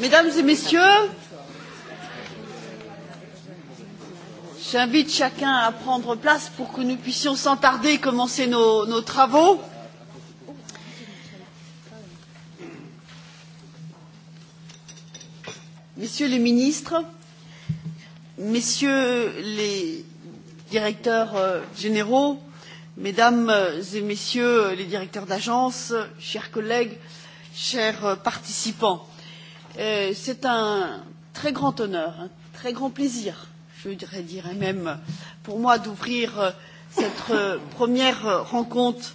Mesdames et messieurs, j'invite chacun à prendre place pour que nous puissions sans tarder commencer nos, nos travaux. Messieurs les ministres, messieurs les directeurs euh, généraux, mesdames et messieurs les directeurs d'agence, chers collègues, euh, chers euh, participants. Euh, c'est un très grand honneur, un très grand plaisir, je dirais même, pour moi d'ouvrir euh, cette première rencontre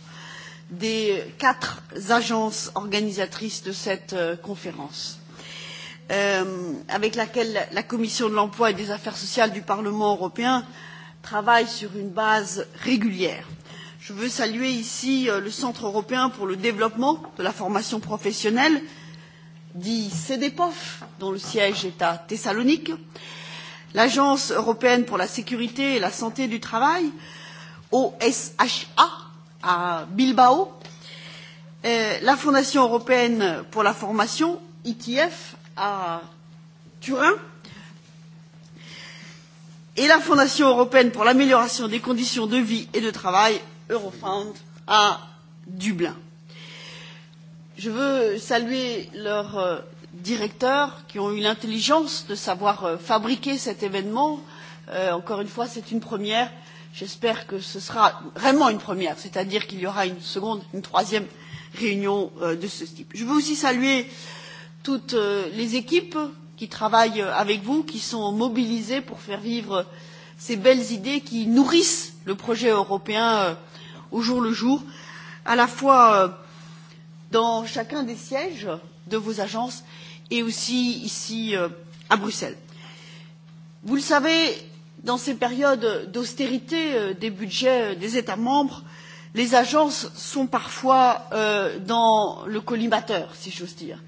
des quatre agences organisatrices de cette conférence avec laquelle la commission de l'emploi et des affaires sociales du parlement européen travaille sur une base régulière je veux saluer ici euh, le centre européen pour le développement de la formation professionnelle dit cedepov dont le siège est à thessalonique l'agence européenne pour la sécurité et la santé du travail osha à bilbao la fondation européenne pour la formation itf à turin et la fondation européenne pour l'amélioration des conditions de vie et de travail Eurofound à Dublin. Je veux saluer leurs euh, directeurs qui ont eu l'intelligence de savoir euh, fabriquer cet événement. Euh, encore une fois, c'est une première. J'espère que ce sera vraiment une première, c'est-à-dire qu'il y aura une seconde, une troisième réunion euh, de ce type. Je veux aussi saluer toutes euh, les équipes qui travaillent euh, avec vous, qui sont mobilisées pour faire vivre ces belles idées qui nourrissent le projet européen euh, au jour le jour, à la fois euh, dans chacun des sièges de vos agences et aussi ici euh, à Bruxelles. Vous le savez, dans ces périodes d'austérité euh, des budgets des États membres, les agences sont parfois euh, dans le collimateur, si j'ose dire.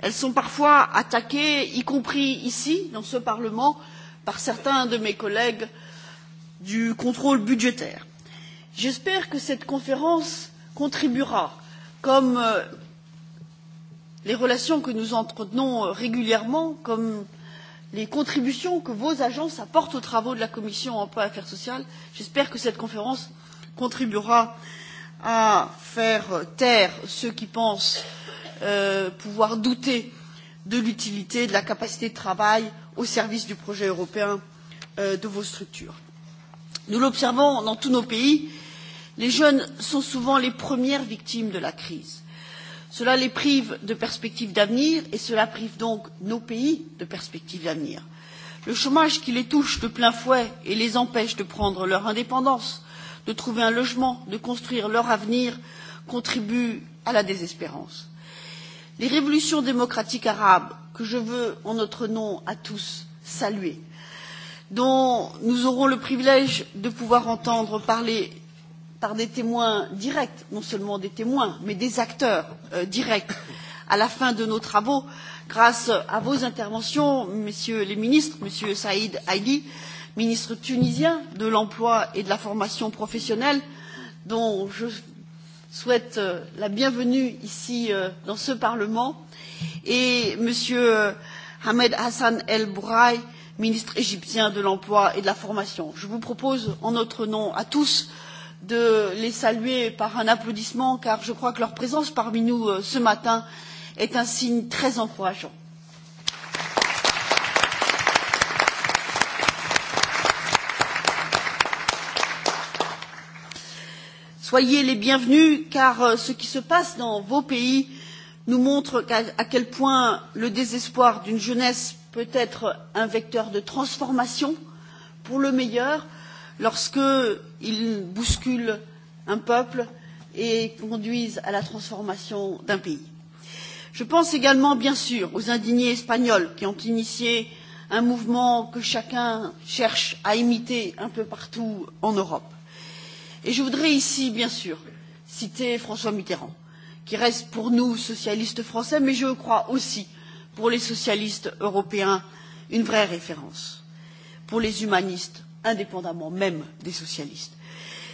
Elles sont parfois attaquées, y compris ici, dans ce Parlement, par certains de mes collègues du contrôle budgétaire j'espère que cette conférence contribuera comme euh, les relations que nous entretenons euh, régulièrement comme les contributions que vos agences apportent aux travaux de la commission de l'emploi et des affaires sociales j'espère que cette conférence contribuera à faire taire ceux qui pensent euh, pouvoir douter de l'utilité de la capacité de travail au service du projet européen euh, de vos structures. nous l'observons dans tous nos pays Les jeunes sont souvent les premières victimes de la crise. Cela les prive de perspectives d'avenir et cela prive donc nos pays de perspectives d'avenir. Le chômage qui les touche de plein fouet et les empêche de prendre leur indépendance, de trouver un logement, de construire leur avenir, contribue à la désespérance. Les révolutions démocratiques arabes, que je veux en notre nom à tous saluer, dont nous aurons le privilège de pouvoir entendre parler par des témoins directs non seulement des témoins mais des acteurs euh, directs à la fin de nos travaux grâce à vos interventions messieurs les ministres monsieur saïd haili ministre tunisien de l'emploi et de la formation professionnelle dont je souhaite euh, la bienvenue ici euh, dans ce parlement et monsieur euh, ahmed hassan el bourrai ministre égyptien de l'emploi et de la formation. je vous propose en notre nom à tous de de les saluer par un applaudissement car je crois que leur présence parmi nous euh, ce matin est un signe très encourageant. Soyez les bienvenus car euh, ce qui se passe dans vos pays nous montre à quel point le désespoir d'une jeunesse peut être un vecteur de transformation pour le meilleur mais lorsqu'ils bousculent un peuple et conduisent à la transformation d'un pays. Je pense également, bien sûr, aux indignés espagnols qui ont initié un mouvement que chacun cherche à imiter un peu partout en Europe. Et je voudrais ici, bien sûr, citer François Mitterrand, qui reste pour nous socialistes français, mais je crois aussi pour les socialistes européens une vraie référence, pour les humanistes indépendamment même des socialistes.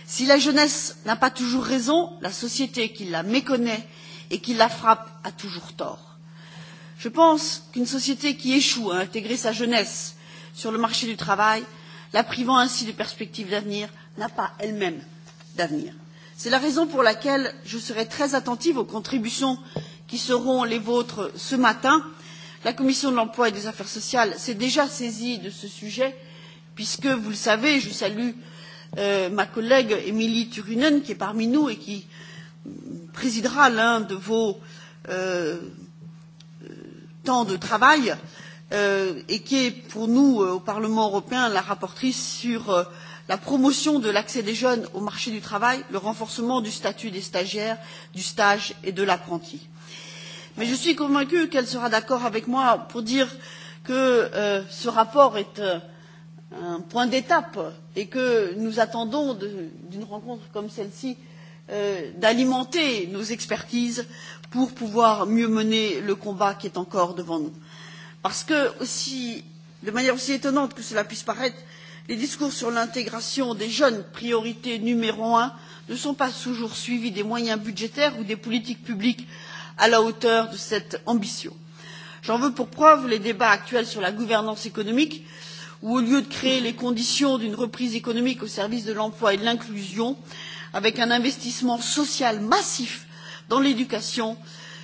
Si la jeunesse n'a pas toujours raison, la société qui la méconnaît et qui la frappe a toujours tort. Je pense qu'une société qui échoue à intégrer sa jeunesse sur le marché du travail, la privant ainsi de perspectives d'avenir, n'a pas elle-même d'avenir. C'est la raison pour laquelle je serai très attentive aux contributions qui seront les vôtres ce matin. La commission de l'emploi et des affaires sociales s'est déjà saisie de ce sujet euh, puisque, vous le savez, je salue euh, ma collègue Émilie Turunen qui est parmi nous et qui présidera l'un de vos euh, temps de travail euh, et qui est pour nous euh, au Parlement européen la rapporteure sur euh, la promotion de l'accès des jeunes au marché du travail, le renforcement du statut des stagiaires, du stage et de l'apprenti. Mais je suis convaincue qu'elle sera d'accord avec moi pour dire que euh, ce rapport est euh, un point d'étape et que nous attendons d'une rencontre comme celle ci euh, d'alimenter nos expertises pour pouvoir mieux mener le combat qui est encore devant nous. parce que aussi, de manière aussi étonnante que cela puisse paraître les discours sur l'intégration des jeunes priorité numéro un ne sont pas toujours suivis des moyens budgétaires ou des politiques publiques à la hauteur de cette ambition. j'en veux pour preuve les débats actuels sur la gouvernance économique qui où au lieu de créer les conditions d'une reprise économique au service de l'emploi et de l'inclusion avec un investissement social massif dans l'éducation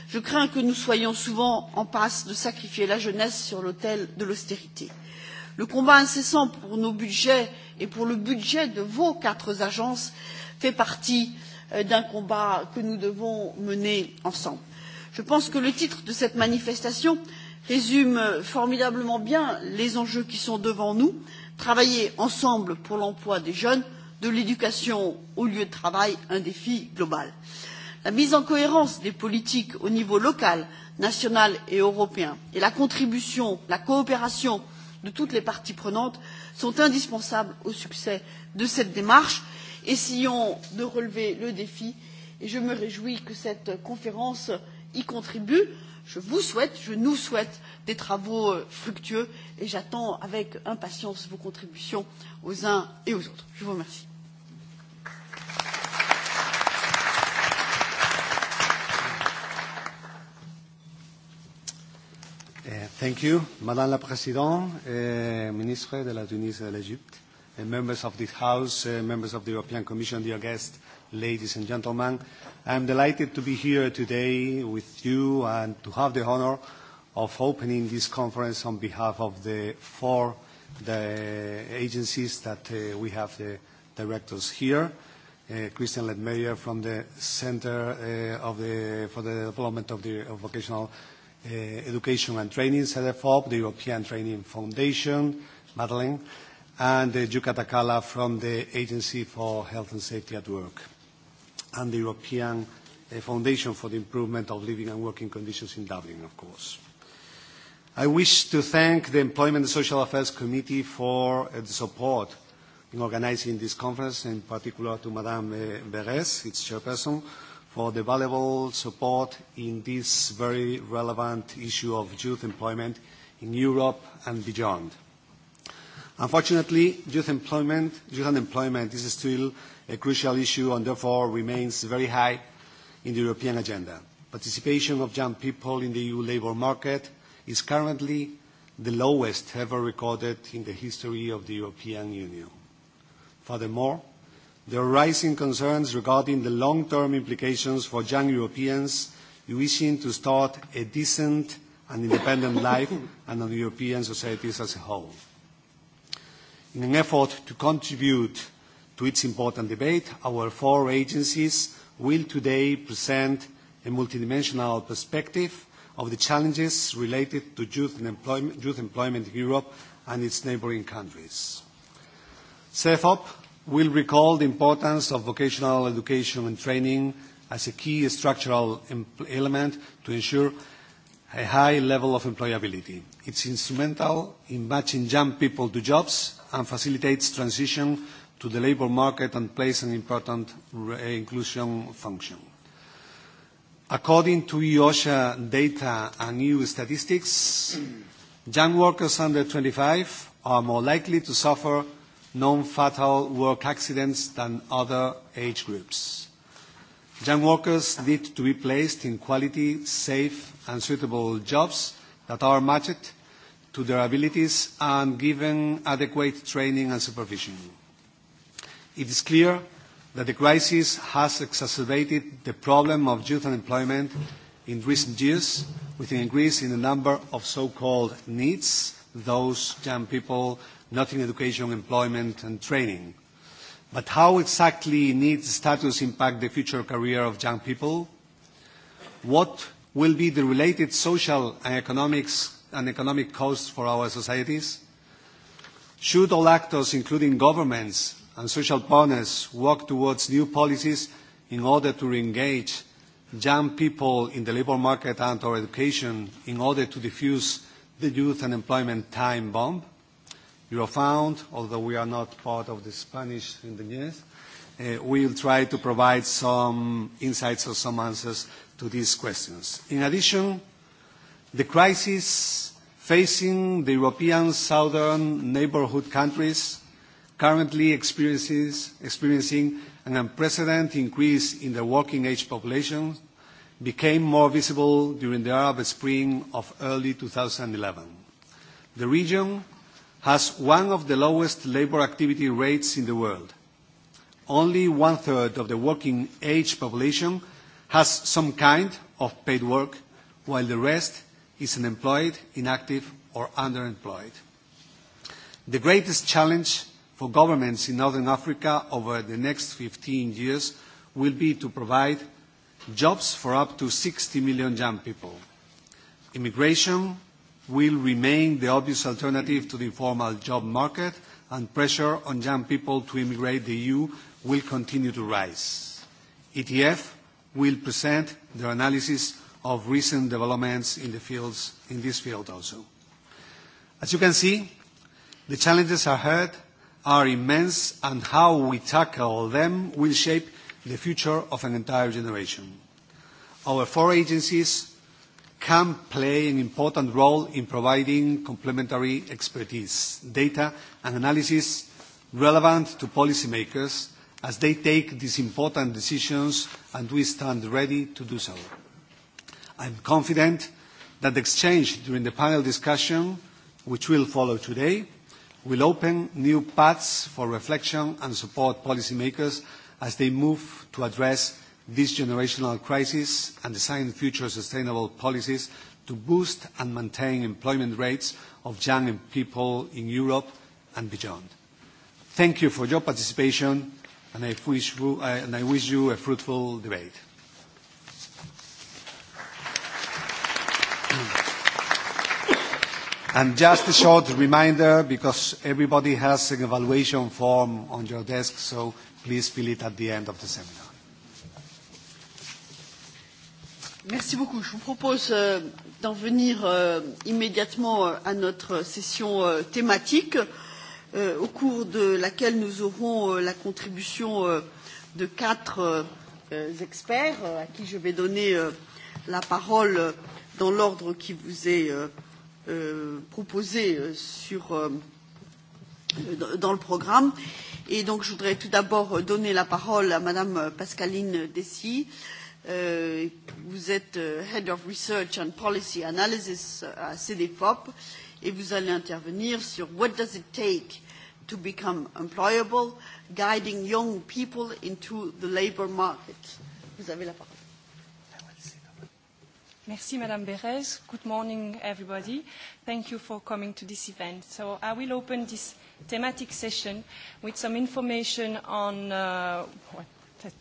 je crains que nous soyons souvent en passe de sacrifier la jeunesse sur l'autel de l'austérité. le combat incessant pour nos budgets et pour le budget de vos quatre agences fait partie euh, d'un combat que nous devons mener ensemble. je pense que le titre de cette manifestation est résume formidablement bien les enjeux qui sont devant nous travailler ensemble pour l'emploi des jeunes de l'éducation au lieu de travail un défi global. la mise en cohérence des politiques au niveau local national et européen et la contribution la coopération de toutes les parties prenantes sont indispensables au succès de cette démarche. essayons de relever le défi et je me réjouis que cette conférence y contribue je vous souhaite, je nous souhaite des travaux euh, fructueux et j'attends avec impatience vos contributions aux uns et aux autres. Je vous remercie. Eh, thank you, Madame la Présidente, uh, Ministre de la Tunisie et de l'Égypte, eh, members of this House, uh, members of the European Commission, dear guests, ladies and gentlemen. I'm delighted to be here today with you and to have the honor of opening this conference on behalf of the four the agencies that uh, we have the directors here. Uh, Christian Ledmeyer from the Center uh, of the, for the Development of, the, of Vocational uh, Education and Training, CEDEFOP, the European Training Foundation, Madeleine, and uh, Yuka Takala from the Agency for Health and Safety at Work and the European uh, Foundation for the Improvement of Living and Working Conditions in Dublin, of course. I wish to thank the Employment and Social Affairs Committee for uh, the support in organizing this conference, in particular to Madame uh, Beres, its chairperson, for the valuable support in this very relevant issue of youth employment in Europe and beyond. Unfortunately, youth employment, youth unemployment is still a crucial issue and therefore remains very high in the European agenda. Participation of young people in the EU labour market is currently the lowest ever recorded in the history of the European Union. Furthermore, there are rising concerns regarding the long-term implications for young Europeans wishing to start a decent and independent life and on European societies as a whole. In an effort to contribute to its important debate, our four agencies will today present a multidimensional perspective of the challenges related to youth, and employment, youth employment in Europe and its neighbouring countries. CEFOP will recall the importance of vocational education and training as a key structural element to ensure a high level of employability. It's instrumental in matching young people to jobs and facilitates transition to the labor market and plays an important eh, inclusion function. According to EOSHA data and EU statistics, young workers under 25 are more likely to suffer non-fatal work accidents than other age groups. Young workers need to be placed in quality, safe and suitable jobs that are matched to their abilities and given adequate training and supervision. It is clear that the crisis has exacerbated the problem of youth unemployment in recent years, with an increase in the number of so-called needs, those young people not in education, employment and training. But how exactly needs status impact the future career of young people? What will be the related social and, economics, and economic costs for our societies? Should all actors, including governments, and social partners work towards new policies in order to re-engage young people in the labour market and or education in order to defuse the youth unemployment time bomb. Eurofound, although we are not part of the Spanish in the news, uh, will try to provide some insights or some answers to these questions. In addition, the crisis facing the European southern neighbourhood countries currently experiencing an unprecedented increase in the working-age population, became more visible during the Arab Spring of early 2011. The region has one of the lowest labor activity rates in the world. Only one-third of the working-age population has some kind of paid work, while the rest is unemployed, inactive, or underemployed. The greatest challenge for governments in Northern Africa over the next 15 years will be to provide jobs for up to 60 million young people. Immigration will remain the obvious alternative to the informal job market, and pressure on young people to immigrate the EU will continue to rise. ETF will present their analysis of recent developments in, the fields, in this field also. As you can see, the challenges ahead are immense and how we tackle them will shape the future of an entire generation. Our four agencies can play an important role in providing complementary expertise, data and analysis relevant to policymakers as they take these important decisions and we stand ready to do so. I'm confident that the exchange during the panel discussion, which will follow today, will open new paths for reflection and support policymakers as they move to address this generational crisis and design future sustainable policies to boost and maintain employment rates of young people in Europe and beyond. Thank you for your participation, and I wish you, uh, and I wish you a fruitful debate. And just a short reminder, because everybody has an evaluation form on your desk, so please fill it at the end of the seminar. Merci beaucoup. Je vous propose euh, d'en venir euh, immédiatement euh, à notre session euh, thématique, euh, au cours de laquelle nous aurons euh, la contribution euh, de quatre euh, experts, euh, à qui je vais donner euh, la parole euh, dans l'ordre qui vous est euh, euh, proposées euh, sur, euh, dans le programme. Et donc, je voudrais tout d'abord donner la parole à Madame Pascaline Dessy. Euh, vous êtes euh, Head of Research and Policy Analysis à CDFOP et vous allez intervenir sur What does it take to become employable, guiding young people into the labor market. Vous avez la parole. Merci, Madame Beres. Good morning, everybody. Thank you for coming to this event. So I will open this thematic session with some information on uh, what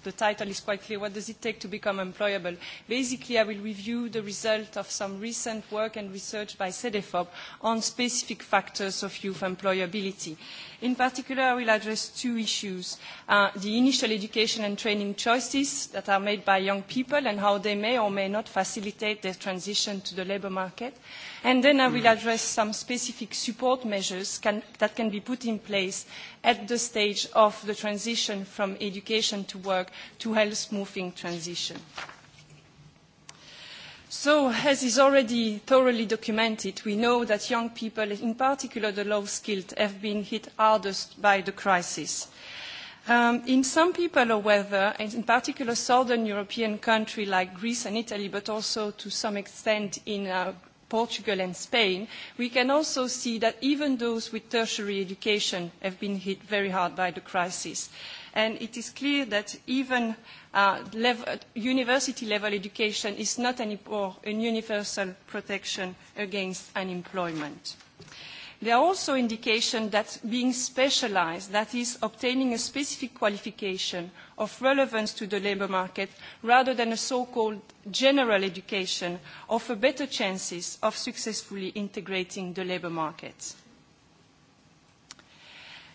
the title is quite clear, what does it take to become employable? Basically, I will review the result of some recent work and research by CEDEFOP on specific factors of youth employability. In particular, I will address two issues, uh, the initial education and training choices that are made by young people and how they may or may not facilitate their transition to the labour market, And then I will address some specific support measures can, that can be put in place at the stage of the transition from education to work to health smoothing transition. So, as is already thoroughly documented, we know that young people, in particular the low-skilled, have been hit hardest by the crisis. Um, in some people, however, and in particular southern European countries like Greece and Italy, but also to some extent in uh, Portugal and Spain, we can also see that even those with tertiary education have been hit very hard by the crisis. And it is clear that even uh, level, university-level education is not anymore a universal protection against unemployment. There are also indications that being specialized, that is, obtaining a specific qualification of relevance to the labour market rather than a so-called general education offer better chances of successfully integrating the labour market.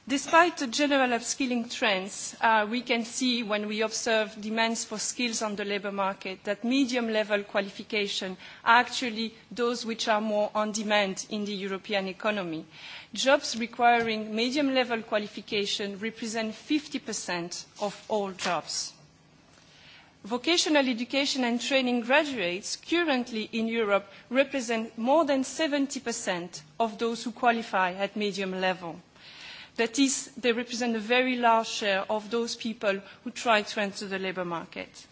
Despite the general upskilling trends, uh, we can see when we observe demands for skills on the labour market that medium-level qualification are actually those which are more on demand in the European economy. Jobs requiring medium-level qualification represent 50% of all jobs. Vocational education and training graduates currently in Europe represent more than 70% of those who qualify at medium level. That is, they represent a very large share of those people who try to enter the labour market.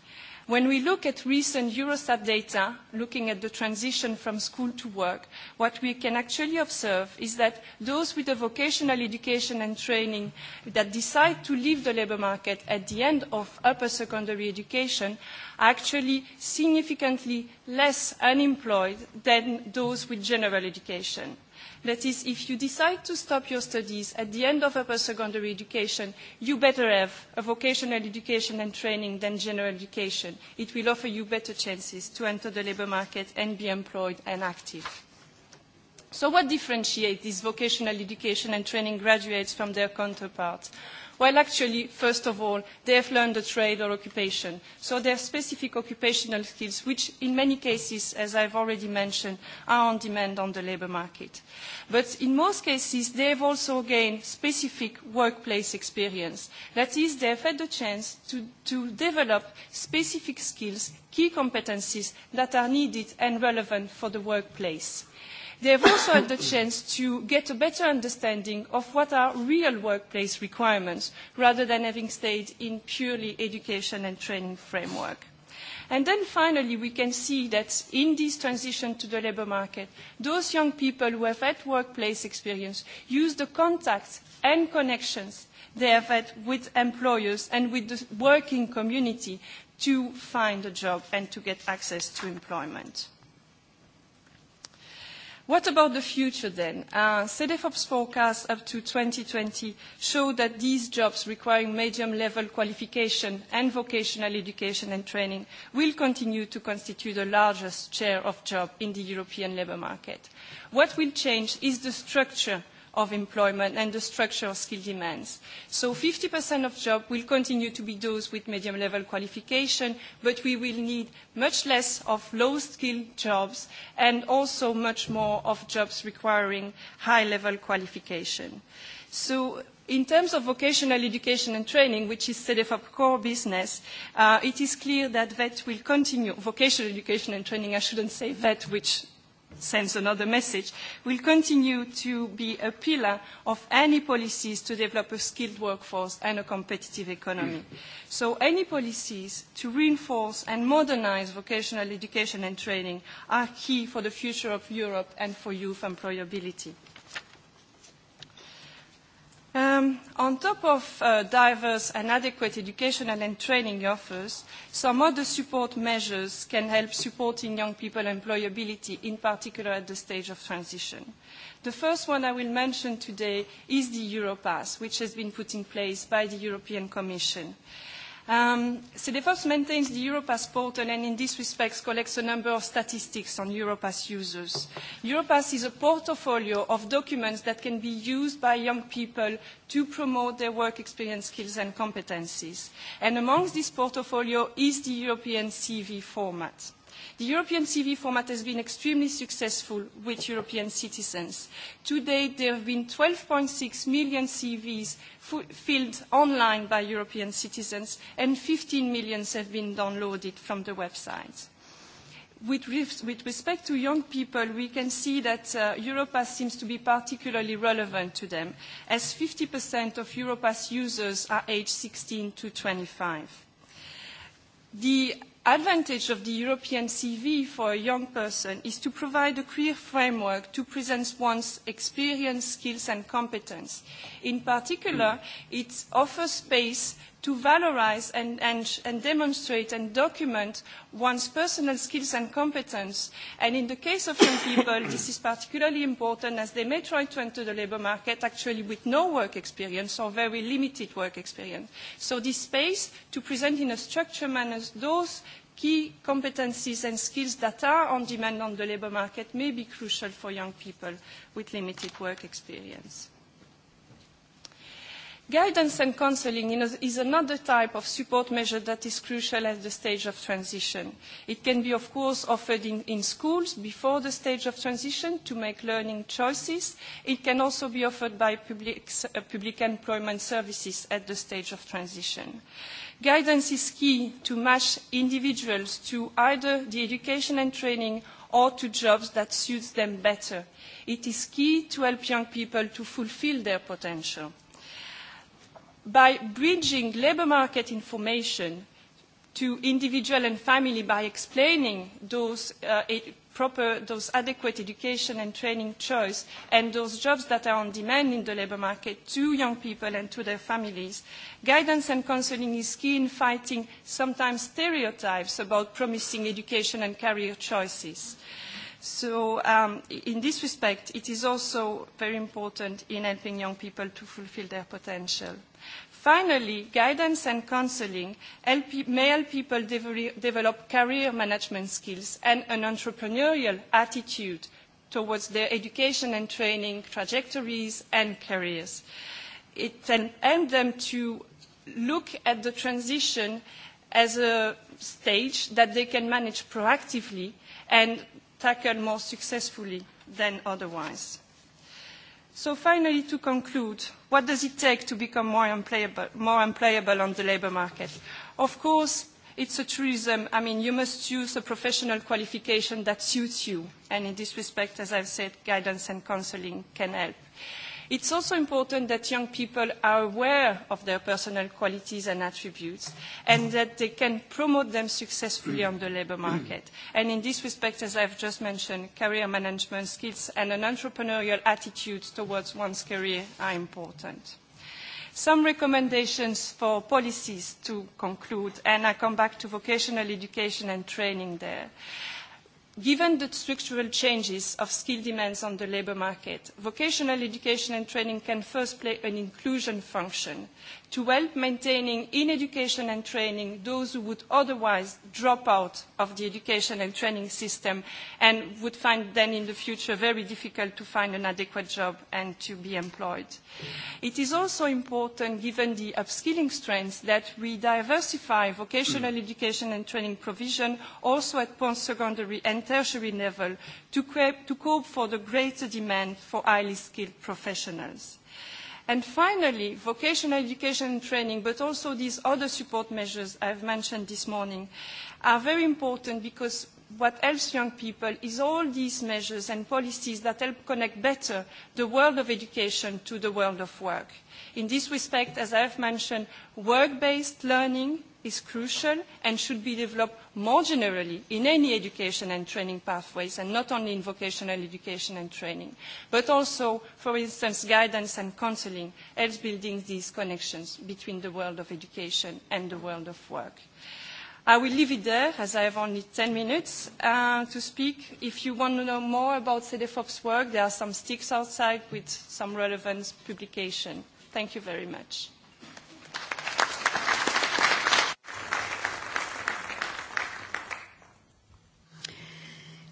When we look at recent Eurostat data, looking at the transition from school to work, what we can actually observe is that those with a vocational education and training that decide to leave the labour market at the end of upper secondary education are actually significantly less unemployed than those with general education. That is, if you decide to stop your studies at the end of upper secondary education, you better have a vocational education and training than general education. It will offer you better chances to enter the labour market and be employed and active. So what differentiates these vocational education and training graduates from their counterparts? Well, actually, first of all, they have learned a trade or occupation. So they have specific occupational skills, which in many cases, as I've already mentioned, are on demand on the labour market. But in most cases, they have also gained specific workplace experience. That is, they have had the chance to, to develop specific skills, key competencies that are needed and relevant for the workplace. They have also had the chance to get a better understanding of what are real workplace requirements rather than having stayed in purely education and training framework. And then finally, we can see that in this transition to the labour market, those young people who have had workplace experience use the contacts and connections they have had with employers and with the working community to find a job and to get access to employment. What about the future then? Uh, CDFOP's forecast up to 2020 show that these jobs requiring medium-level qualification and vocational education and training will continue to constitute the largest share of jobs in the European labour market. What will change is the structure uh, of employment and the structure of skill demands. So 50% of jobs will continue to be those with medium-level qualification, but we will need much less of low-skilled jobs and also much more of jobs requiring high-level qualification. So In terms of vocational education and training, which is CEDEFOP core business, uh, it is clear that VET will continue, vocational education and training, I shouldn't say VET, which sends another message, will continue to be a pillar of any policies to develop a skilled workforce and a competitive economy. So any policies to reinforce and modernize vocational education and training are key for the future of Europe and for youth employability. Um, on top of uh, diverse and adequate educational and training offers, some other support measures can help supporting young people employability, in particular at the stage of transition. The first one I will mention today is the Europass, which has been put in place by the European Commission. Uh, Um, CDFOS maintains the Europass portal and in this respect collects a number of statistics on Europass users. Europass is a portfolio of documents that can be used by young people to promote their work experience, skills and competencies. And amongst this portfolio is the European CV format. The European CV format has been extremely successful with European citizens. To date, there have been 12.6 million CVs filled online by European citizens, and 15 million have been downloaded from the website. With, with respect to young people, we can see that uh, Europass seems to be particularly relevant to them, as 50% of Europass users are aged 16 to 25. The advantage of the European CV for a young person is to provide a clear framework to present one's experience, skills and competence. In particular, it offers space to valorize and, and, and demonstrate and document one's personal skills and competence. And in the case of young people, this is particularly important as they may try to enter the labor market actually with no work experience or very limited work experience. So this space to present in a structured manner those key competencies and skills that are on demand on the labor market may be crucial for young people with limited work experience. Guidance and counseling is another type of support measure that is crucial at the stage of transition. It can be, of course, offered in, in schools before the stage of transition to make learning choices. It can also be offered by public, uh, public employment services at the stage of transition. Guidance is key to match individuals to either the education and training or to jobs that suits them better. It is key to help young people to fulfill their potential by bridging labour market information to individual and family by explaining those uh, e, proper, those adequate education and training choice and those jobs that are on demand in the labour market to young people and to their families. Guidance and counselling is key in fighting sometimes stereotypes about promising education and career choices. Mm-hmm So um, in this respect, it is also very important in helping young people to fulfill their potential. Finally, guidance and counseling help, may help people de develop career management skills and an entrepreneurial attitude towards their education and training trajectories and careers. It can help them to look at the transition as a stage that they can manage proactively and tackled more successfully than otherwise. So finally, to conclude, what does it take to become more employable, more employable on the labour market? Of course, it's a truism. I mean, you must use a professional qualification that suits you. And in this respect, as I've said, guidance and counselling can help. Uh, It's also important that young people are aware of their personal qualities and attributes and that they can promote them successfully on the labour market. And in this respect, as I've just mentioned, career management skills and an entrepreneurial attitude towards one's career are important some recommendations for policies to conclude, and I come back to vocational education and training there. Uh, Given the structural changes of skill demands on the labour market, vocational education and training can first play an inclusion function to help maintaining in education and training those who would otherwise drop out of the education and training system and would find then in the future very difficult to find an adequate job and to be employed. It is also important, given the upskilling strengths, that we diversify vocational hmm. education and training provision also at post-secondary and tertiary level to, to cope for the greater demand for highly skilled professionals. And finally, vocational education and training, but also these other support measures I've mentioned this morning, are very important because what helps young people is all these measures and policies that help connect better the world of education to the world of work. In this respect, as I have mentioned, work-based learning, is crucial and should be developed more generally in any education and training pathways and not only in vocational education and training, but also, for instance, guidance and counseling helps building these connections between the world of education and the world of work. I will leave it there as I have only 10 minutes uh, to speak. If you want to know more about CDFOP's work, there are some sticks outside with some relevant publication. Thank you very much.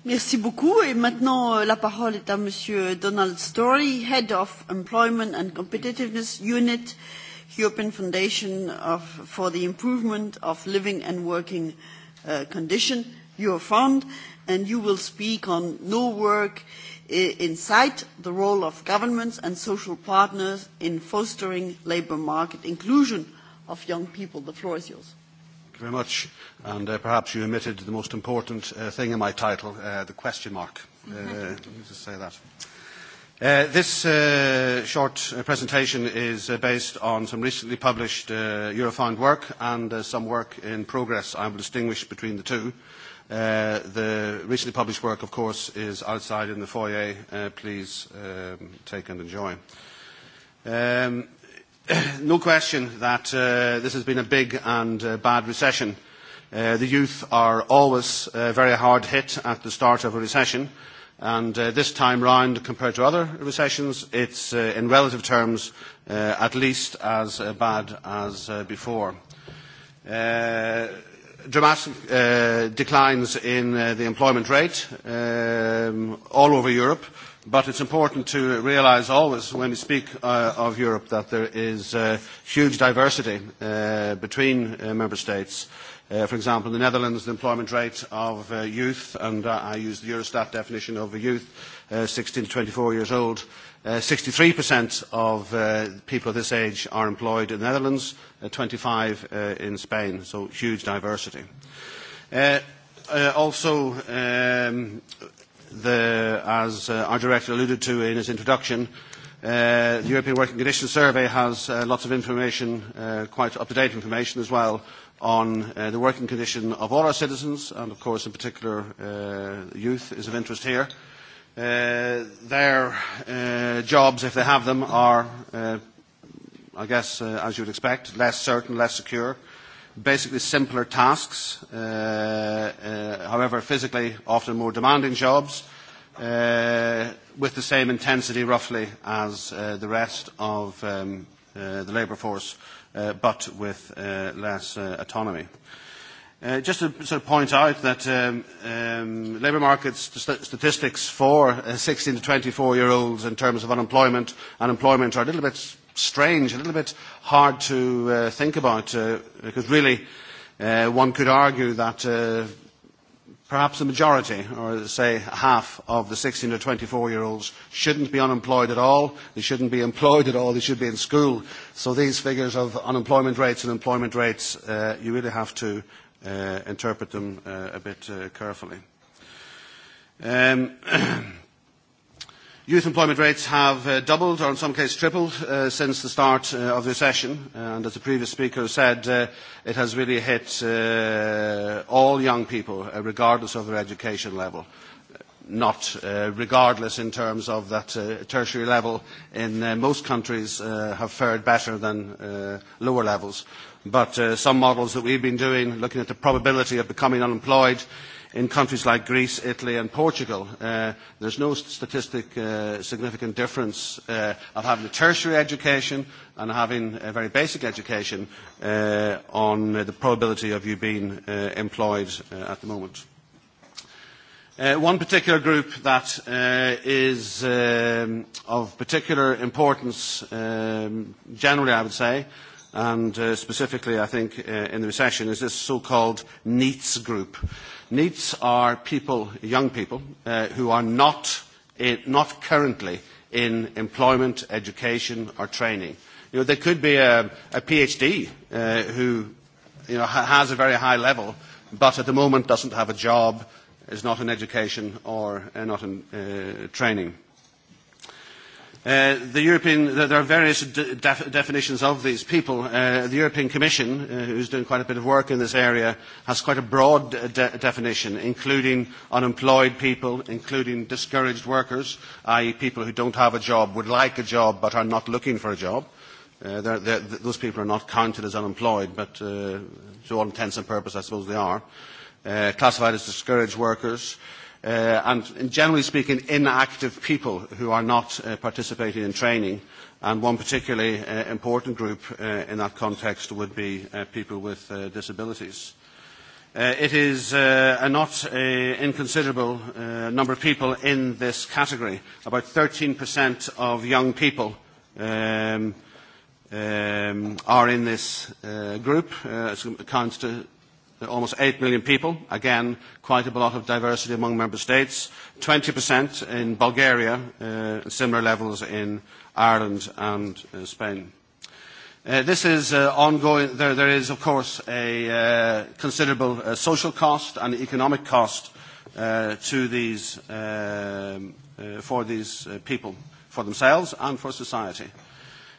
Merci beaucoup. Et maintenant, euh, la parole est à Monsieur Donald Story, Head of Employment and Competitiveness Unit, European Foundation of, for the Improvement of Living and Working uh, Condition, Eurofund, and you will speak on no work in sight, the role of governments and social partners in fostering labour market inclusion of young people. The floor is yours you very much. And uh, perhaps you omitted the most important uh, thing in my title, uh, the question mark. Uh, mm-hmm. let me just say that. Uh, this uh, short uh, presentation is uh, based on some recently published uh, Eurofound work and uh, some work in progress. I will distinguish between the two. Uh, the recently published work, of course, is outside in the foyer. Uh, please um, take and enjoy. Um, no question that uh, this has been a big and uh, bad recession. Uh, the youth are always uh, very hard hit at the start of a recession, and uh, this time round, compared to other recessions, it's uh, in relative terms uh, at least as uh, bad as uh, before. Uh, dramatic uh, declines in uh, the employment rate um, all over Europe, uh, But it's important to realise always when we speak uh, of Europe that there is uh, huge diversity uh, between uh, member states. Uh, for example, in the Netherlands, the employment rate of uh, youth, and uh, I use the Eurostat definition of a youth, uh, 16 to 24 years old, uh, 63% of uh, people of this age are employed in the Netherlands, uh, 25 uh, in Spain, so huge diversity. Uh, uh, also, um, the, as uh, our director alluded to in his introduction, uh, the European Working Conditions Survey has uh, lots of information, uh, quite up-to-date information as well, on uh, the working condition of all our citizens, and of course in particular uh, youth is of interest here. Uh, their uh, jobs, if they have them, are, uh, I guess, uh, as you would expect, less certain, less secure. Uh, basically simpler tasks, uh, uh, however physically often more demanding jobs, uh, with the same intensity roughly as uh, the rest of um, uh, the labour force, uh, but with uh, less uh, autonomy. Uh, just to sort of point out that um, um, labour market st- statistics for uh, 16 to 24 year olds in terms of unemployment and employment are a little bit strange, a little bit hard to uh, think about, uh, because really uh, one could argue that uh, perhaps the majority, or say half, of the 16 to 24-year-olds shouldn't be unemployed at all. They shouldn't be employed at all. They should be in school. So these figures of unemployment rates and employment rates, uh, you really have to uh, interpret them uh, a bit uh, carefully. Um, Youth employment rates have uh, doubled, or in some cases tripled, uh, since the start uh, of the recession. Uh, and as the previous speaker said, uh, it has really hit uh, all young people, uh, regardless of their education level. Uh, not uh, regardless in terms of that uh, tertiary level in uh, most countries uh, have fared better than uh, lower levels. But uh, some models that we've been doing, looking at the probability of becoming unemployed, uh, in countries like Greece, Italy and Portugal, uh, there's no statistic uh, significant difference uh, of having a tertiary education and having a very basic education uh, on uh, the probability of you being uh, employed uh, at the moment. Uh, one particular group that uh, is um, of particular importance, um, generally I would say, uh, and uh, specifically, I think, uh, in the recession, is this so-called NEETs group. NEETs are people, young people, uh, who are not, in, not currently in employment, education, or training. You know, there could be a, a PhD uh, who you know, ha- has a very high level, but at the moment doesn't have a job, is not in education, or uh, not in uh, training. Uh, the European, there are various de- def- definitions of these people. Uh, the European Commission, uh, who's doing quite a bit of work in this area, has quite a broad de- definition, including unemployed people, including discouraged workers, i.e. people who don't have a job, would like a job, but are not looking for a job. Uh, they're, they're, those people are not counted as unemployed, but uh, to all intents and purposes, I suppose they are. Uh, classified as discouraged workers. Uh, uh, and generally speaking inactive people who are not uh, participating in training and one particularly uh, important group uh, in that context would be uh, people with uh, disabilities. Uh, it is uh, a not an uh, inconsiderable uh, number of people in this category. About 13% of young people um, um, are in this uh, group. Uh, it accounts to almost 8 million people. Again, quite a lot of diversity among member states. 20% in Bulgaria, uh, similar levels in Ireland and uh, Spain. Uh, this is uh, ongoing. There, there is, of course, a uh, considerable uh, social cost and economic cost uh, to these, uh, uh, for these uh, people, for themselves and for society. Uh,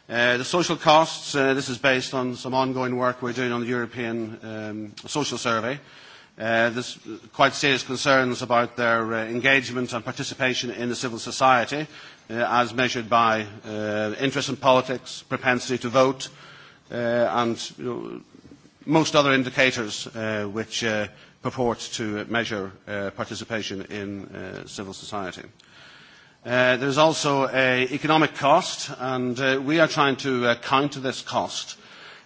Uh, the social costs, uh, this is based on some ongoing work we're doing on the European um, Social Survey. Uh, there's quite serious concerns about their uh, engagement and participation in the civil society uh, as measured by uh, interest in politics, propensity to vote, uh, and you know, most other indicators uh, which uh, purport to measure uh, participation in uh, civil society. Uh, Uh, there's also an economic cost, and uh, we are trying to uh, counter this cost.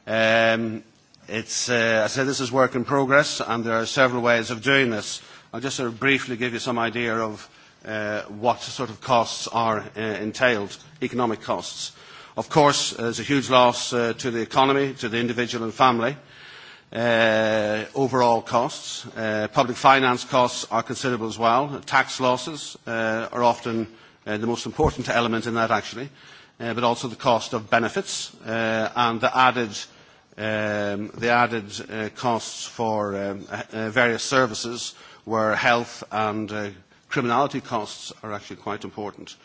Um, it's, uh, I said this is work in progress, and there are several ways of doing this. I'll just sort of briefly give you some idea of uh, what sort of costs are uh, entailed, economic costs. Of course, there's a huge loss uh, to the economy, to the individual and family. Uh, overall costs, uh, public finance costs are considerable as well. Tax losses uh, are often uh, the most important element in that actually, uh, but also the cost of benefits uh, and the added, um, the added uh, costs for um, uh, uh various services where health and uh, criminality costs are actually quite important.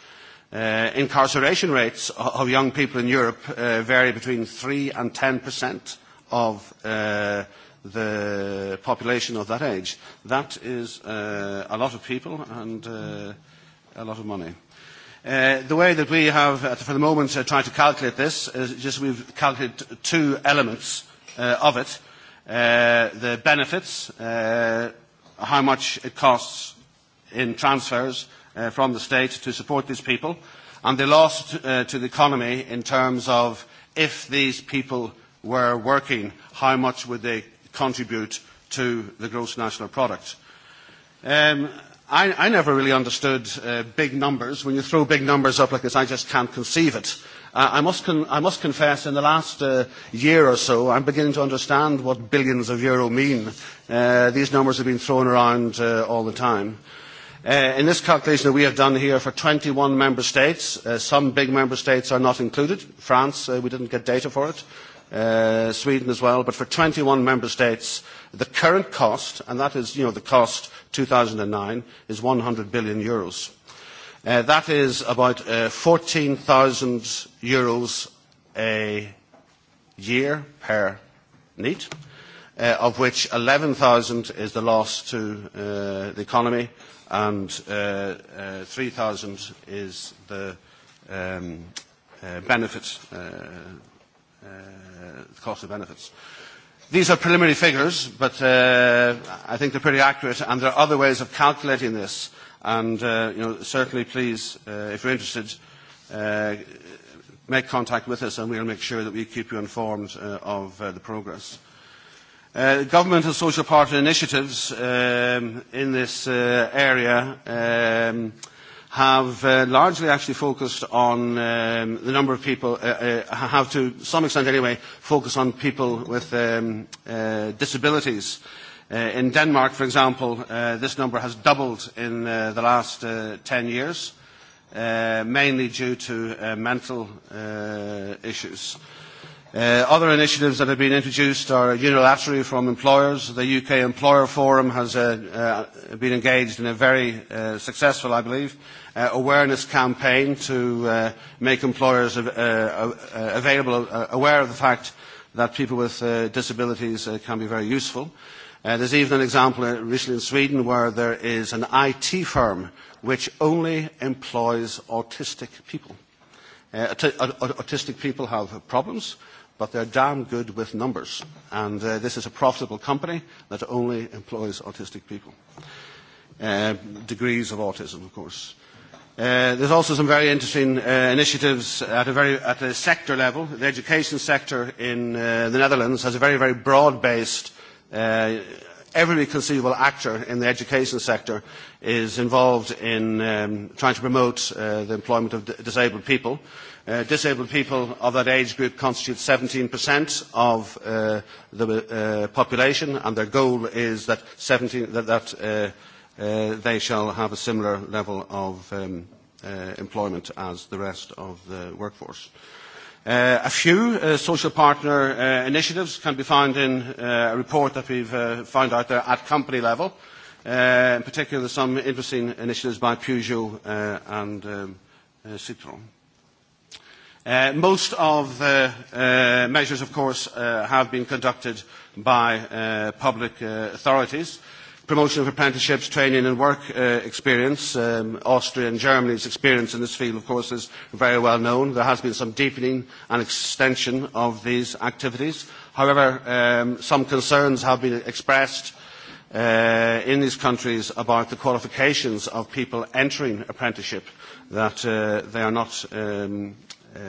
Uh, incarceration rates of young people in Europe uh, vary between 3 and 10 percent of uh, the population of that age. That is uh, a lot of people and uh, a lot of money. Uh, the way that we have, uh, for the moment, uh, tried to calculate this is just we've calculated two elements uh, of it. Uh, the benefits, uh, how much it costs in transfers uh, from the state to support these people, and the loss uh, to the economy in terms of if these people were working, how much would they contribute to the gross national product. Um, I, I never really understood uh, big numbers. When you throw big numbers up like this, I just can't conceive it. Uh, I, must con- I must confess, in the last uh, year or so, I'm beginning to understand what billions of euro mean. Uh, these numbers have been thrown around uh, all the time. Uh, in this calculation that we have done here for 21 member states, uh, some big member states are not included. France, uh, we didn't get data for it. Uh, Sweden as well. But for 21 member states, uh, The current cost, and that is, you know, the cost 2009, is 100 billion euros. Uh, that is about uh, 14,000 euros a year per NEET, uh, of which 11,000 is the loss to uh, the economy and uh, uh, 3,000 is the um, uh, benefit, uh, uh, cost of benefits. Uh, These are preliminary figures, but uh, I think they're pretty accurate, and there are other ways of calculating this. And uh, you know, certainly, please, uh, if you're interested, uh, make contact with us, and we'll make sure that we keep you informed uh, of uh, the progress. Uh, government and social partner initiatives um, in this uh, area. Um, uh, have uh, largely actually focused on um, the number of people, uh, uh, have to some extent anyway, focused on people with um, uh, disabilities. Uh, in Denmark, for example, uh, this number has doubled in uh, the last uh, 10 years, uh, mainly due to uh, mental uh, issues. Uh, other initiatives that have been introduced are unilaterally from employers. The UK Employer Forum has uh, uh, been engaged in a very uh, successful, I believe, uh, awareness campaign to uh, make employers av- uh, uh, available, uh, aware of the fact that people with uh, disabilities uh, can be very useful. Uh, there's even an example uh, recently in Sweden where there is an IT firm which only employs autistic people. Uh, aut- autistic people have problems, but they're damn good with numbers. And uh, this is a profitable company that only employs autistic people. Uh, degrees of autism, of course. Uh, Uh, there's also some very interesting uh, initiatives at a, very, at a sector level. The education sector in uh, the Netherlands has a very, very broad-based, uh, every conceivable actor in the education sector is involved in um, trying to promote uh, the employment of d- disabled people. Uh, disabled people of that age group constitute 17% of uh, the uh, population, and their goal is that, 17, that, that uh, uh, they shall have a similar level of um, uh, employment as the rest of the workforce. Uh, a few uh, social partner uh, initiatives can be found in uh, a report that we've uh, found out there at company level. Uh, in particular, there's some interesting initiatives by Peugeot uh, and um, uh, Citroën. Uh, most of the uh, measures, of course, uh, have been conducted by uh, public uh, authorities. Uh, promotion of apprenticeships, training and work uh, experience. Um, Austria and Germany's experience in this field, of course, is very well known. There has been some deepening and extension of these activities. However, um, some concerns have been expressed uh, in these countries about the qualifications of people entering apprenticeship, that uh, they are not, um, uh,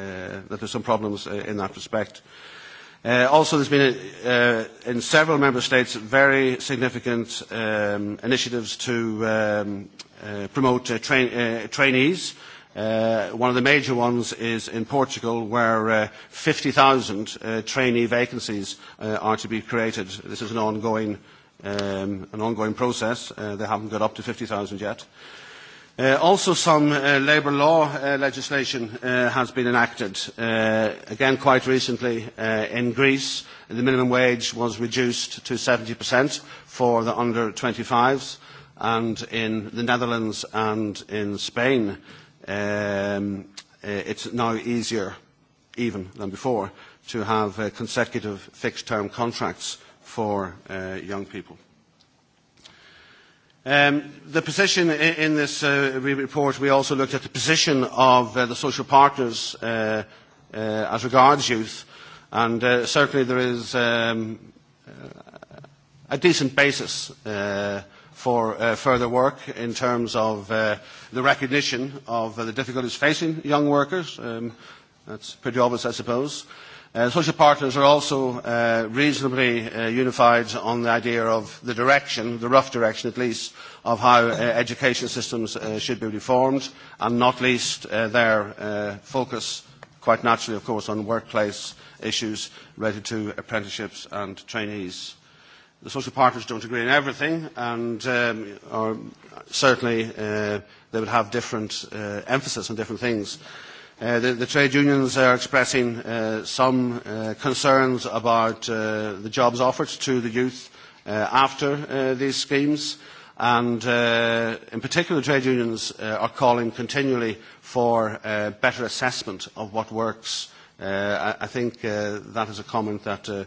that there's some problems uh, in that respect. Uh, Uh, also, there's been a, uh, in several member states very significant um, initiatives to um, uh, promote uh, tra- uh, trainees. Uh, one of the major ones is in Portugal, where uh, 50,000 uh, trainee vacancies uh, are to be created. This is an ongoing, um, an ongoing process. Uh, they haven't got up to 50,000 yet. Uh, Uh, also, some uh, labour law uh, legislation uh, has been enacted, uh, again quite recently uh, in Greece. The minimum wage was reduced to 70% for the under-25s, and in the Netherlands and in Spain, um, uh, it's now easier even than before to have uh, consecutive fixed-term contracts for uh, young people. Um, the position in, in this uh, report, we also looked at the position of uh, the social partners uh, uh, as regards youth, and uh, certainly there is um, uh, a decent basis uh, for uh, further work in terms of uh, the recognition of uh, the difficulties facing young workers. Um, that's pretty obvious, I suppose. Uh, Uh, social partners are also uh, reasonably uh, unified on the idea of the direction, the rough direction at least, of how uh, education systems uh, should be reformed, and not least uh, their uh, focus, quite naturally of course, on workplace issues related to apprenticeships and trainees. The social partners don't agree on everything, and um, are certainly uh, they would have different uh, emphasis on different things. Uh, Uh, the, the trade unions are expressing uh, some uh, concerns about uh, the jobs offered to the youth uh, after uh, these schemes. And uh, in particular, trade unions uh, are calling continually for uh, better assessment of what works. Uh, I, I think uh, that is a comment that uh,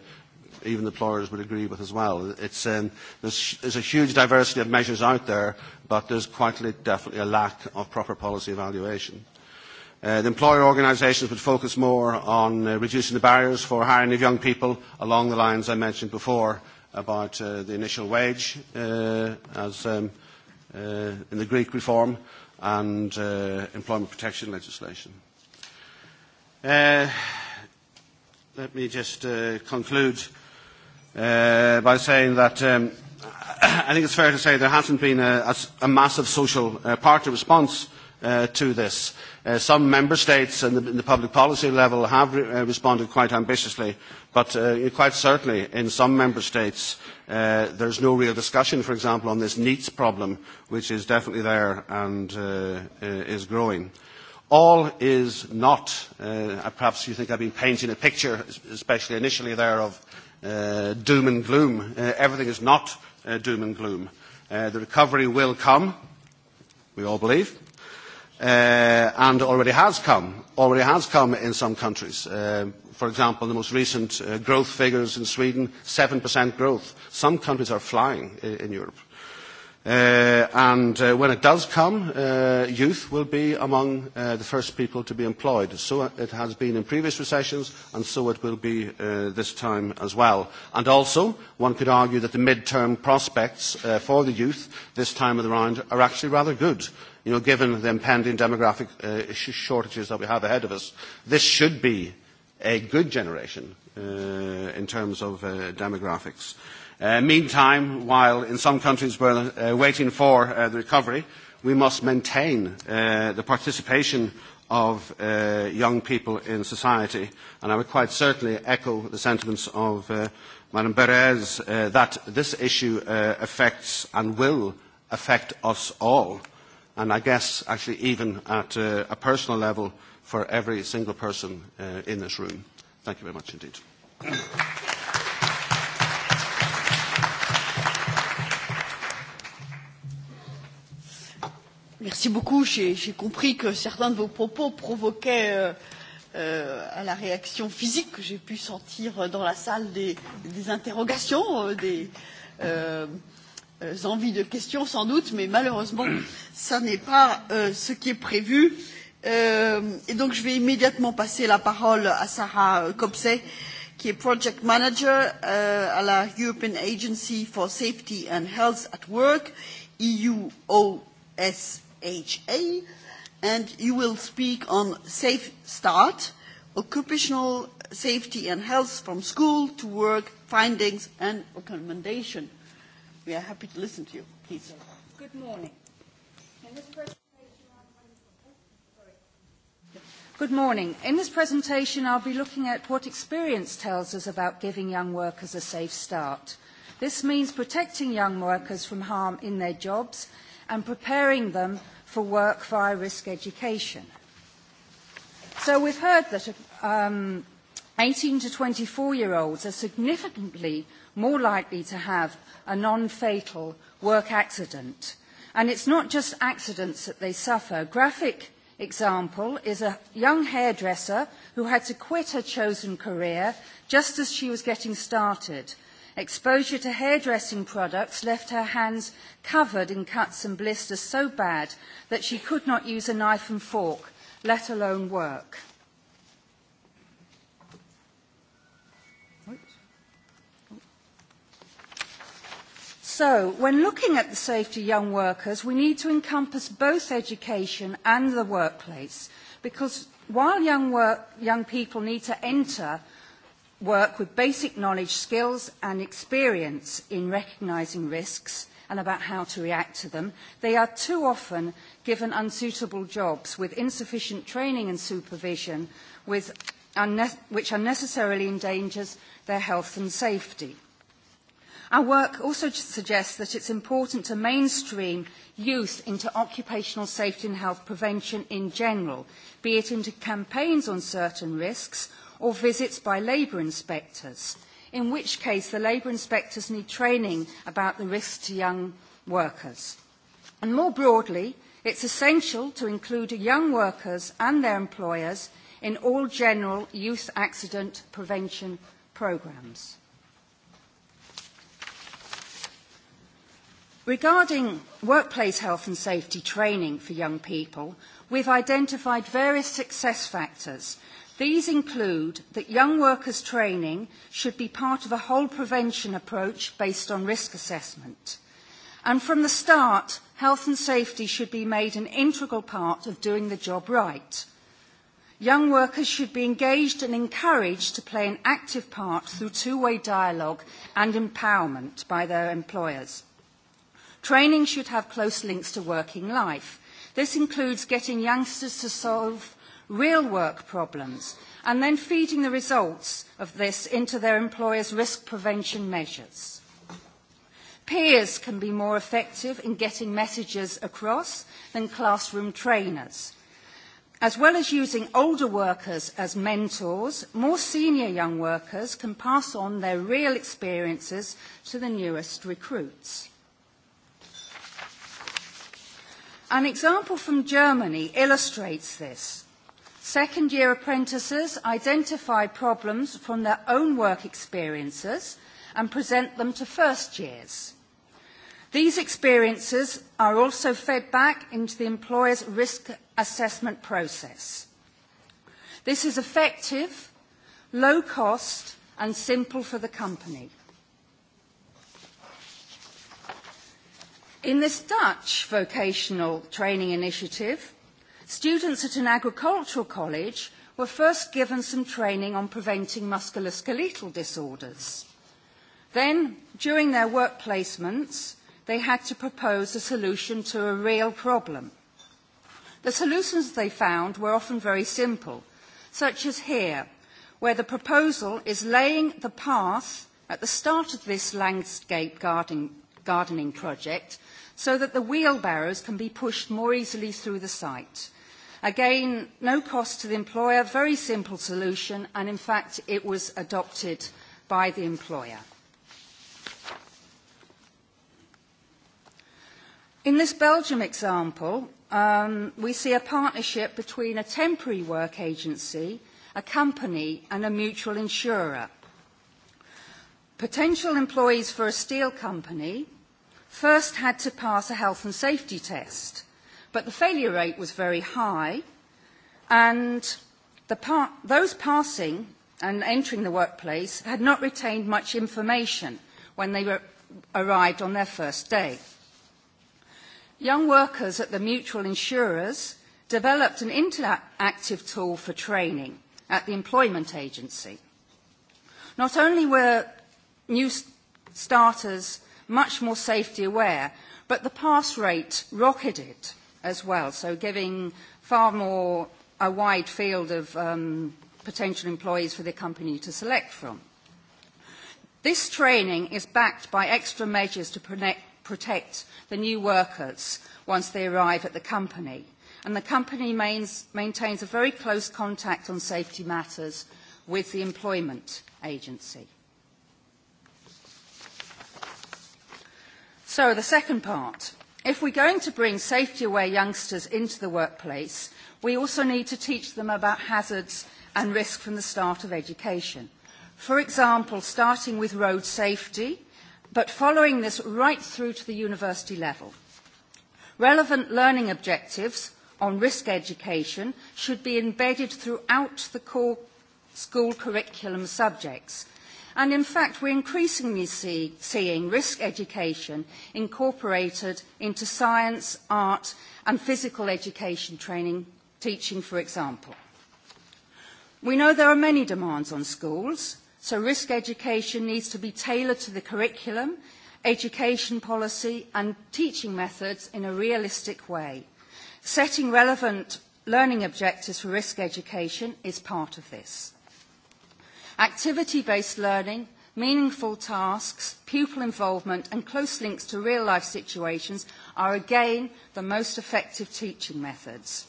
even the employers would agree with as well. It's, um, there's, there's a huge diversity of measures out there, but there's quite definitely a lack of proper policy evaluation. Uh, the employer organisations would focus more on uh, reducing the barriers for hiring of young people along the lines I mentioned before about uh, the initial wage uh, as um, uh, in the Greek reform and uh, employment protection legislation. Uh, let me just uh, conclude uh, by saying that um, I think it's fair to say there hasn't been a, a, a massive social uh, party response uh, to this. Uh, Uh, some member states in the, in the public policy level have re- uh, responded quite ambitiously, but uh, quite certainly in some member states uh, there's no real discussion, for example, on this NEATS problem, which is definitely there and uh, uh is growing. All is not, uh, uh, perhaps you think I've been painting a picture, especially initially there, of uh, doom and gloom. Uh, everything is not uh, doom and gloom. Uh, the recovery will come, we all believe uh, and already has come, already has come in some countries. Uh, for example, the most recent uh, growth figures in Sweden, 7% growth. Some countries are flying in, in Europe. Uh, and uh, when it does come, uh, youth will be among uh, the first people to be employed. So it has been in previous recessions, and so it will be uh, this time as well. And also, one could argue that the mid-term prospects uh, for the youth this time around are actually rather good. Uh, you know, given the impending demographic uh, shortages that we have ahead of us, this should be a good generation uh, in terms of uh, demographics. Uh, meantime, while in some countries we're uh, waiting for uh, the recovery, we must maintain uh, the participation of uh, young people in society. And I would quite certainly echo the sentiments of uh, Madam Perez uh, that this issue uh, affects and will affect us all. Uh, and I guess actually even at uh, a personal level for every single person uh, in this room. Thank you very much indeed. Merci beaucoup. J'ai compris que certains de vos propos provoquaient euh, euh, à la réaction physique que j'ai pu sentir euh, dans la salle des, des interrogations, euh, des, euh, Euh, envies de questions sans doute mais malheureusement ce n'est pas euh, ce qui est prévu euh, et donc je vais immédiatement passer la parole à Sarah Kopsey euh, qui est project manager euh, à la European Agency for Safety and Health at Work EUOSHA and you will speak on safe start occupational safety and health from school to work findings and recommendations We are happy to listen to you. Please. Good morning. In this Good morning. In this presentation, I'll be looking at what experience tells us about giving young workers a safe start. This means protecting young workers from harm in their jobs and preparing them for work via risk education. So we've heard that um, 18 to 24 year olds are significantly more likely to have a non-fatal work accident. And it's not just accidents that they suffer. Graphic example is a young hairdresser who had to quit her chosen career just as she was getting started. Exposure to hairdressing products left her hands covered in cuts and blisters so bad that she could not use a knife and fork, let alone work. So, when looking at the safety of young workers, we need to encompass both education and the workplace, because while young, work, young people need to enter work with basic knowledge, skills and experience in recognising risks and about how to react to them, they are too often given unsuitable jobs with insufficient training and supervision with unne- which unnecessarily endangers their health and safety. Our work also suggests that it's important to mainstream youth into occupational safety and health prevention in general, be it into campaigns on certain risks or visits by labour inspectors, in which case the labour inspectors need training about the risks to young workers. And more broadly, it's essential to include young workers and their employers in all general youth accident prevention programmes. Regarding workplace health and safety training for young people, we've identified various success factors. These include that young workers training should be part of a whole prevention approach based on risk assessment. And from the start, health and safety should be made an integral part of doing the job right. Young workers should be engaged and encouraged to play an active part through two-way dialogue and empowerment by their employers. Training should have close links to working life. This includes getting youngsters to solve real work problems and then feeding the results of this into their employers' risk prevention measures. Peers can be more effective in getting messages across than classroom trainers. As well as using older workers as mentors, more senior young workers can pass on their real experiences to the newest recruits. An example from Germany illustrates this. Second year apprentices identify problems from their own work experiences and present them to first years. These experiences are also fed back into the employer's risk assessment process. This is effective, low cost, and simple for the company. In this Dutch vocational training initiative, students at an agricultural college were first given some training on preventing musculoskeletal disorders. Then, during their work placements, they had to propose a solution to a real problem. The solutions they found were often very simple, such as here, where the proposal is laying the path at the start of this landscape gardening, gardening project so that the wheelbarrows can be pushed more easily through the site. Again, no cost to the employer, very simple solution, and in fact, it was adopted by the employer. In this Belgium example, um, we see a partnership between a temporary work agency, a company, and a mutual insurer. Potential employees for a steel company first had to pass a health and safety test, but the failure rate was very high, and the par- those passing and entering the workplace had not retained much information when they were arrived on their first day. Young workers at the mutual insurers developed an interactive tool for training at the employment agency. Not only were new starters much more safety aware, but the pass rate rocketed as well, so giving far more a wide field of um, potential employees for the company to select from. This training is backed by extra measures to protect, protect the new workers once they arrive at the company. And the company mains, maintains a very close contact on safety matters with the employment agency. So the second part. If we're going to bring safety-aware youngsters into the workplace, we also need to teach them about hazards and risk from the start of education. For example, starting with road safety, but following this right through to the university level. Relevant learning objectives on risk education should be embedded throughout the core school curriculum subjects, And in fact, we're increasingly see, seeing risk education incorporated into science, art, and physical education training, teaching, for example. We know there are many demands on schools, so risk education needs to be tailored to the curriculum, education policy, and teaching methods in a realistic way. Setting relevant learning objectives for risk education is part of this. Activity-based learning, meaningful tasks, pupil involvement and close links to real-life situations are again the most effective teaching methods.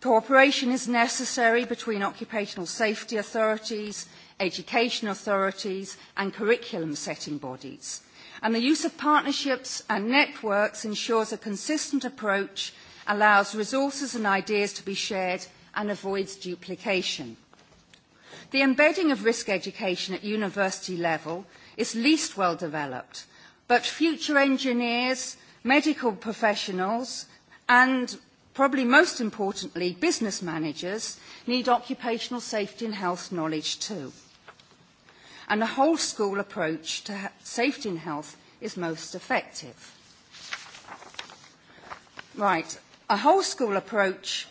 Cooperation is necessary between occupational safety authorities, education authorities and curriculum setting bodies. And the use of partnerships and networks ensures a consistent approach, allows resources and ideas to be shared and avoids duplication. The embedding of risk education at university level is least well developed, but future engineers, medical professionals, and probably most importantly, business managers need occupational safety and health knowledge too. And a whole school approach to safety and health is most effective. Right, a whole school approach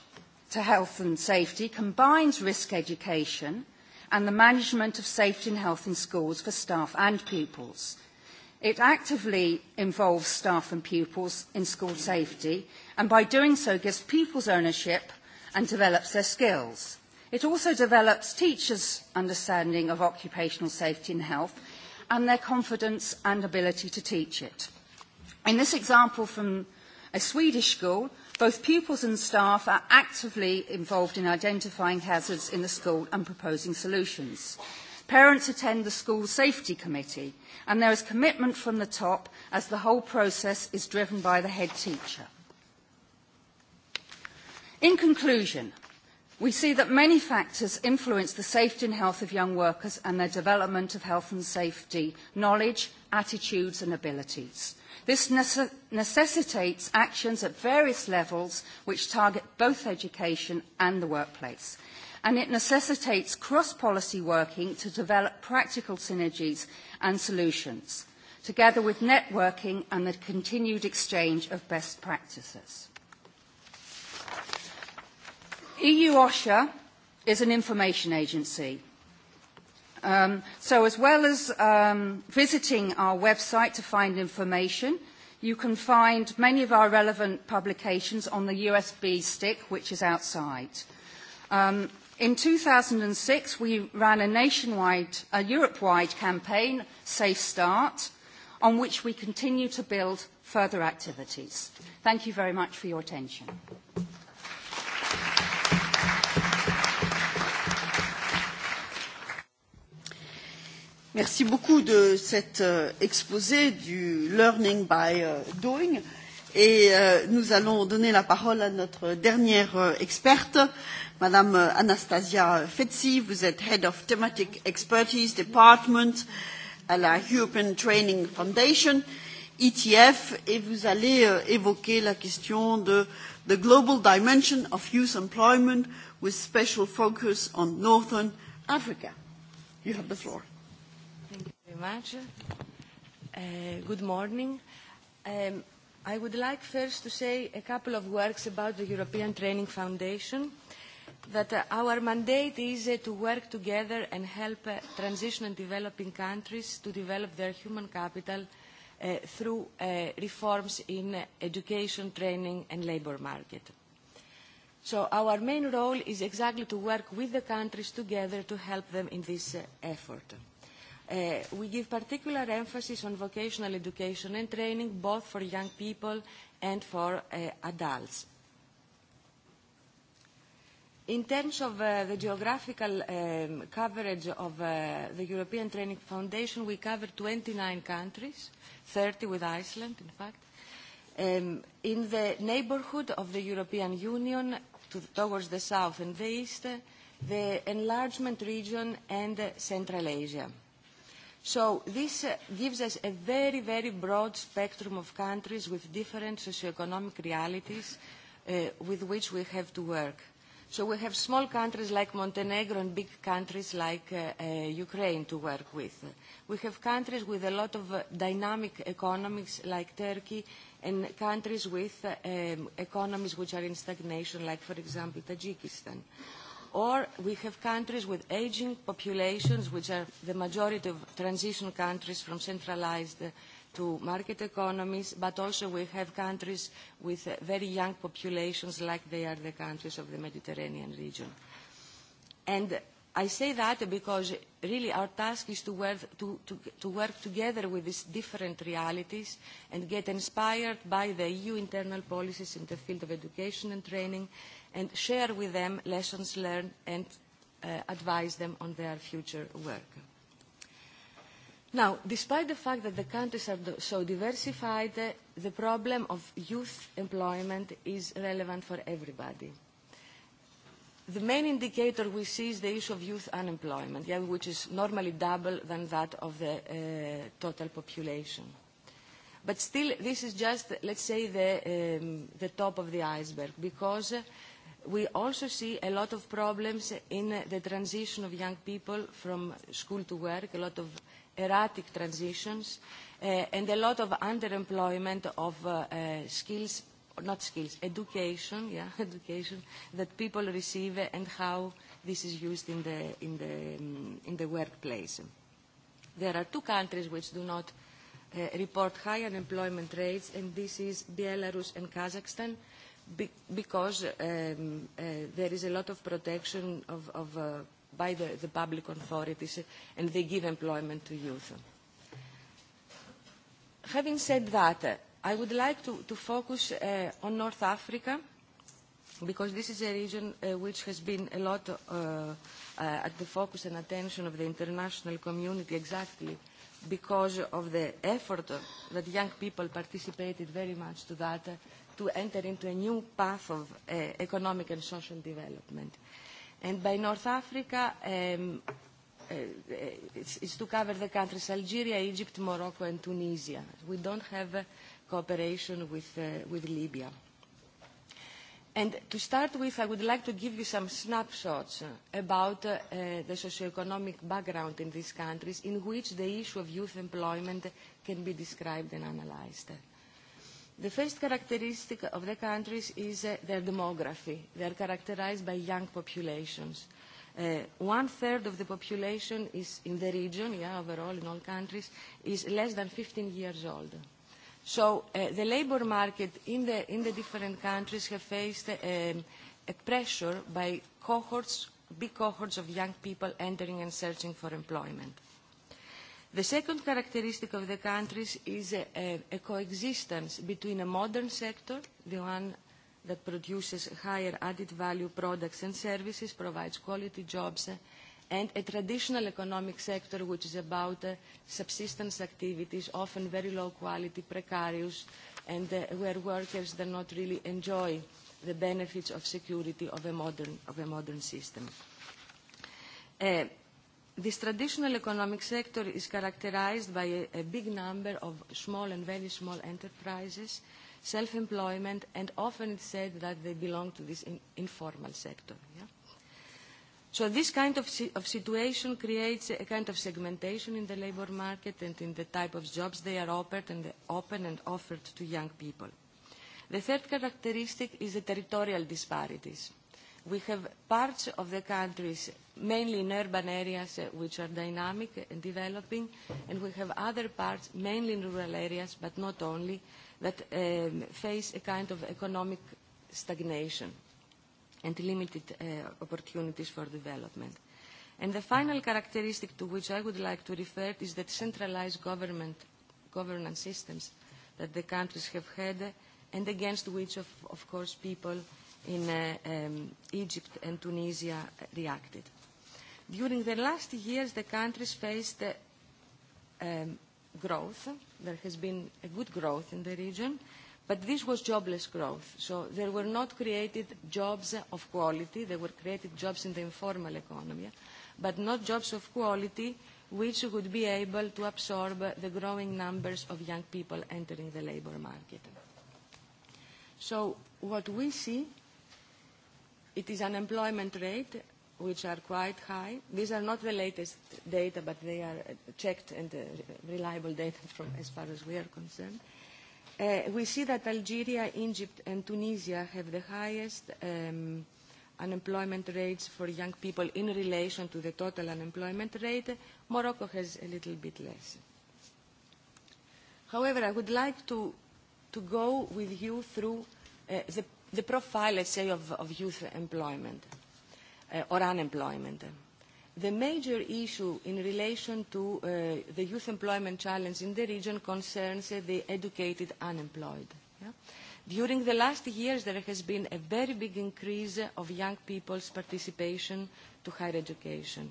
to health and safety combines risk education – and the management of safety and health in schools for staff and pupils. It actively involves staff and pupils in school safety and by doing so gives pupils ownership and develops their skills. It also develops teachers' understanding of occupational safety and health and their confidence and ability to teach it. In this example from a Swedish school, Both pupils and staff are actively involved in identifying hazards in the school and proposing solutions. Parents attend the school safety committee and there is commitment from the top as the whole process is driven by the head teacher. In conclusion, We see that many factors influence the safety and health of young workers and their development of health and safety, knowledge, attitudes and abilities. This necess necessitates actions at various levels which target both education and the workplace. And it necessitates cross-policy working to develop practical synergies and solutions, together with networking and the continued exchange of best practices. EU OSHA is an information agency. Um, so as well as um, visiting our website to find information, you can find many of our relevant publications on the USB stick, which is outside. Um, in 2006, we ran a nationwide, a Europe-wide campaign, Safe Start, on which we continue to build further activities. Thank you very much for your attention. Thank you. Merci beaucoup de cet euh, exposé du learning by euh, doing. Et euh, nous allons donner la parole à notre dernière euh, experte, Madame euh, Anastasia Fetsi. Vous êtes Head of Thematic Expertise Department à la European Training Foundation, ETF, et vous allez euh, évoquer la question de the global dimension of youth employment with special focus on Northern Africa. You have the floor. Yes much. Uh, good morning. Um, I would like first to say a couple of words about the European Training Foundation, that uh, our mandate is uh, to work together and help uh, transition and developing countries to develop their human capital uh, through uh, reforms in uh, education, training and labour market. So our main role is exactly to work with the countries together to help them in this uh, effort. Uh, Uh, we give particular emphasis on vocational education and training both for young people and for uh, adults. In terms of uh, the geographical um, coverage of uh, the European Training Foundation, we cover 29 countries, 30 with Iceland, in fact. Um, in the neighborhood of the European Union, to, towards the south and the east, uh, the enlargement region and uh, Central Asia. So this uh, gives us a very, very broad spectrum of countries with different socioeconomic realities uh, with which we have to work. So we have small countries like Montenegro and big countries like uh, uh, Ukraine to work with. We have countries with a lot of uh, dynamic economies like Turkey and countries with uh, um, economies which are in stagnation like, for example, Tajikistan. Uh, or we have countries with aging populations, which are the majority of transition countries from centralized uh, to market economies, but also we have countries with uh, very young populations like they are the countries of the Mediterranean region. And I say that because really our task is to work, to, to, to work together with these different realities and get inspired by the EU internal policies in the field of education and training and share with them lessons learned and uh, advise them on their future work. Now, despite the fact that the countries are so diversified, uh, the problem of youth employment is relevant for everybody. The main indicator we see is the issue of youth unemployment, yeah, which is normally double than that of the uh, total population. But still, this is just, let's say, the, um, the top of the iceberg, because uh, We also see a lot of problems in the transition of young people from school to work, a lot of erratic transitions, uh, and a lot of underemployment of uh, uh, skills, not skills, education, yeah, education that people receive and how this is used in the, in the, um, in the workplace. There are two countries which do not uh, report high unemployment rates, and this is Belarus and Kazakhstan. Uh, be because um, uh, there is a lot of protection of, of, uh, by the, the public authorities and they give employment to youth. Having said that, uh, I would like to, to focus uh, on North Africa because this is a region uh, which has been a lot uh, uh, at the focus and attention of the international community exactly because of the effort that young people participated very much to that uh, to enter into a new path of uh, economic and social development. And by North Africa, um, uh, it's, it's to cover the countries Algeria, Egypt, Morocco, and Tunisia. We don't have uh, cooperation with, uh, with Libya. And to start with, I would like to give you some snapshots about uh, the socioeconomic background in these countries in which the issue of youth employment can be described and analyzed. Uh, The first characteristic of the countries is uh, their demography. They are characterized by young populations. Uh, one-third of the population is in the region, yeah, overall in all countries, is less than 15 years old. So uh, the labor market in the, in the different countries have faced uh, um, a pressure by cohorts, big cohorts of young people entering and searching for employment. Uh, The second characteristic of the countries is a, a, a coexistence between a modern sector, the one that produces higher added value products and services, provides quality jobs, and a traditional economic sector which is about uh, subsistence activities, often very low quality, precarious, and uh, where workers do not really enjoy the benefits of security of a modern, of a modern system. Uh, This traditional economic sector is characterized by a, a big number of small and very small enterprises, self-employment, and often it's said that they belong to this in, informal sector. Yeah? So this kind of, si of situation creates a, a kind of segmentation in the labor market and in the type of jobs they are offered and, the, open and offered to young people. The third characteristic is the territorial disparities we have parts of the countries, mainly in urban areas, uh, which are dynamic and developing, and we have other parts, mainly in rural areas, but not only, that um, face a kind of economic stagnation and limited uh, opportunities for development. And the final characteristic to which I would like to refer is that centralized government, governance systems that the countries have had, uh, and against which, of, of course, people uh, in uh, um, Egypt and Tunisia reacted. During the last years, the countries faced uh, um, growth. There has been a good growth in the region, but this was jobless growth. So there were not created jobs of quality. There were created jobs in the informal economy, but not jobs of quality which would be able to absorb the growing numbers of young people entering the labor market. So what we see It is unemployment rate, which are quite high. These are not the latest data, but they are uh, checked and uh, reliable data from as far as we are concerned. Uh, we see that Algeria, Egypt, and Tunisia have the highest um, unemployment rates for young people in relation to the total unemployment rate. Morocco has a little bit less. However, I would like to, to go with you through uh, the the profile, let's say, of, of youth employment uh, or unemployment. The major issue in relation to uh, the youth employment challenge in the region concerns uh, the educated unemployed. Yeah? During the last years, there has been a very big increase of young people's participation to higher education.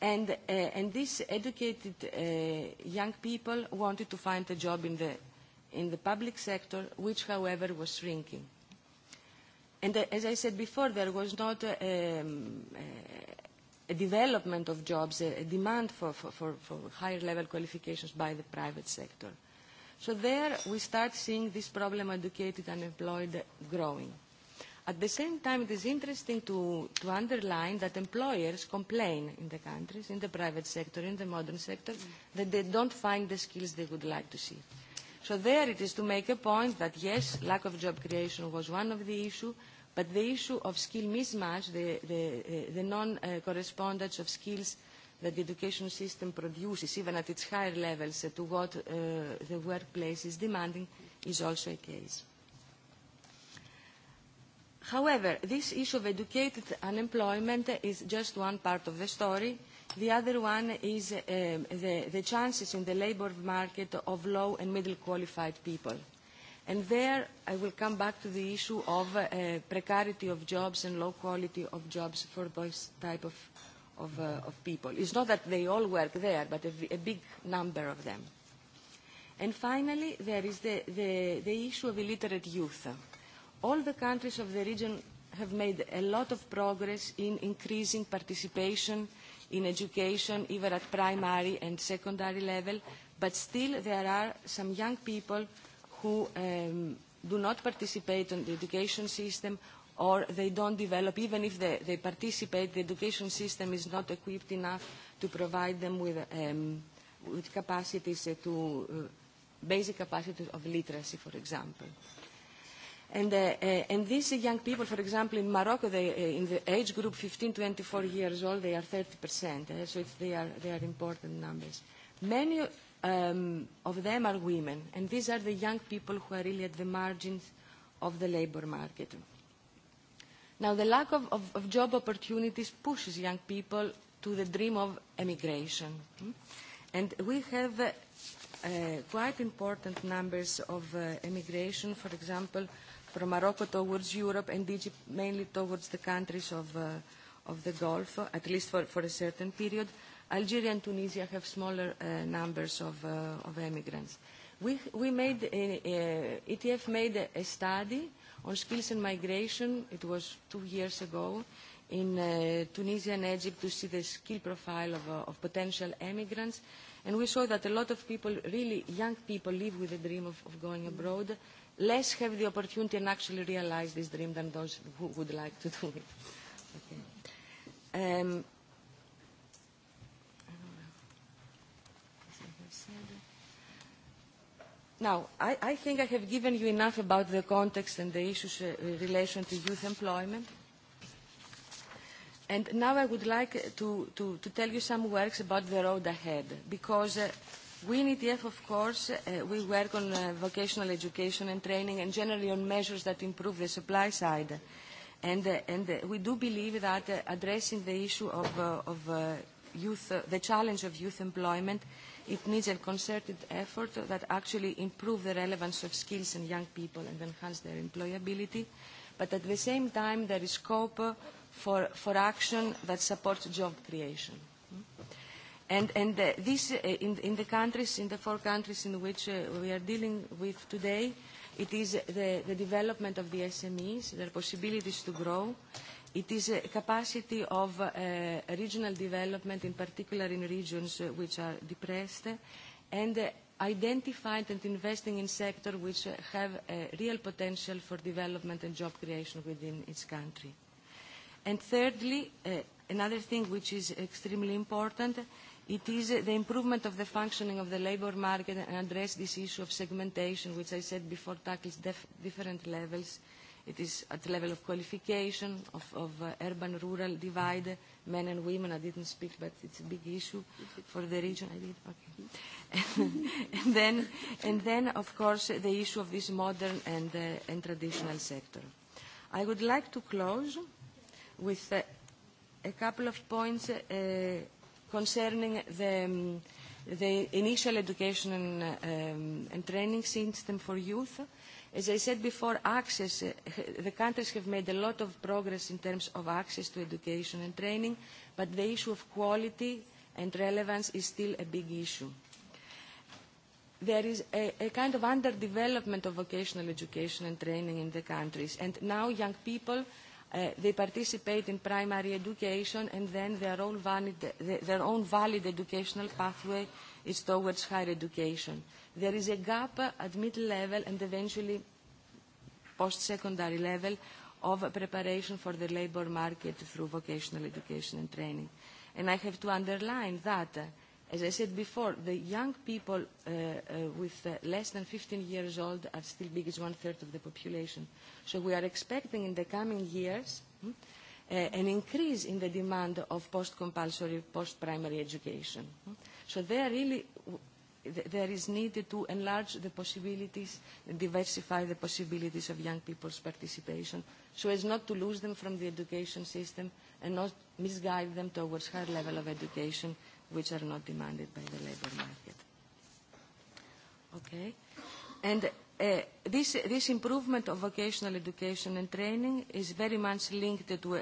And, uh, and these educated uh, young people wanted to find a job in the, in the public sector, which, however, was shrinking. And uh, as I said before, there was not a, uh, um, uh, a development of jobs, a, a demand for, for, for, for higher level qualifications by the private sector. So there we start seeing this problem educated unemployed growing. At the same time, it is interesting to, to underline that employers complain in the countries, in the private sector, in the modern sector, that they don't find the skills they would like to see. So there it is to make a point that yes, lack of job creation was one of the issues, But the issue of skill mismatch, the, the, uh, the non-correspondence of skills that the education system produces, even at its higher levels, uh, to what uh, the workplace is demanding, is also a case. However, this issue of educated unemployment is just one part of the story. The other one is um, the, the chances in the labour market of low and middle qualified people And there I will come back to the issue of uh, precarity of jobs and low quality of jobs for this type of, of, uh, of people. It's not that they all work there, but a, a big number of them. And finally, there is the, the, the issue of illiterate youth. All the countries of the region have made a lot of progress in increasing participation in education, even at primary and secondary level, but still there are some young people who um, do not participate in the education system or they don't develop, even if they, they participate, the education system is not equipped enough to provide them with, um, with capacities uh, to, uh, basic capacities of literacy, for example. And, uh, uh, and these young people, for example, in Morocco, they, uh, in the age group 15-24 years old, they are 30%, uh, eh? so it's, they, are, they are important numbers. Many um, of them are women. And these are the young people who are really at the margins of the labor market. Now, the lack of, of, of job opportunities pushes young people to the dream of emigration. Hmm? And we have uh, uh, quite important numbers of uh, emigration, for example, from Morocco towards Europe and Egypt mainly towards the countries of, uh, of the Gulf, at least for, for a certain period. Uh, Algeria and Tunisia have smaller uh, numbers of, uh, of emigrants. We, we made, uh, uh, ETF made a, a study on skills and migration, it was two years ago, in uh, Tunisia and Egypt to see the skill profile of, uh, of potential emigrants. And we saw that a lot of people, really young people, live with the dream of, of going abroad, less have the opportunity and actually realize this dream than those who would like to do it. Okay. Um, Now, I, I think I have given you enough about the context and the issues uh, in relation to youth employment. And now I would like to, to, to tell you some words about the road ahead, because uh, we in ETF, of course, uh, we work on uh, vocational education and training and generally on measures that improve the supply side. And, uh, and uh, we do believe that uh, addressing the issue of, uh, of uh, youth, uh, the challenge of youth employment uh, it needs a concerted effort that actually improve the relevance of skills in young people and enhance their employability. But at the same time, there is scope for, for action that supports job creation. And, and uh, this, uh, in, in the countries, in the four countries in which uh, we are dealing with today, it is the, the development of the SMEs, their possibilities to grow, It is a capacity of uh, regional development, in particular in regions uh, which are depressed, and uh, identified and investing in sectors which uh, have a real potential for development and job creation within its country. And thirdly, uh, another thing which is extremely important, it is uh, the improvement of the functioning of the labor market and address this issue of segmentation, which I said before tackles def different levels uh, It is at the level of qualification, of, of uh, urban-rural divide, men and women. I didn't speak, but it's a big issue for the region. I did? Okay. and, then, and then, of course, the issue of this modern and, uh, and traditional sector. I would like to close with uh, a couple of points uh, concerning the, um, the initial education and, uh, um, and training system for youth. Uh, As I said before, access, uh, the countries have made a lot of progress in terms of access to education and training, but the issue of quality and relevance is still a big issue. There is a, a kind of underdevelopment of vocational education and training in the countries, and now young people Uh, they participate in primary education and then their own valid, their own valid educational pathway is towards higher education there is a gap at middle level and eventually post-secondary level of preparation for the labor market through vocational education and training. And I have to underline that, uh, as I said before, the young people uh, uh, with uh, less than 15 years old are still big as one-third of the population. So we are expecting in the coming years hmm, uh, an increase in the demand of post-compulsory, post-primary education. Hmm? So there really there is needed to enlarge the possibilities, diversify the possibilities of young people's participation, so as not to lose them from the education system and not misguide them towards higher level of education, which are not demanded by the labor market. Okay. And uh, this, this improvement of vocational education and training is very much linked to uh,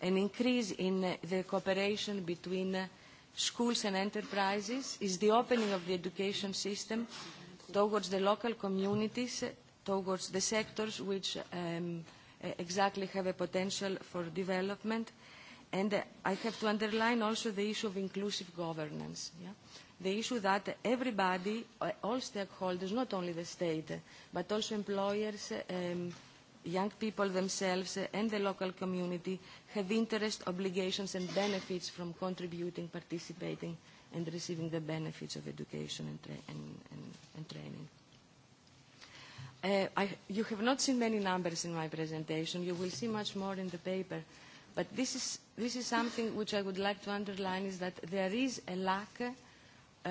an increase in uh, the cooperation between uh, schools and enterprises is the opening of the education system towards the local communities, towards the sectors which um, e-, exactly have a potential for development. And uh, I have to underline also the issue of inclusive governance. Yeah? The issue that everybody, uh, all stakeholders, not only the state, but also employers, um, young people themselves and the local community have interest, obligations and benefits from contributing, participating and receiving the benefits of education and, tra and, and, and training. Uh, I, you have not seen many numbers in my presentation. You will see much more in the paper. But this is, this is something which I would like to underline is that there is a lack uh,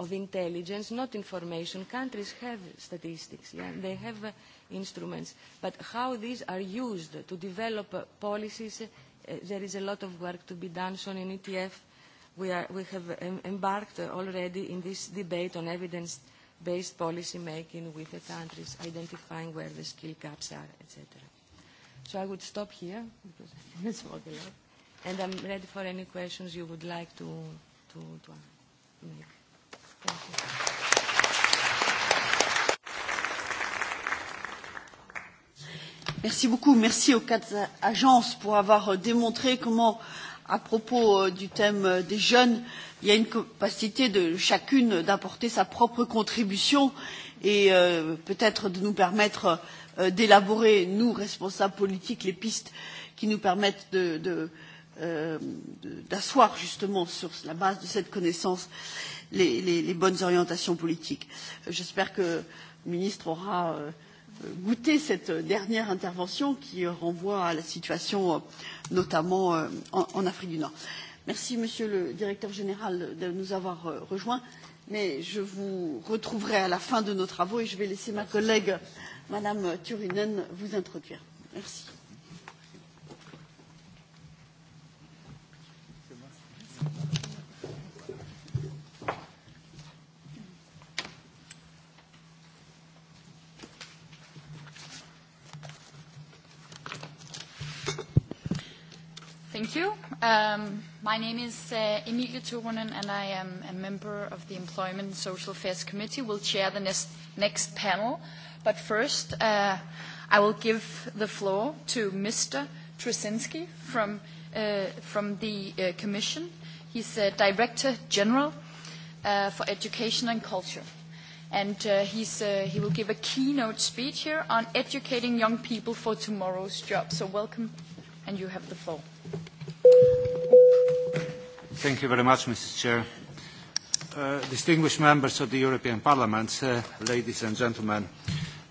of intelligence, not information. Countries have statistics. Yeah? They have uh, instruments, but how these are used to develop uh, policies, uh, there is a lot of work to be done. So in ETF, we, are, we have um, embarked already in this debate on evidence-based policy making with the countries, identifying where the skill gaps are, etc. So I would stop here, because it's spoke a lot, and I'm ready for any questions you would like to, to, to make. Thank you. Merci beaucoup. Merci aux quatre agences pour avoir euh, démontré comment, à propos euh, du thème euh, des jeunes, il y a une capacité de chacune d'apporter sa propre contribution et euh, peut-être de nous permettre euh, d'élaborer, nous, responsables politiques, les pistes qui nous permettent de, de, euh, d'asseoir justement sur la base de cette connaissance les, les, les bonnes orientations politiques. J'espère que le ministre aura euh, goûté cette dernière intervention qui renvoie à la situation euh, notamment euh, en, en Afrique du Nord. Merci Monsieur le Directeur général de nous avoir euh, rejoints, mais je vous retrouverai à la fin de nos travaux et je vais laisser ma collègue Madame Turunen vous introduire. Merci. Thank you. Um, my name is uh, Emilia Turunen, and I am a member of the Employment and Social Affairs Committee. We'll chair the next, next panel. But first, uh, I will give the floor to Mr. Trusinski from, uh, from the uh, Commission. He's uh, Director General uh, for Education and Culture. And uh, he's, uh, he will give a keynote speech here on educating young people for tomorrow's job. So welcome, and you have the floor. Thank you. Thank you very much, Mr. Chair. Uh, distinguished members of the European Parliament, uh, ladies and gentlemen,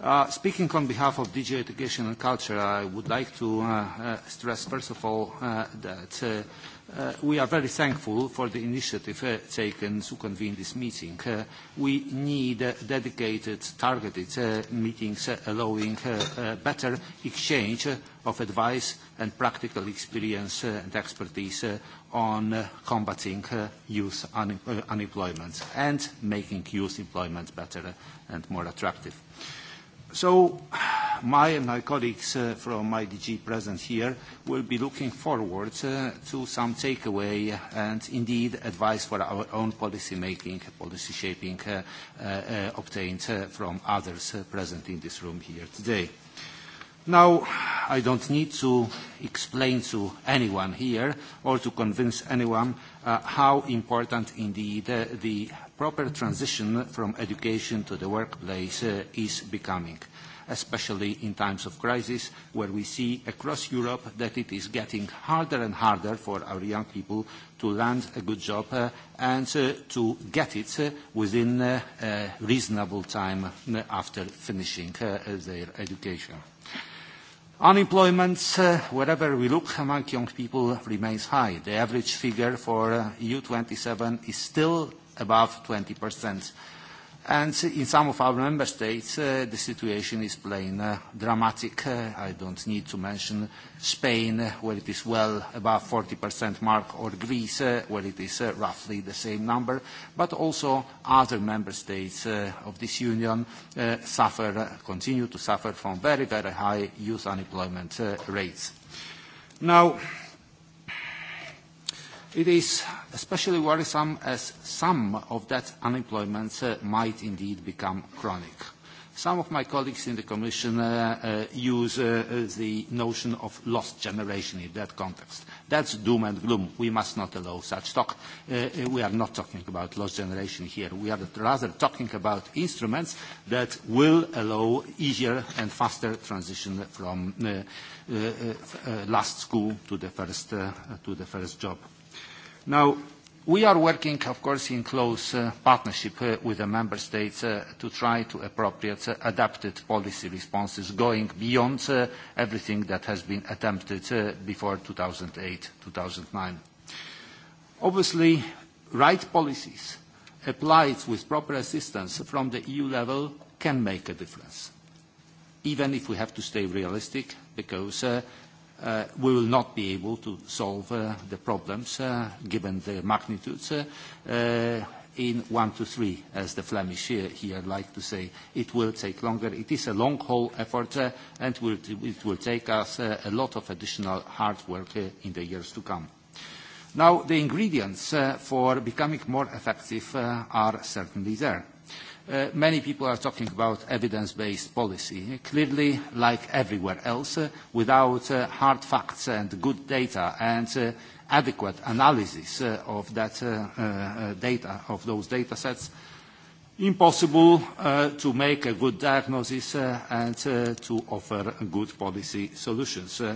uh, speaking on behalf of DG Education and Culture, I would like to uh, uh, stress, first of all, uh, that uh, Uh, we are very thankful for the initiative uh, taken to convene this meeting. Uh, we need uh, dedicated, targeted uh, meetings uh, allowing uh, uh, better exchange uh, of advice and practical experience uh, and expertise uh, on uh, combating uh, youth un uh, unemployment and making youth employment better and more attractive. So my and my colleagues uh, from IDG present here will be looking forward uh, to some takeaway and indeed advice for our own policy making, policy shaping uh, uh, uh, obtained uh, from others uh, present in this room here today. Now, I don't need to explain to anyone here or to convince anyone uh, how important indeed uh, the proper transition from education to the workplace uh, is becoming, especially in times of crisis, where we see across Europe that it is getting harder and harder for our young people to land a good job uh, and uh, to get it uh, within uh, a reasonable time uh, after finishing uh, their education. Unemployment, uh, wherever we look among young people, remains high. The average figure for uh, EU27 is still above 20%. And in some of our member states, uh, the situation is plain uh, dramatic. Uh, I don't need to mention Spain, uh, where it is well above 40% mark, or Greece, uh, where it is uh, roughly the same number, but also other member states uh, of this union uh, suffer, uh, continue to suffer from very, very high youth unemployment uh, rates. Now, It is especially worrisome as some of that unemployment uh, might indeed become chronic. Some of my colleagues in the Commission uh, uh, use uh, uh the notion of lost generation in that context. That's doom and gloom. We must not allow such talk. Uh, uh, we are not talking about lost generation here. We are rather talking about instruments that will allow easier and faster transition from uh, uh, uh, last school to the first, uh, to the first job. Uh, Now, we are working, of course, in close uh, partnership uh, with the member states uh, to try to appropriate uh, adapted policy responses going beyond uh, everything that has been attempted uh, before 2008, 2009. Obviously, right policies applied with proper assistance from the EU level can make a difference, even if we have to stay realistic, because uh, we will not be able to solve uh, the problems, uh, given their magnitudes, uh, uh, in one to three, as the Flemish here, here like to say. It will take longer. It is a long-haul effort, uh, and will, it will take us uh, a lot of additional hard work uh, in the years to come. Now, the ingredients uh, for becoming more effective uh, are certainly there. Uh, many people are talking about evidence-based policy. Eh, clearly, like everywhere else, uh, without uh, hard facts and good data and uh, adequate analysis uh, of that uh, uh, uh, data, of those data sets, impossible uh, to make a good diagnosis uh, and uh, to offer good policy solutions. Uh,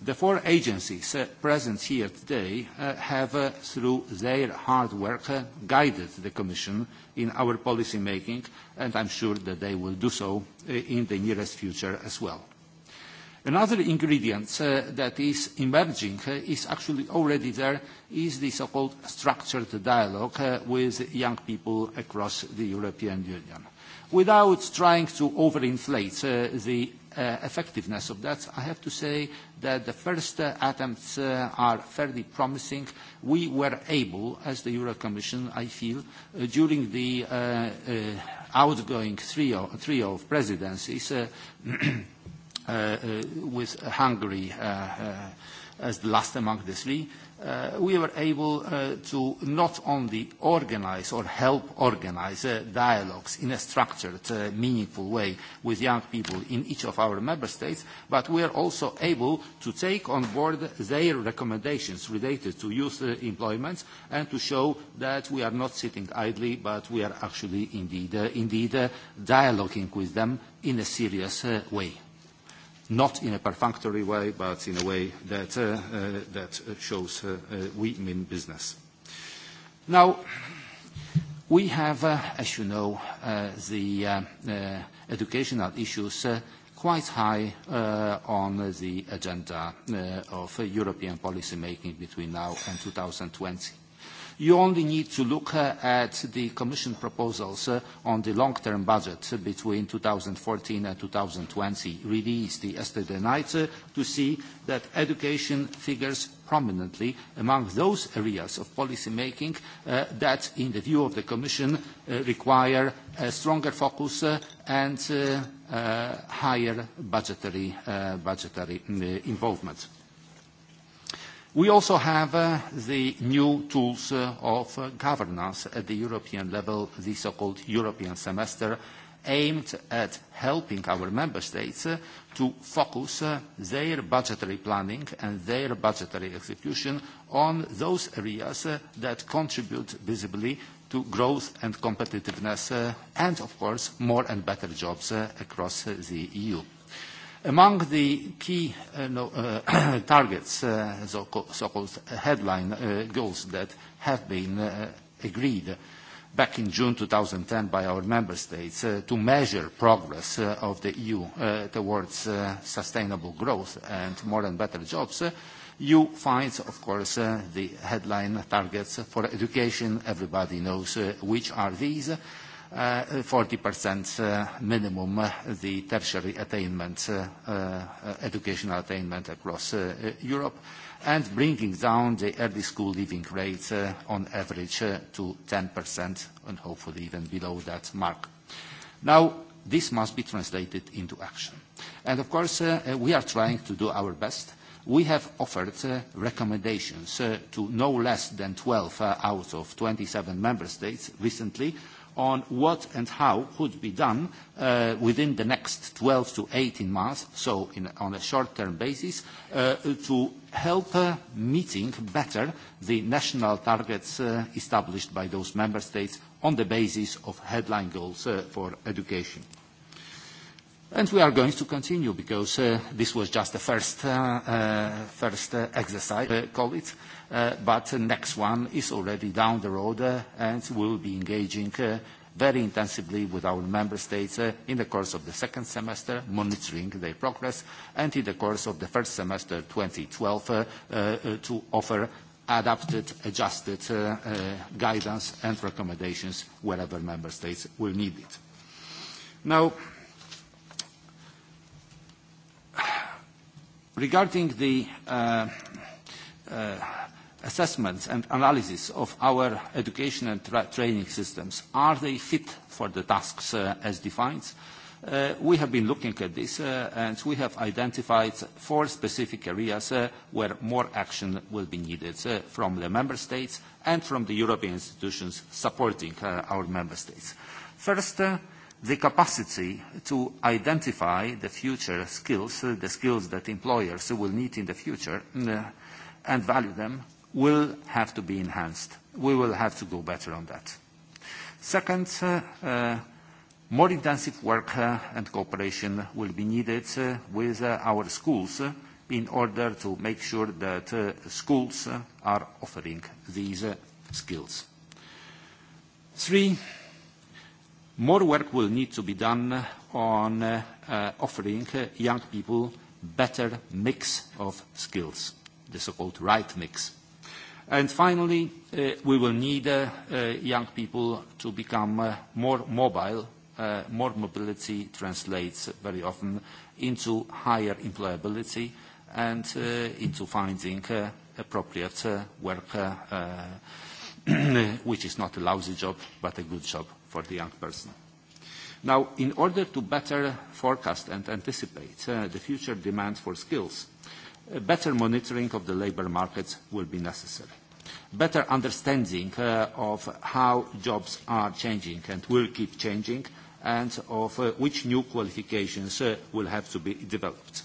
The four agencies uh, present here today uh, have, uh, through their hard work, uh, guided the Commission in our policy making, and I'm sure that they will do so uh, in the nearest future as well. Another ingredient uh, that is emerging, uh, is actually already there, is the so-called structured dialogue uh, with young people across the European Union. Without trying to overinflate uh, the uh, effectiveness of that, I have to say that the first uh, attempts uh, are fairly promising. We were able, as the Euro Commission, I feel, uh, during the uh, uh, outgoing trio, trio of presidencies uh, uh, uh, with Hungary uh, uh, as the last among the three, uh, uh, we were able uh, to not only organize or help organize uh, dialogues in a structured, uh, meaningful way with young people in each of our member states, but we are also able to take on board their recommendations related to youth uh, employment and to show that we are not sitting idly, but we are actually indeed, uh, indeed uh, dialoguing with them in a serious uh, way not in a perfunctory way, but in a way that, uh, uh, that shows uh, uh, we mean business. Now, we have, uh, as you know, uh, the uh, uh, educational issues uh, quite high uh, on the agenda uh, of European policymaking between now and 2020. You only need to look uh, at the Commission proposals uh, on the long-term budget between 2014 and 2020, released yesterday night, uh, to see that education figures prominently among those areas of policymaking uh, that, in the view of the Commission, uh, require a stronger focus uh, and uh, uh, higher budgetary, uh, budgetary mm, uh, involvement. We also have uh, the new tools uh, of uh, governance at the European level, the so-called European semester, aimed at helping our member states uh, to focus uh, their budgetary planning and their budgetary execution on those areas uh, that contribute visibly to growth and competitiveness, uh, and of course, more and better jobs uh, across uh, the EU. Among the key uh, no, uh, targets, uh, so-called so headline uh, goals that have been uh, agreed back in June 2010 by our member states uh, to measure progress uh, of the EU uh, towards uh, sustainable growth and more and better jobs, uh, you find, of course, uh, the headline targets for education. Everybody knows uh, which are these. Uh, uh, 40% uh, minimum uh, the tertiary attainment, uh, uh, educational attainment across uh, uh, Europe, and bringing down the early school leaving rate uh, on average uh, to 10% and hopefully even below that mark. Now, this must be translated into action. And of course, uh, uh, we are trying to do our best we have offered uh, recommendations uh, to no less than 12 uh, out of 27 member states recently on what and how could be done uh, within the next 12 to 18 months, so in, on a short-term basis, uh, to help uh, meeting better the national targets uh, established by those member states on the basis of headline goals uh, for education. And we are going to continue because uh, this was just the first, uh, uh, first uh, exercise, uh, call it. Uh, Uh, but the next one is already down the road, uh, and we will be engaging uh, very intensively with our member states uh, in the course of the second semester, monitoring their progress, and in the course of the first semester 2012, uh, uh, to offer adapted, adjusted guidance and recommendations wherever member states will need it. Now, regarding the uh, assessments and analysis of our education and tra training systems. Are they fit for the tasks uh, as defined? Uh, we have been looking at this, uh, and we have identified four specific areas uh, where more action will be needed uh, from the member states and from the European institutions supporting uh, our member states. First, uh, the capacity to identify the future skills, uh, the skills that employers will need in the future, uh, and value them will have to be enhanced. We will have to do better on that. Second, uh, uh, more intensive work uh, and cooperation will be needed with our schools in order to make sure that schools are offering these skills. Three, more work will need to be done on offering young people better mix of skills, the so-called right mix And finally, uh, we will need uh, uh, young people to become uh, more mobile. Uh, more mobility translates very often into higher employability and uh, into finding uh, appropriate uh, work, uh, uh, which is not a lousy job, but a good job for the young person. Now, in order to better forecast and anticipate uh, the future demand for skills, a better monitoring of the labor markets will be necessary. Better understanding uh, of how jobs are changing and will keep changing, and of uh, which new qualifications uh, will have to be developed.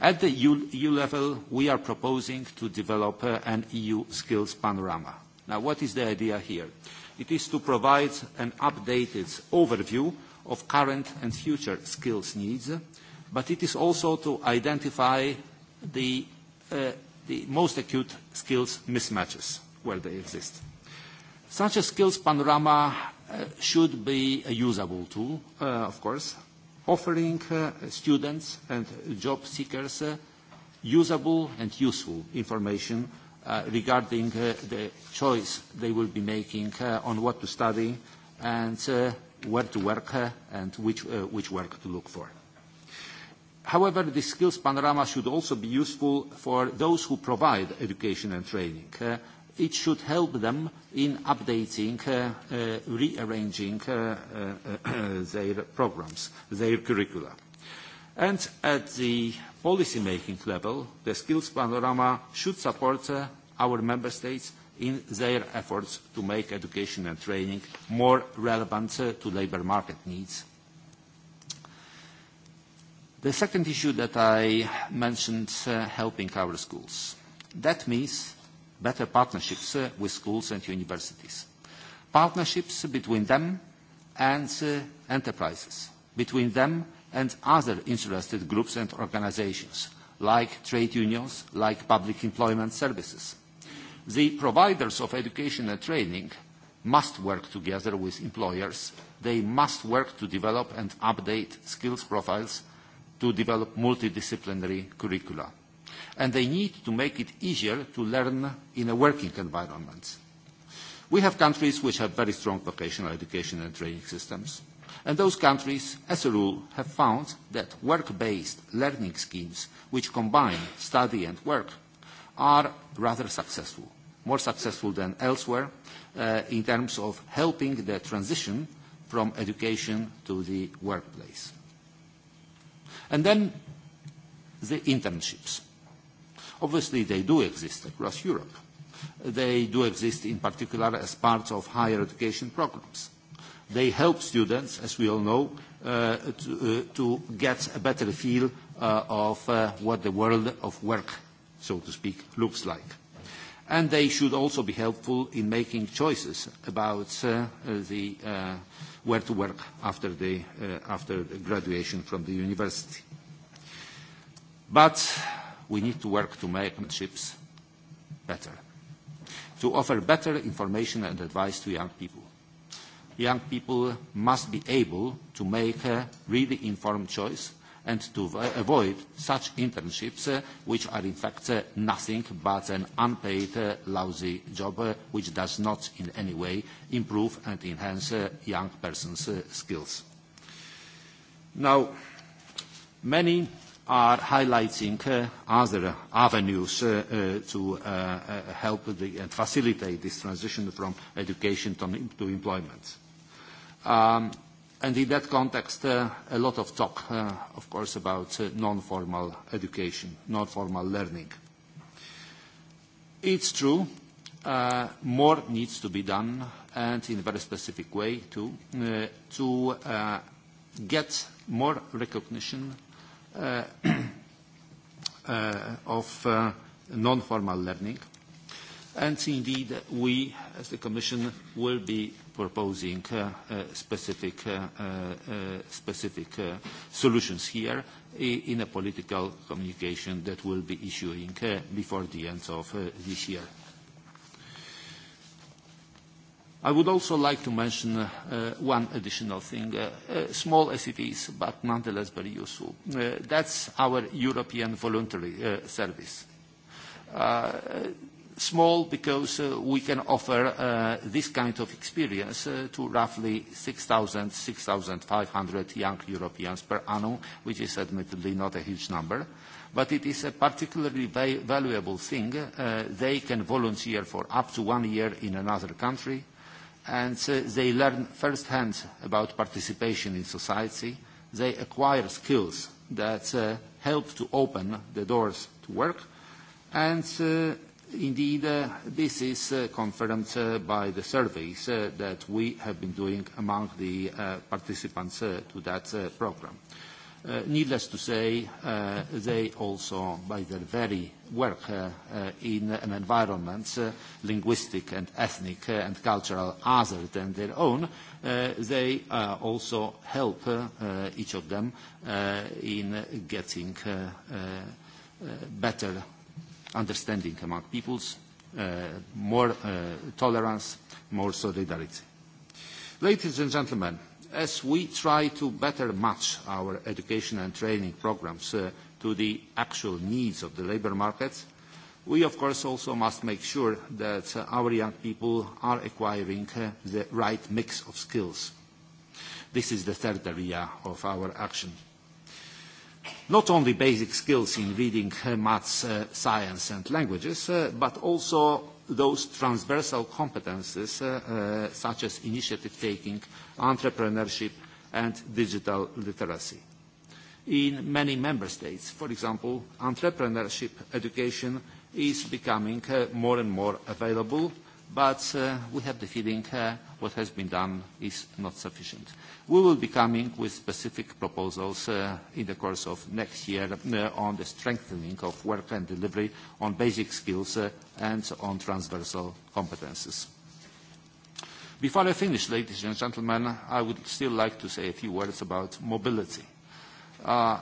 At the EU, EU level, we are proposing to develop uh, an EU skills panorama. Now, what is the idea here? It is to provide an updated overview of current and future skills needs, but it is also to identify the, uh, the most acute skills mismatches where they exist. Such a skills panorama uh, should be a usable tool, uh, of course, offering uh, students and job seekers uh, usable and useful information uh, regarding uh, the choice they will be making uh, on what to study and uh, where to work uh, and which, uh, which work to look for. However, the skills panorama should also be useful for those who provide education and training. Uh, it should help them in updating, uh, uh, rearranging uh, uh, uh, their programs, their curricula. And at the policy-making level, the skills panorama should support uh, our member states in their efforts to make education and training more relevant uh, to labour market needs The second issue that I mentioned, uh, helping our schools. That means better partnerships uh, with schools and universities. Partnerships between them and uh, enterprises, between them and other interested groups and organizations, like trade unions, like public employment services. The providers of education and training must work together with employers. They must work to develop and update skills profiles to develop multidisciplinary curricula. And they need to make it easier to learn in a working environment. We have countries which have very strong vocational education and training systems. And those countries, as a rule, have found that work-based learning schemes which combine study and work are rather successful, more successful than elsewhere uh, in terms of helping the transition from education to the workplace. And then the internships. Obviously, they do exist across Europe. They do exist in particular as parts of higher education programs. They help students, as we all know, uh, to, uh, to get a better feel uh, of uh, what the world of work, so to speak, looks like and they should also be helpful in making choices about uh, uh, the, uh, where to work after, the, uh, after the graduation from the university. But we need to work to make apprenticeships better, to offer better information and advice to young people. Young people must be able to make a really informed choice and to avoid such internships uh, which are in fact uh, nothing but an unpaid uh, lousy job uh, which does not in any way improve and enhance uh, young persons' uh, skills. Now, many are highlighting uh, other avenues uh, uh, to uh, uh, help the, and facilitate this transition from education to, to employment. Um, And in that context, uh, a lot of talk, uh, of course, about uh, non-formal education, non-formal learning. It's true, uh, more needs to be done, and in a very specific way, too, uh, to uh, get more recognition uh, uh, of uh, non-formal learning. And indeed, we, as the Commission, will be proposing uh, uh, specific, uh, uh, uh specific uh, solutions here in a political communication that will be issuing uh, before the end of uh, this year. I would also like to mention uh, uh one additional thing, uh, uh, small as it e is, but nonetheless very useful. Uh, that's our European Voluntary uh, Service. Uh, small because uh, we can offer uh, this kind of experience uh, to roughly 6,000, 6,500 young Europeans per annum, which is admittedly not a huge number. But it is a particularly va valuable thing. Uh, they can volunteer for up to one year in another country, and uh, they learn firsthand about participation in society. They acquire skills that uh, help to open the doors to work, and uh, Indeed, uh, this is uh, confirmed uh, by the surveys uh, that we have been doing among the uh, participants uh, to that program. Needless to say, they also, by their very work in an environment, linguistic and ethnic and cultural other than their own, they also help each of them in getting better understanding among peoples, uh, more uh, tolerance, more solidarity. Ladies and gentlemen, as we try to better match our education and training programs uh, to the actual needs of the labour markets, we of course also must make sure that uh, our young people are acquiring uh, the right mix of skills. This is the third area of our action. Uh, not only basic skills in reading, uh, maths, uh, science and languages, uh, but also those transversal competences uh, uh, such as initiative taking, entrepreneurship and digital literacy. In many member states, for example, entrepreneurship education is becoming uh, more and more available uh, but uh, we have the feeling uh, what has been done is not sufficient. We will be coming with specific proposals uh, in the course of next year uh, on the strengthening of work and delivery on basic skills uh, and on transversal competences. Before I finish, ladies and gentlemen, I would still like to say a few words about mobility. Uh,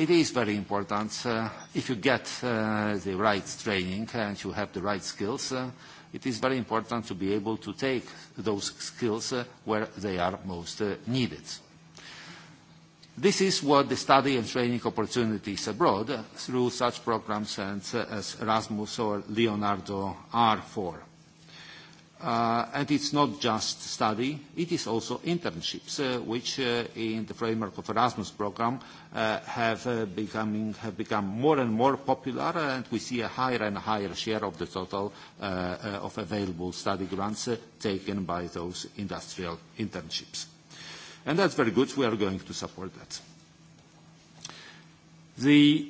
it is very important. Uh, if you get uh, the right training and you have the right skills, uh, it is very important to be able to take those skills uh, where they are most uh, needed. This is what the study and training opportunities abroad uh, through such programs and, uh, as Erasmus or Leonardo are for. Uh, and it's not just study, it is also internships, uh, which uh, in the framework of Erasmus program uh, have, uh, becoming, have become more and more popular and we see a higher and higher share of the total uh, uh, of available study grants uh, taken by those industrial internships. And that's very good, we are going to support that. The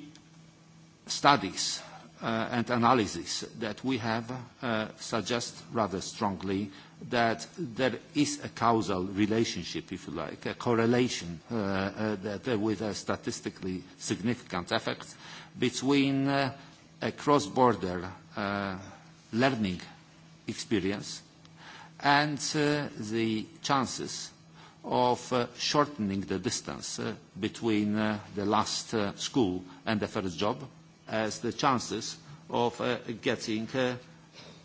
studies uh, and analysis that we have uh, suggest rather strongly that there is a causal relationship, if you like, a correlation uh, uh, that, uh, with a statistically significant effect between uh, a cross-border uh, learning experience and uh, the chances of uh, shortening the distance uh, between uh, the last uh, school and the first job, uh, as the chances of uh, getting uh,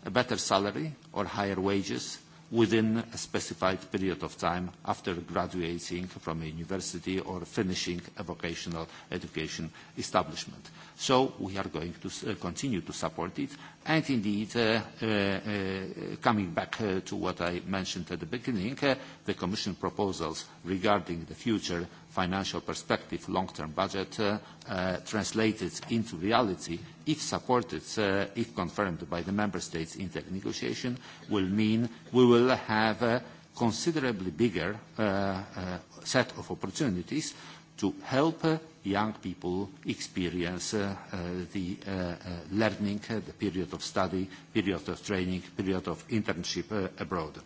a better salary or higher wages within a specified period of time after graduating from a university or finishing a vocational education establishment. So we are going to uh, continue to support it. And indeed, uh, uh, uh, coming back uh, to what I mentioned at the beginning, uh, the Commission proposals regarding the future financial perspective long-term budget uh, uh, translated into reality, if supported, uh, if confirmed by the member states in the negotiation, will mean we will have a considerably bigger uh, uh, set of opportunities to help uh, young people experience uh, uh, the uh, uh, learning, uh, the period of study, period of training, period of internship uh, abroad. Uh,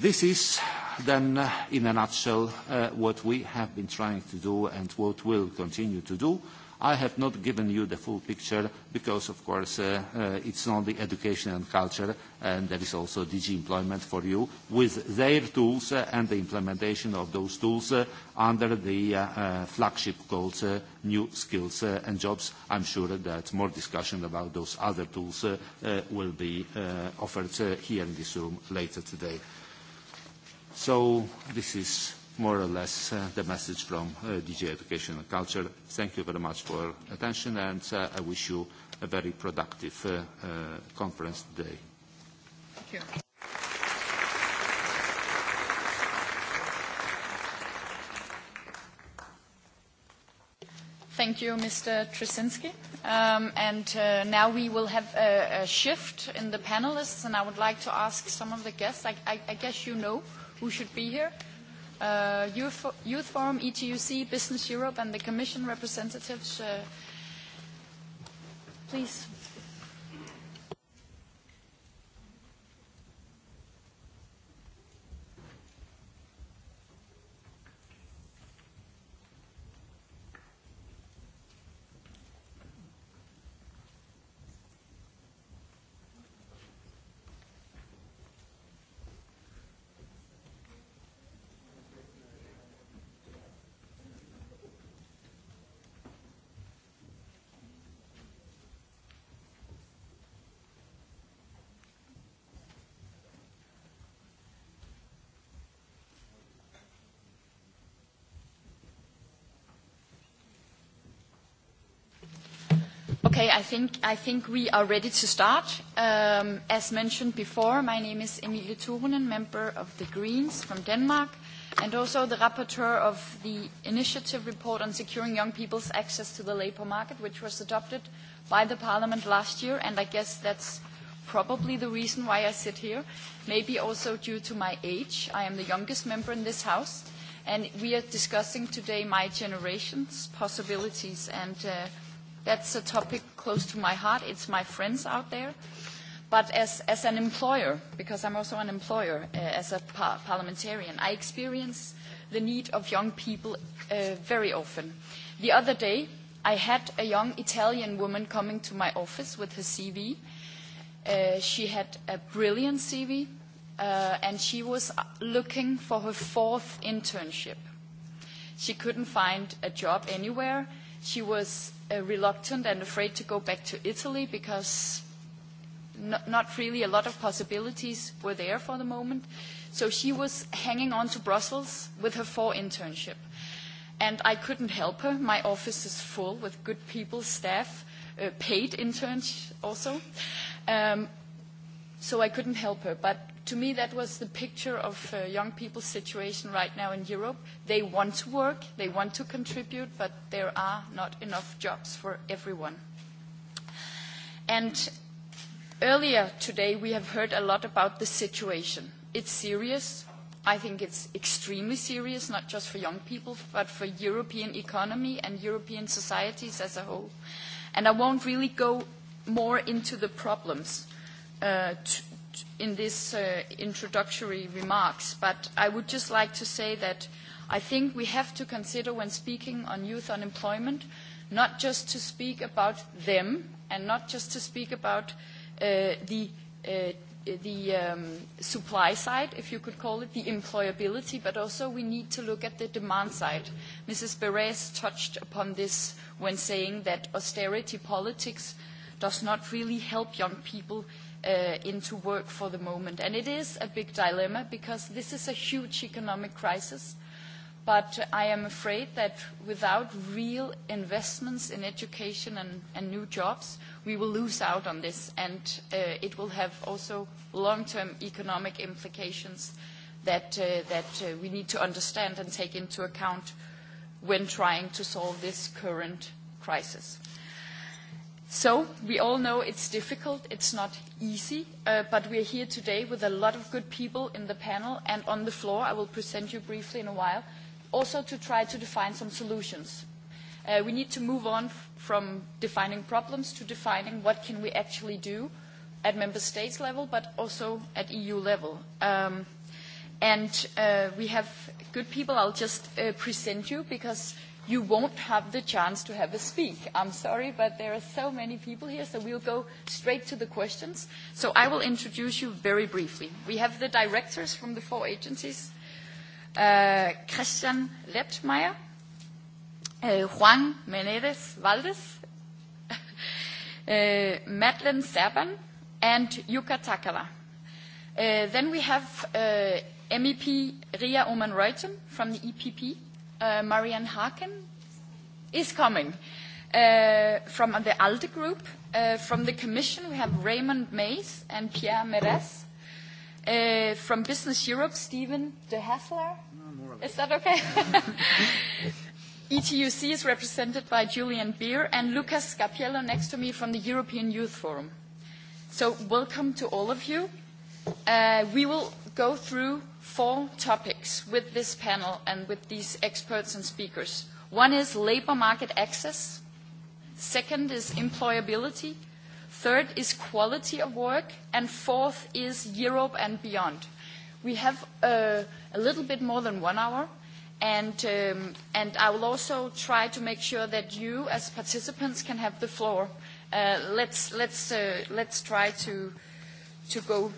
This is then, uh, in a nutshell, uh, what we have been trying to do and what we'll continue to do. I have not given you the full picture because, of course, uh, uh, it's only education and culture, and there is also DG Employment for you with their tools uh, and the implementation of those tools uh, under the uh, uh, flagship called New Skills and Jobs. I'm sure that more discussion about those other tools will be offered here in this room later today. So this is more or less uh, the message from uh, DG Education and Culture. Thank you very much for your attention, and uh, I wish you a very productive uh, uh, conference today. Thank you. Thank you, Mr. Trzynski. Um, and uh, now we will have a, a shift in the panelists, and I would like to ask some of the guests. I, I, I guess you know uh, who should be here, uh, Youth, Youth Forum, ETUC, Business Europe, and the Commission representatives. Uh, please. Okay, I think, I think we are ready to start. Um, as mentioned before, my name is Emilie Turunen, member of the Greens from Denmark, and also the rapporteur of the initiative report on securing young people's access to the labor market, which was adopted by the parliament last year, and I guess that's probably the reason why I sit here, maybe also due to my age. I am the youngest member in this house, and we are discussing today my generation's possibilities and uh, That's a topic close to my heart. It's my friends out there. But as, as an employer, because I'm also an employer uh, as a par parliamentarian, I experience the need of young people uh, very often. The other day, I had a young Italian woman coming to my office with her CV. Uh, she had a brilliant CV, uh, and she was uh, looking for her fourth internship. She couldn't find a job anywhere. She was uh, reluctant and afraid to go back to Italy because not, not really a lot of possibilities were there for the moment. So she was hanging on to Brussels with her four internship. And I couldn't help her. My office is full with good people, staff, uh, paid interns also. Um, so I couldn't help her. But to me, that was the picture of uh, young people's situation right now in Europe. They want to work, they want to contribute, but there are not enough jobs for everyone. And earlier today, we have heard a lot about the situation. It's serious. I think it's extremely serious, not just for young people, but for European economy and European societies as a whole. And I won't really go more into the problems uh, to, used in this uh, introductory remarks, but I would just like to say that I think we have to consider when speaking on youth unemployment, not just to speak about them and not just to speak about uh, the uh, the um, supply side, if you could call it, the employability, but also we need to look at the demand side. Mrs. Beres touched upon this when saying that austerity politics does not really help young people uh, into work for the moment. And it is a big dilemma because this is a huge economic crisis. But I am afraid that without real investments in education and, and new jobs, we will lose out on this. And uh, it will have also long-term economic implications that, uh, that uh, we need to understand and take into account when trying to solve this current crisis. Uh, So we all know it's difficult, it's not easy, uh, but we're here today with a lot of good people in the panel and on the floor. I will present you briefly in a while, also to try to define some solutions. Uh, we need to move on f from defining problems to defining what can we actually do at member states level, but also at EU level. Um, and uh, we have good people. I'll just uh, present you because uh, you won't have the chance to have a speak. I'm sorry, but there are so many people here, so we'll go straight to the questions. So I will introduce you very briefly. We have the directors from the four agencies, uh, Christian Leptmeier, uh, Juan Menedes Valdes, uh, Madeline Serban, and Yuka Takala. Uh, then we have uh, MEP Ria Oman-Reuten from the EPP, uh, Marianne Harkin is coming. Uh, from the ALDE group, uh, from the Commission, we have Raymond Mays and Pierre Meres. Uh, from Business Europe, Stephen de Hassler. No, is that okay? ETUC is represented by Julian Beer and Lucas Scapiello next to me from the European Youth Forum. So welcome to all of you. Uh, we will go through four topics with this panel and with these experts and speakers. One is labor market access. Second is employability. Third is quality of work. And fourth is Europe and beyond. We have uh, a little bit more than one hour. And, um, and I will also try to make sure that you, as participants, can have the floor. Uh, let's, let's, uh, let's try to, to go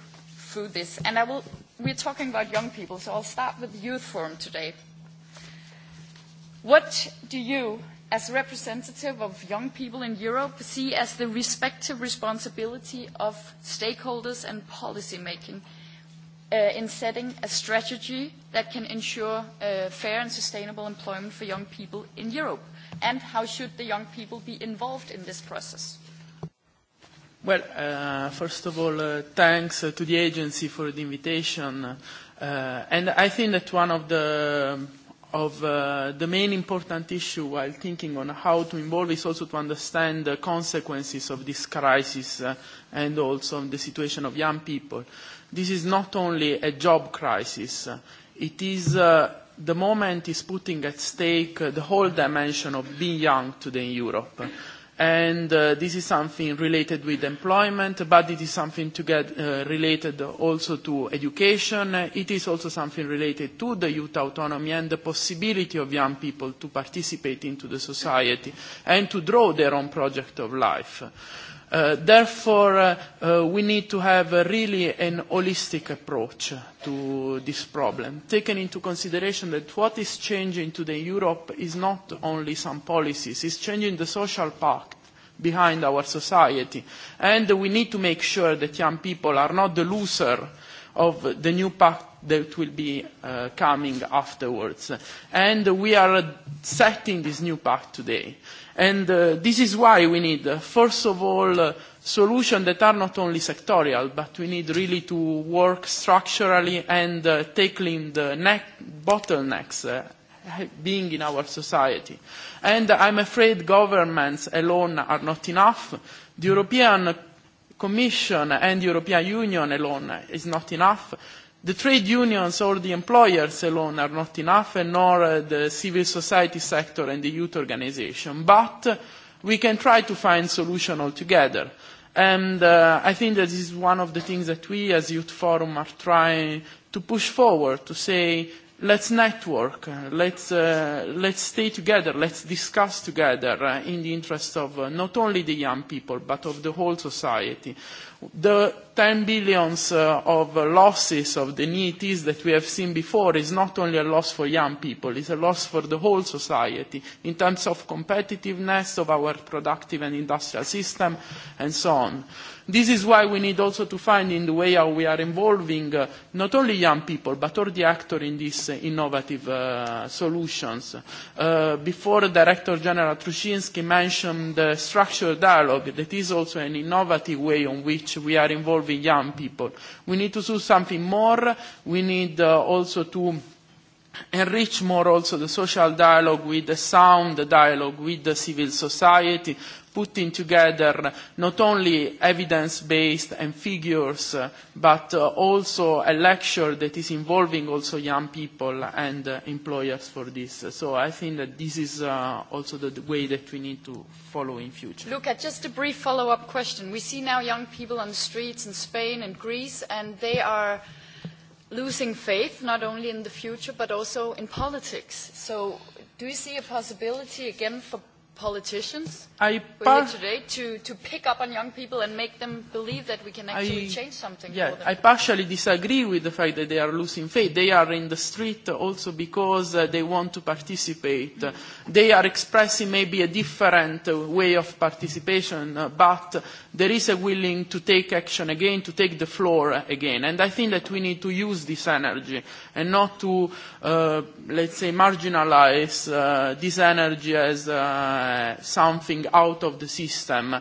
through this. And I will we're talking about young people, so I'll start with the Youth Forum today. What do you, as representative of young people in Europe, see as the respective responsibility of stakeholders and policy making uh, in setting a strategy that can ensure uh, fair and sustainable employment for young people in Europe? And how should the young people be involved in this process? Well, uh, first of all, uh, thanks uh, to the agency for the invitation. Uh, and I think that one of the of uh, the main important issue while thinking on how to involve is also to understand the consequences of this crisis uh, and also on the situation of young people. This is not only a job crisis. It is, uh, the moment is putting at stake uh, the whole dimension of being young today in Europe and uh, this is something related with employment, but it is something to get uh, related also to education. It is also something related to the youth autonomy and the possibility of young people to participate into the society and to draw their own project of life. Uh, Uh, therefore, uh, uh, we need to have uh, really an holistic approach to this problem, taking into consideration that what is changing today in Europe is not only some policies, it's changing the social pact behind our society. And we need to make sure that young people are not the loser of the new pact that will be uh, coming afterwards. And we are setting this new pact today. Uh, And uh, this is why we need, uh, first of all, uh, solutions that are not only sectorial, but we need really to work structurally and uh, tackling the neck bottlenecks uh, being in our society. And I'm afraid governments alone are not enough. The European Commission and the European Union alone is not enough The trade unions or the employers alone are not enough, and nor uh, the civil society sector and the youth organization. But uh, we can try to find solutions altogether. And uh, I think that is one of the things that we as Youth Forum are trying to push forward, to say let's network, let's, uh, let's stay together, let's discuss together uh, in the interest of uh, not only the young people but of the whole society. The 10 billions uh, of uh, losses of the NEETs that we have seen before is not only a loss for young people, it's a loss for the whole society in terms of competitiveness of our productive and industrial system and so on. Uh, This is why we need also to find in the way how we are involving uh, not only young people but all the actors in these uh, innovative uh, solutions. Uh, before Director General Trushinsky mentioned the structural dialogue, that is also an innovative way on which we are involving young people. We need to do something more. We need uh, also to enrich more also the social dialogue with the sound dialogue with the civil society putting together not only evidence-based and figures, uh, but uh, also a lecture that is involving also young people and uh, employers for this. So I think that this is uh, also the, the way that we need to follow in future. Luca, just a brief follow-up question. We see now young people on the streets in Spain and Greece, and they are losing faith, not only in the future, but also in politics. So do you see a possibility, again, for politicians are you who are here today to, to pick up on young people and make them believe that we can actually I, change something yeah, for them. I partially disagree with the fact that they are losing faith. They are in the street also because uh, they want to participate. Mm. -hmm. They are expressing maybe a different uh, way of participation, uh, but there is a willing to take action again, to take the floor again. And I think that we need to use this energy and not to, uh, let's say, marginalize uh, this energy as uh, uh, something out of the system. Uh,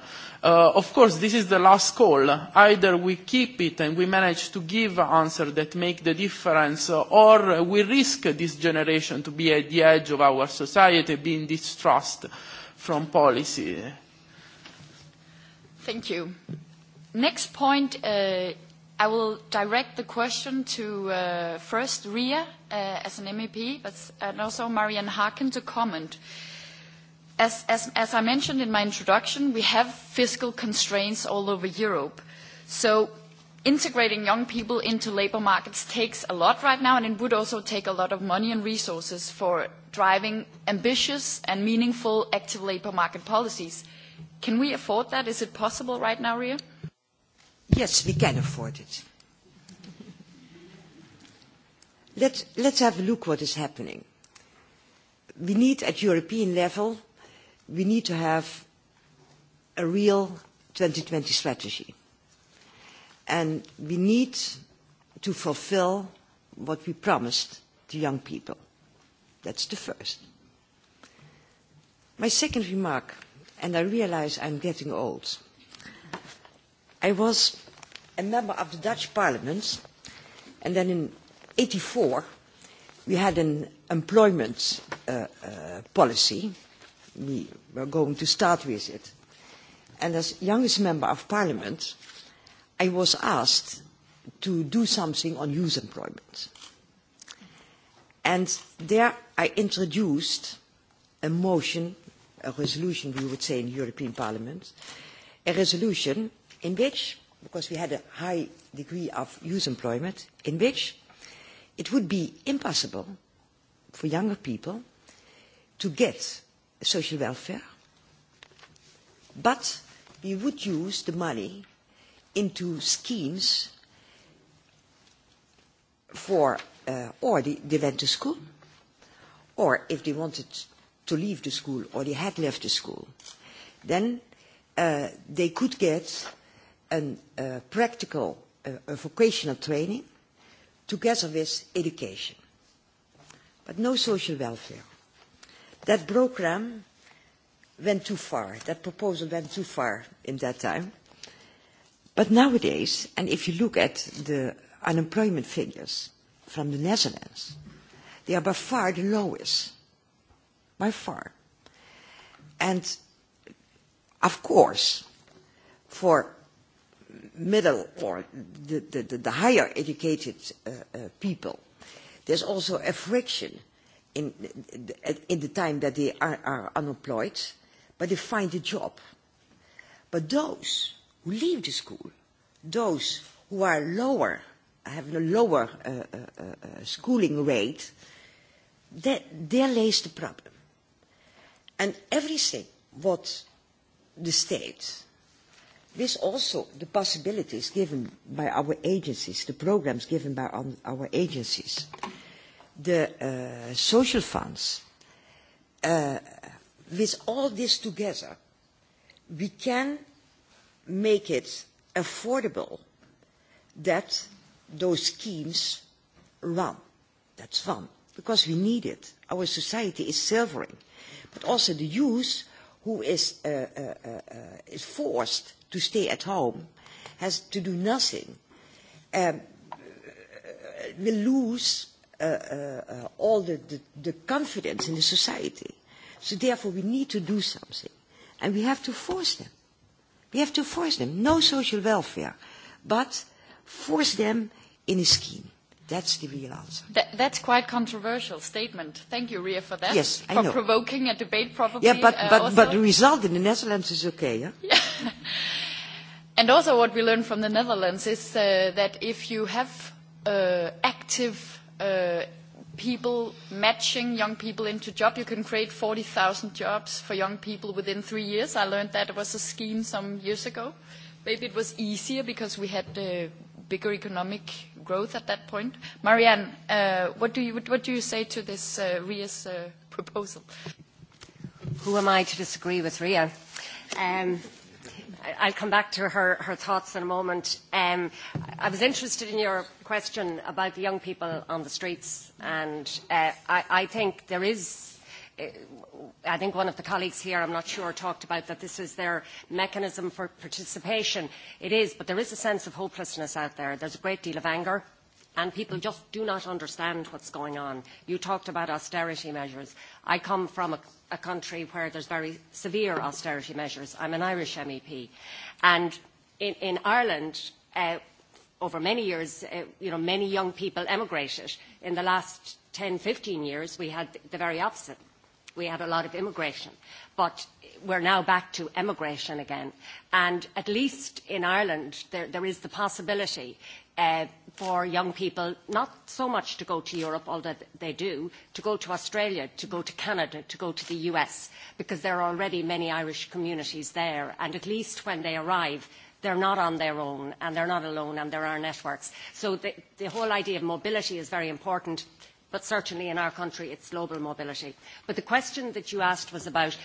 of course, this is the last call. Either we keep it and we manage to give answers that make the difference, uh, or we risk this generation to be at the edge of our society, being distrust from policy. Thank you. Next point, uh, I will direct the question to uh, first Ria uh, as an MEP, but, uh, and also Marianne Harkin to comment. Uh, As, as, as I mentioned in my introduction, we have fiscal constraints all over Europe. So integrating young people into labor markets takes a lot right now, and it would also take a lot of money and resources for driving ambitious and meaningful active labor market policies. Can we afford that? Is it possible right now, Ria? Yes, we can afford it. Let, let's have a look what is happening. We need at European level we need to have a real 2020 strategy. And we need to fulfill what we promised to young people. That's the first. My second remark, and I realize I'm getting old. I was a member of the Dutch Parliament, and then in 84 we had an employment uh, uh, policy. We were going to start with it. And as youngest member of parliament, I was asked to do something on youth employment. And there I introduced a motion, a resolution we would say in the European Parliament, a resolution in which, because we had a high degree of youth employment, in which it would be impossible for younger people to get social welfare, but you would use the money into schemes for, uh, or they, they went to school, or if they wanted to leave the school or they had left the school, then uh, they could get a uh, practical uh, a vocational training together with education, but no social welfare. That program went too far. That proposal went too far in that time. But nowadays, and if you look at the unemployment figures from the Netherlands, they are by far the lowest. By far. And of course, for middle or the, the, the higher educated uh, uh, people, there's also a friction in, in the time that they are, are unemployed, but they find a job. But those who leave the school, those who are lower, have a lower uh, uh, uh, schooling rate, there, there lays the problem. And everything what the state, this also the possibilities given by our agencies, the programs given by our agencies, uh, the uh, social funds, uh, with all this together, we can make it affordable that those schemes run. That's one, because we need it. Our society is silvering. But also the youth who is, uh, uh, uh, is forced to stay at home, has to do nothing, um, will lose Uh, uh, uh, all the, the, the confidence in the society. So therefore we need to do something. And we have to force them. We have to force them. No social welfare, but force them in a scheme. That's the real answer. Th- that's quite controversial statement. Thank you, Ria, for that. Yes, I for know. For provoking a debate, probably. Yeah, but, uh, but, uh, also. but the result in the Netherlands is okay, yeah? yeah. and also what we learned from the Netherlands is uh, that if you have uh, active uh, people matching young people into job. You can create 40,000 jobs for young people within three years. I learned that it was a scheme some years ago. Maybe it was easier because we had uh, bigger economic growth at that point. Marianne, uh, what, do you, what do you say to this uh, RIA's uh, proposal? Who am I to disagree with RIA? Um, I'll come back to her, her thoughts in a moment. Um, I was interested in your question about the young people on the streets, and uh, I, I think there is. Uh, I think one of the colleagues here, I'm not sure, talked about that this is their mechanism for participation. It is, but there is a sense of hopelessness out there. There's a great deal of anger and people just do not understand what's going on. You talked about austerity measures. I come from a, a country where there's very severe austerity measures. I'm an Irish MEP. And in, in Ireland, uh, over many years, uh, you know, many young people emigrated. In the last 10, 15 years, we had the very opposite. We had a lot of immigration. But we're now back to emigration again. And at least in Ireland, there, there is the possibility uh, for young people not so much to go to Europe, although they do, to go to Australia, to go to Canada, to go to the US, because there are already many Irish communities there. And at least when they arrive, they're not on their own and they're not alone and there are networks. So the, the whole idea of mobility is very important but certainly in our country it's global mobility. But the question that you asked was about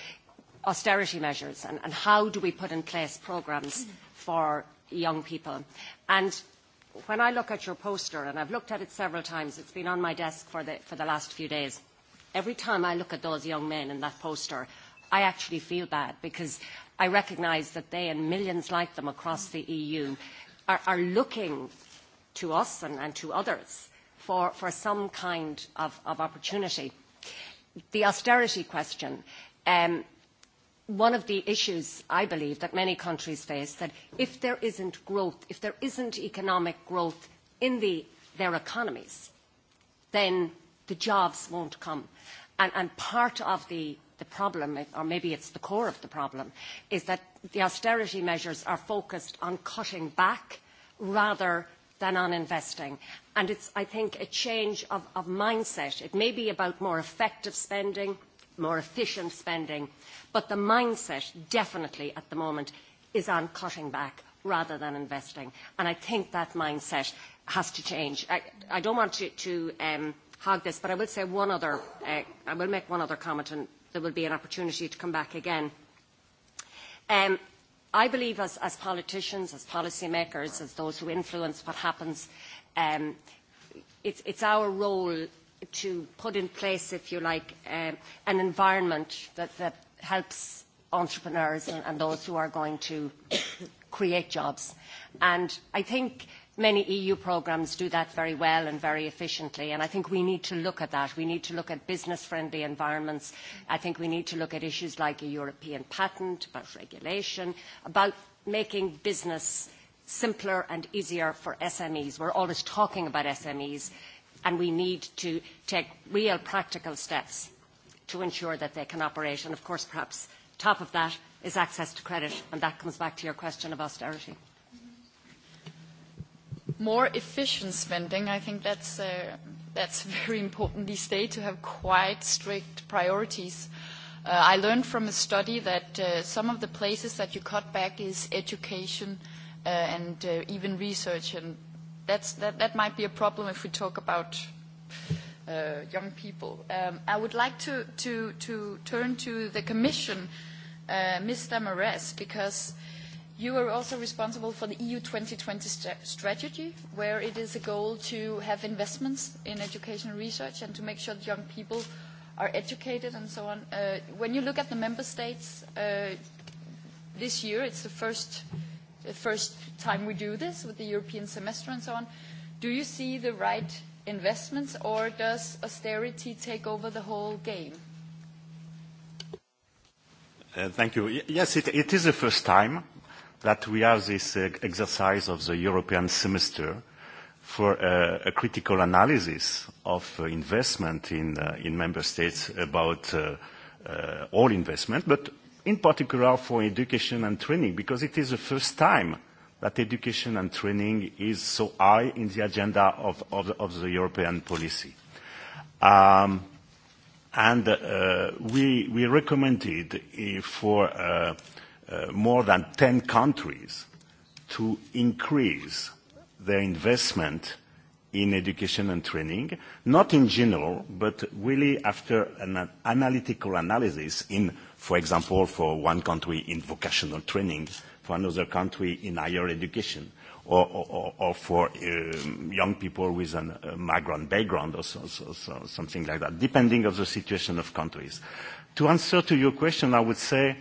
austerity measures and, and how do we put in place programs for young people. And when I look at your poster, and I've looked at it several times, it's been on my desk for the, for the last few days, every time I look at those young men in that poster, I actually feel bad because I recognise that they and millions like them across the EU are, are looking to us and, and to others for, for some kind of, of opportunity. The austerity question, um, one of the issues I believe that many countries face that if there isn't growth, if there isn't economic growth in the, their economies, then the jobs won't come. And, and part of the, the problem, or maybe it's the core of the problem, is that the austerity measures are focused on cutting back rather than on investing. And it's, I think, a change of, of mindset. It may be about more effective spending, more efficient spending. But the mindset definitely at the moment is on cutting back rather than investing. And I think that mindset has to change. I, I don't want to, to um, hog this, but I will say one other, uh, I will make one other comment and there will be an opportunity to come back again. Um, I believe as, as politicians, as policymakers, as those who influence what happens, um, it's, it's our role to put in place, if you like, um, an environment that, that helps entrepreneurs and, and those who are going to create jobs. And I think many EU programs do that very well and very efficiently, and I think we need to look at that. We need to look at business-friendly environments. I think we need to look at issues like a European patent, about regulation, about making business simpler and easier for SMEs. We're always talking about SMEs and we need to take real practical steps to ensure that they can operate. And of course, perhaps top of that is access to credit, and that comes back to your question of austerity. More efficient spending, I think that's, uh, that's very important these days to have quite strict priorities. Uh, I learned from a study that uh, some of the places that you cut back is education uh, and uh, even research and That's, that, that might be a problem if we talk about uh, young people. Um, I would like to, to, to turn to the Commission, uh, Mr. Mares, because you are also responsible for the EU 2020 st strategy, where it is a goal to have investments in education and research and to make sure that young people are educated and so on. Uh, when you look at the member states uh, this year, it's the first uh, the first time we do this with the European semester and so on. Do you see the right investments, or does austerity take over the whole game? Uh, thank you. Y yes, it, it is the first time that we have this uh, exercise of the European semester for uh, a critical analysis of uh, investment in, uh, in member states about uh, uh, all investment, but in particular for education and training, because it is the first time that education and training is so high in the agenda of, of, of the European policy. Um, and uh, we, we recommended uh, for uh, uh, more than 10 countries to increase their investment in education and training, not in general, but really after an analytical analysis in for example, for one country in vocational training, for another country in higher education, or, or, or for um, young people with an, a migrant background or so, so, so, something like that, depending on the situation of countries. To answer to your question, I would say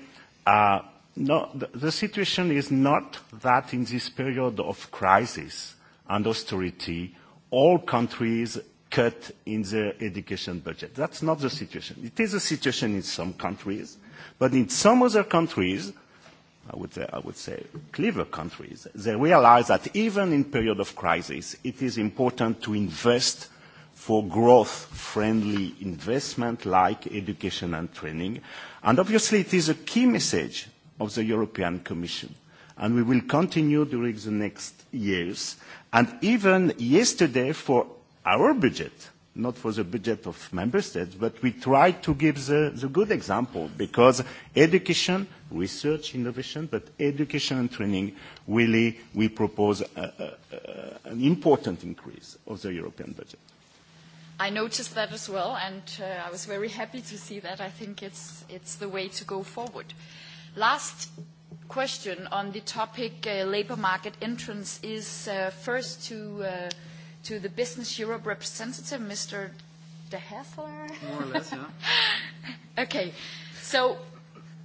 uh, no, the, the situation is not that in this period of crisis and austerity, all countries cut in their education budget. That's not the situation. It is a situation in some countries, But in some other countries, I would, say, I would say clever countries, they realize that even in period of crisis, it is important to invest for growth-friendly investment like education and training. And obviously, it is a key message of the European Commission, and we will continue during the next years. And even yesterday, for our budget, not for the budget of member states, but we try to give the, the good example because education, research, innovation, but education and training really we propose a, a, a, an important increase of the European budget. I noticed that as well, and uh, I was very happy to see that. I think it's, it's the way to go forward. Last question on the topic uh, labor market entrance is uh, first to uh, to the Business Europe representative, Mr. De Hessler? More or less, yeah. okay, so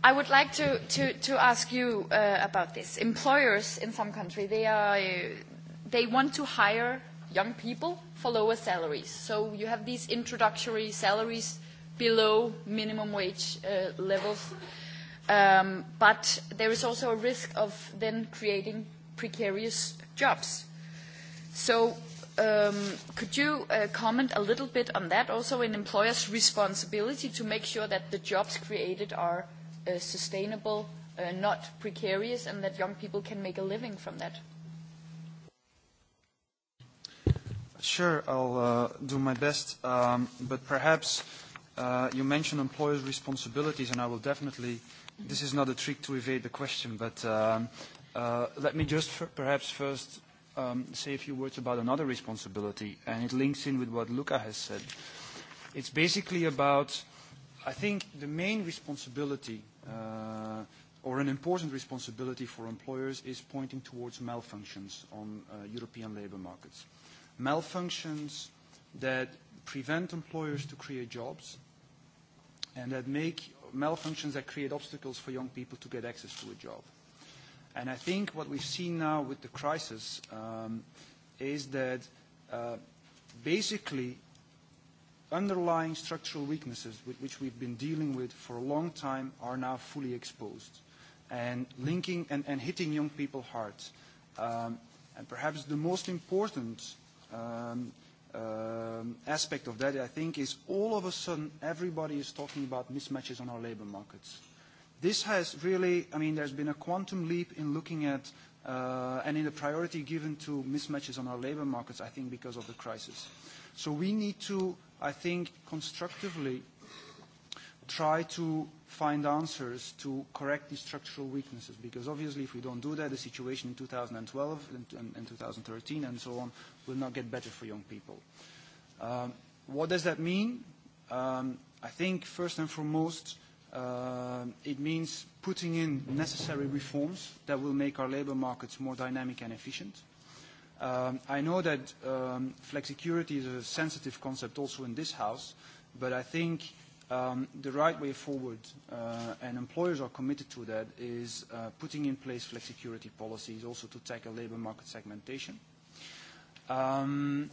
I would like to, to, to ask you uh, about this. Employers in some country, they, are, uh, they want to hire young people for lower salaries. So you have these introductory salaries below minimum wage uh, levels. Um, but there is also a risk of then creating precarious jobs. So um, could you uh, comment a little bit on that also in employers' responsibility to make sure that the jobs created are uh, sustainable, uh, not precarious, and that young people can make a living from that? Sure, I'll uh, do my best, um, but perhaps uh, you mentioned employers' responsibilities, and I will definitely, mm-hmm. this is not a trick to evade the question, but um, uh, let me just f- perhaps first um, say a few words about another responsibility, and it links in with what Luca has said. It's basically about, I think, the main responsibility uh, or an important responsibility for employers is pointing towards malfunctions on uh, European labor markets. Malfunctions that prevent employers to create jobs and that make malfunctions that create obstacles for young people to get access to a job. Uh, And I think what we've seen now with the crisis um, is that uh, basically underlying structural weaknesses with which we've been dealing with for a long time are now fully exposed and linking and, and hitting young people hard. Um, and perhaps the most important um, um, aspect of that, I think, is all of a sudden everybody is talking about mismatches on our labor markets This has really, I mean, there's been a quantum leap in looking at uh, and in the priority given to mismatches on our labor markets, I think, because of the crisis. So we need to, I think, constructively try to find answers to correct these structural weaknesses, because obviously if we don't do that, the situation in 2012 and, and 2013 and so on will not get better for young people. Um, what does that mean? Um, I think first and foremost, Uh, it means putting in necessary reforms that will make our labor markets more dynamic and efficient. Um, I know that um, flexicurity is a sensitive concept also in this house, but I think um, the right way forward, uh, and employers are committed to that, is uh, putting in place flexicurity policies also to tackle labor market segmentation. Um,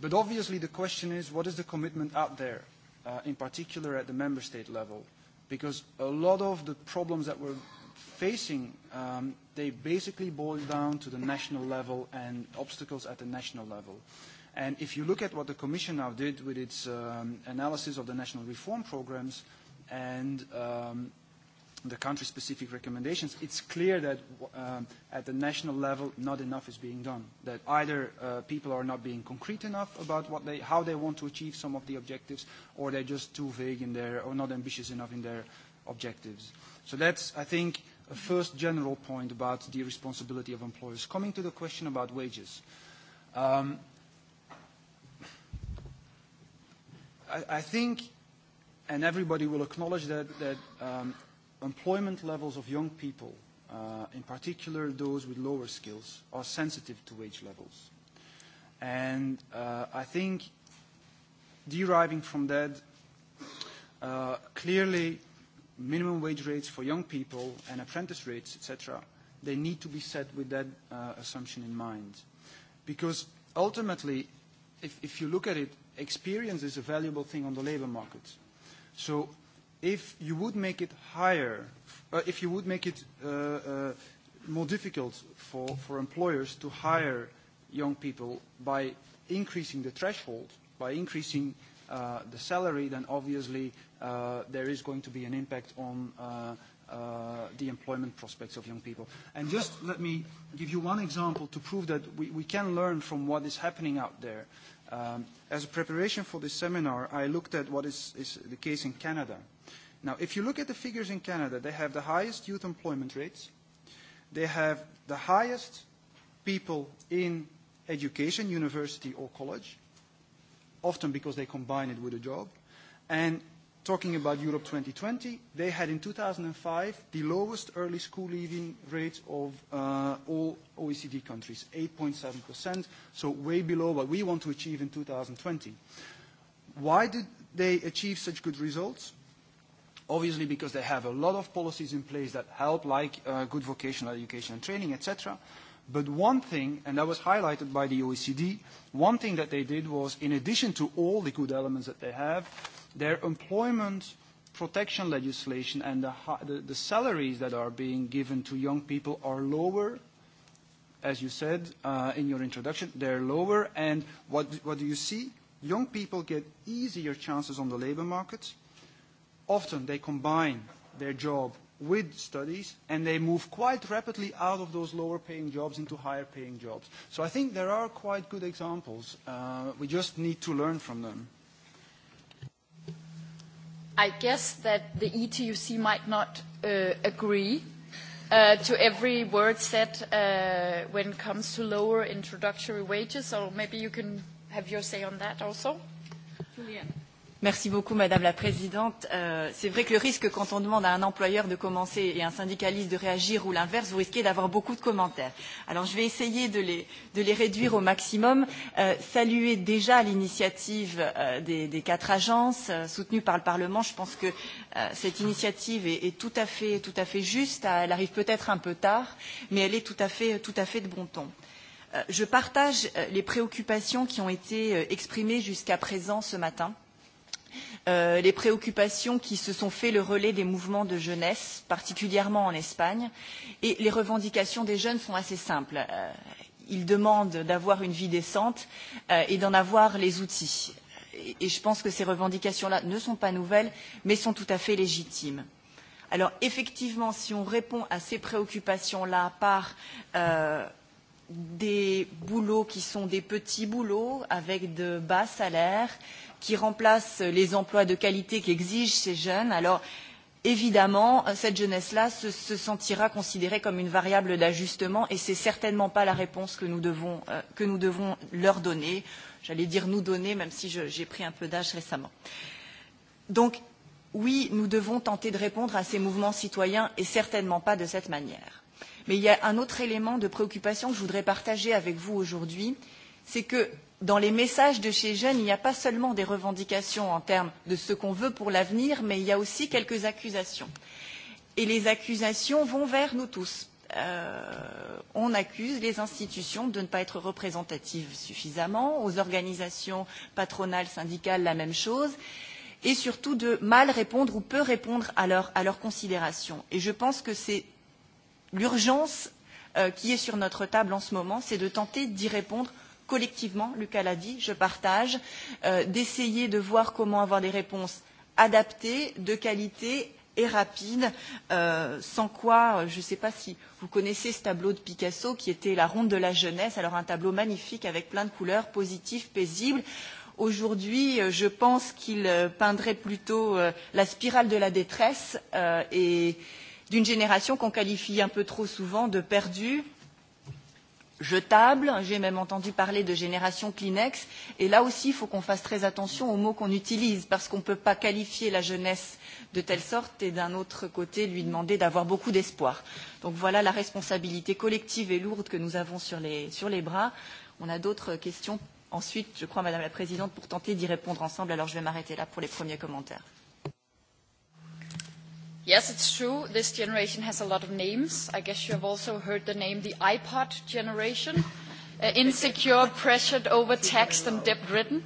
but obviously the question is, what is the commitment out there, uh, in particular at the member state level? because a lot of the problems that we're facing, um, they basically boil down to the national level and obstacles at the national level. And if you look at what the Commission now did with its um, analysis of the national reform programs and um, the country-specific recommendations, it's clear that um, at the national level, not enough is being done. That either uh, people are not being concrete enough about what they, how they want to achieve some of the objectives, or they're just too vague in their, or not ambitious enough in their objectives. So that's, I think, a first general point about the responsibility of employers. Coming to the question about wages. Um, I, I think, and everybody will acknowledge that, that um, employment levels of young people, uh, in particular those with lower skills, are sensitive to wage levels. And uh, I think deriving from that, uh, clearly minimum wage rates for young people and apprentice rates, etc., they need to be set with that uh, assumption in mind. Because ultimately, if, if you look at it, experience is a valuable thing on the labor market. So if you would make it higher, uh, if you would make it uh, uh, more difficult for, for employers to hire young people by increasing the threshold, by increasing uh, the salary, then obviously uh, there is going to be an impact on uh, uh, the employment prospects of young people. And just let me give you one example to prove that we, we can learn from what is happening out there. Um, as a preparation for this seminar, I looked at what is, is the case in Canada. Uh, Now, if you look at the figures in Canada, they have the highest youth employment rates. They have the highest people in education, university or college, often because they combine it with a job. And talking about Europe 2020, they had in 2005 the lowest early school leaving rate of uh, all OECD countries, 8.7%, so way below what we want to achieve in 2020. Why did they achieve such good results? obviously because they have a lot of policies in place that help, like uh, good vocational education and training, etc. But one thing, and that was highlighted by the OECD, one thing that they did was, in addition to all the good elements that they have, their employment protection legislation and the, the, the salaries that are being given to young people are lower, as you said uh, in your introduction, they're lower. And what, what do you see? Young people get easier chances on the labor market often they combine their job with studies and they move quite rapidly out of those lower paying jobs into higher paying jobs. So I think there are quite good examples. Uh, we just need to learn from them. I guess that the ETUC might not uh, agree uh, to every word said uh, when it comes to lower introductory wages, or maybe you can have your say on that also. Julianne. Merci beaucoup, Madame la Présidente. Euh, c'est vrai que le risque, quand on demande à un employeur de commencer et à un syndicaliste de réagir ou l'inverse, vous risquez d'avoir beaucoup de commentaires. Alors, je vais essayer de les, de les réduire au maximum. Euh, saluer déjà l'initiative euh, des, des quatre agences euh, soutenues par le Parlement. Je pense que euh, cette initiative est, est tout, à fait, tout à fait juste. Elle arrive peut-être un peu tard, mais elle est tout à fait, tout à fait de bon ton euh, je partage euh, les préoccupations qui ont été euh, exprimées jusqu'à présent ce matin euh, les préoccupations qui se sont fait le relais des mouvements de jeunesse, particulièrement en Espagne. Et les revendications des jeunes sont assez simples. Euh, ils demandent d'avoir une vie décente euh, et d'en avoir les outils. Et, et je pense que ces revendications-là ne sont pas nouvelles, mais sont tout à fait légitimes. Alors effectivement, si on répond à ces préoccupations-là par euh, des boulots qui sont des petits boulots avec de bas salaires, qui remplace les emplois de qualité qu'exigent ces jeunes, alors évidemment, cette jeunesse-là se, se sentira considérée comme une variable d'ajustement et ce n'est certainement pas la réponse que nous devons, euh, que nous devons leur donner. J'allais dire nous donner, même si j'ai pris un peu d'âge récemment. Donc, oui, nous devons tenter de répondre à ces mouvements citoyens et certainement pas de cette manière. Mais il y a un autre élément de préoccupation que je voudrais partager avec vous aujourd'hui, c'est que dans les messages de chez Jeunes, il n'y a pas seulement des revendications en termes de ce qu'on veut pour l'avenir, mais il y a aussi quelques accusations. Et les accusations vont vers nous tous. Euh, on accuse les institutions de ne pas être représentatives suffisamment, aux organisations patronales, syndicales, la même chose, et surtout de mal répondre ou peu répondre à, leur, à leurs considérations. Et je pense que c'est l'urgence euh, qui est sur notre table en ce moment, c'est de tenter d'y répondre collectivement, Lucas l'a dit, je partage, euh, d'essayer de voir comment avoir des réponses adaptées, de qualité et rapide, euh, sans quoi, euh, je ne sais pas si vous connaissez ce tableau de Picasso qui était la ronde de la jeunesse, alors un tableau magnifique avec plein de couleurs, positif, paisible. Aujourd'hui, euh, je pense qu'il euh, peindrait plutôt euh, la spirale de la détresse euh, et d'une génération qu'on qualifie un peu trop souvent de perdue, jetables. J'ai même entendu parler de génération Kleenex. Et là aussi, il faut qu'on fasse très attention aux mots qu'on utilise, parce qu'on ne peut pas qualifier la jeunesse de telle sorte et d'un autre côté lui demander d'avoir beaucoup d'espoir. Donc voilà la responsabilité collective et lourde que nous avons sur les, sur les bras. On a d'autres questions ensuite, je crois, Madame la Présidente, pour tenter d'y répondre ensemble. Alors je vais m'arrêter là pour les premiers commentaires. Yes, it's true. This generation has a lot of names. I guess you have also heard the name the iPod generation. Uh, insecure, pressured, overtaxed, and debt-ridden.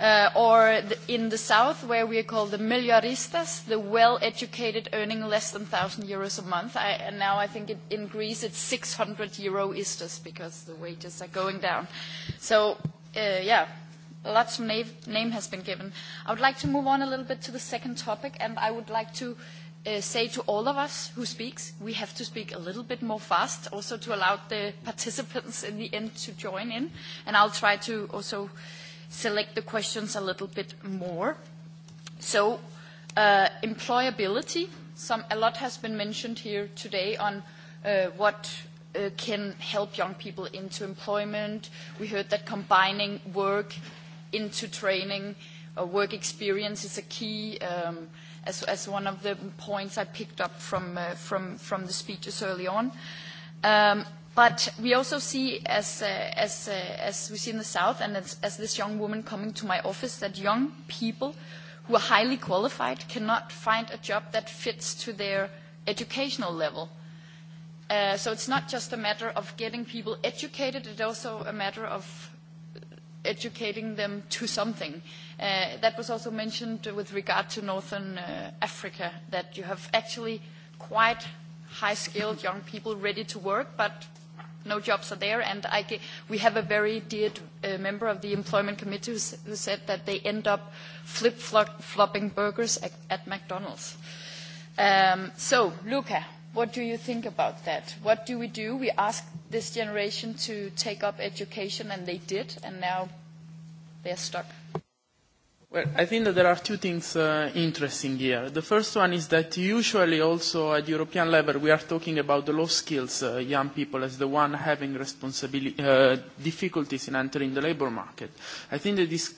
Uh, or the, in the south, where we are called the milliaristas, the well-educated earning less than 1,000 euros a month. I, and now I think it, in Greece it's 600 euro istas because the wages are going down. So, uh, yeah, lots of name, name has been given. I would like to move on a little bit to the second topic, and I would like to uh, uh, say to all of us who speaks, we have to speak a little bit more fast also to allow the participants in the end to join in. And I'll try to also select the questions a little bit more. So uh, employability, some, a lot has been mentioned here today on uh, what uh, can help young people into employment. We heard that combining work into training or uh, work experience is a key um, uh, as, as one of the points I picked up from, uh, from, from the speeches early on. Um, but we also see, as, uh, as, uh, as we see in the South, and as, as this young woman coming to my office, that young people who are highly qualified cannot find a job that fits to their educational level. Uh, so it's not just a matter of getting people educated, it's also a matter of educating them to something. Uh, that was also mentioned with regard to Northern uh, Africa, that you have actually quite high-skilled young people ready to work, but no jobs are there. And I get, we have a very dear uh, member of the employment committee who, who said that they end up flip-flopping burgers at, at McDonald's. Um, so, Luca, What do you think about that? What do we do? We asked this generation to take up education, and they did, and now they're stuck. Well, I think that there are two things uh, interesting here. The first one is that usually also at European level we are talking about the low skills uh, young people as the one having responsibility, uh, difficulties in entering the labor market. I think that this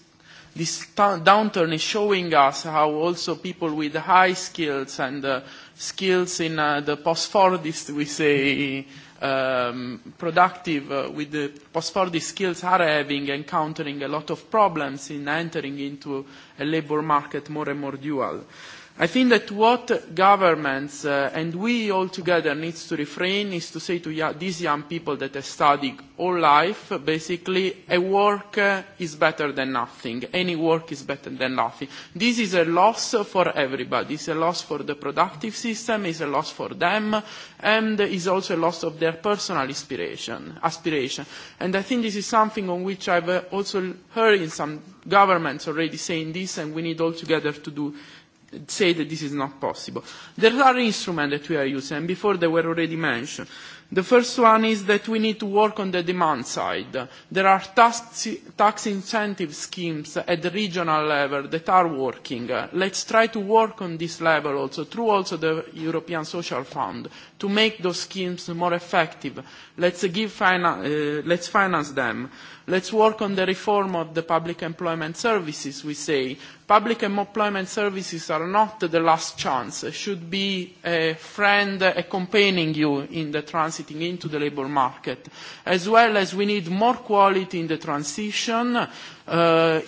this downturn is showing us how also people with high skills and uh, skills in uh, the post-Fordist, we say, um, productive uh, with the post-40 skills are having, encountering a lot of problems in entering into a labor market more and more dual. Uh, I think that what governments uh, and we all together needs to refrain is to say to y- these young people that have studied all life, basically, a work uh, is better than nothing. Any work is better than nothing. This is a loss for everybody. It's a loss for the productive system, it's a loss for them, and is also a loss of their personal inspiration, aspiration. And I think this is something on which I've uh, also heard in some governments already saying this, and we need all together to do say that this is not possible. There are instruments that we are using, and before they were already mentioned. The first one is that we need to work on the demand side. There are tax, tax incentive schemes at the regional level that are working. Let's try to work on this level also, through also the European Social Fund, to make those schemes more effective. Let's, give finan uh, let's finance them. Let's work on the reform of the public employment services, we say. Public employment services are not the last chance, should be a friend accompanying you in the transition transiting into the labour market, as well as we need more quality in the transition. Uh,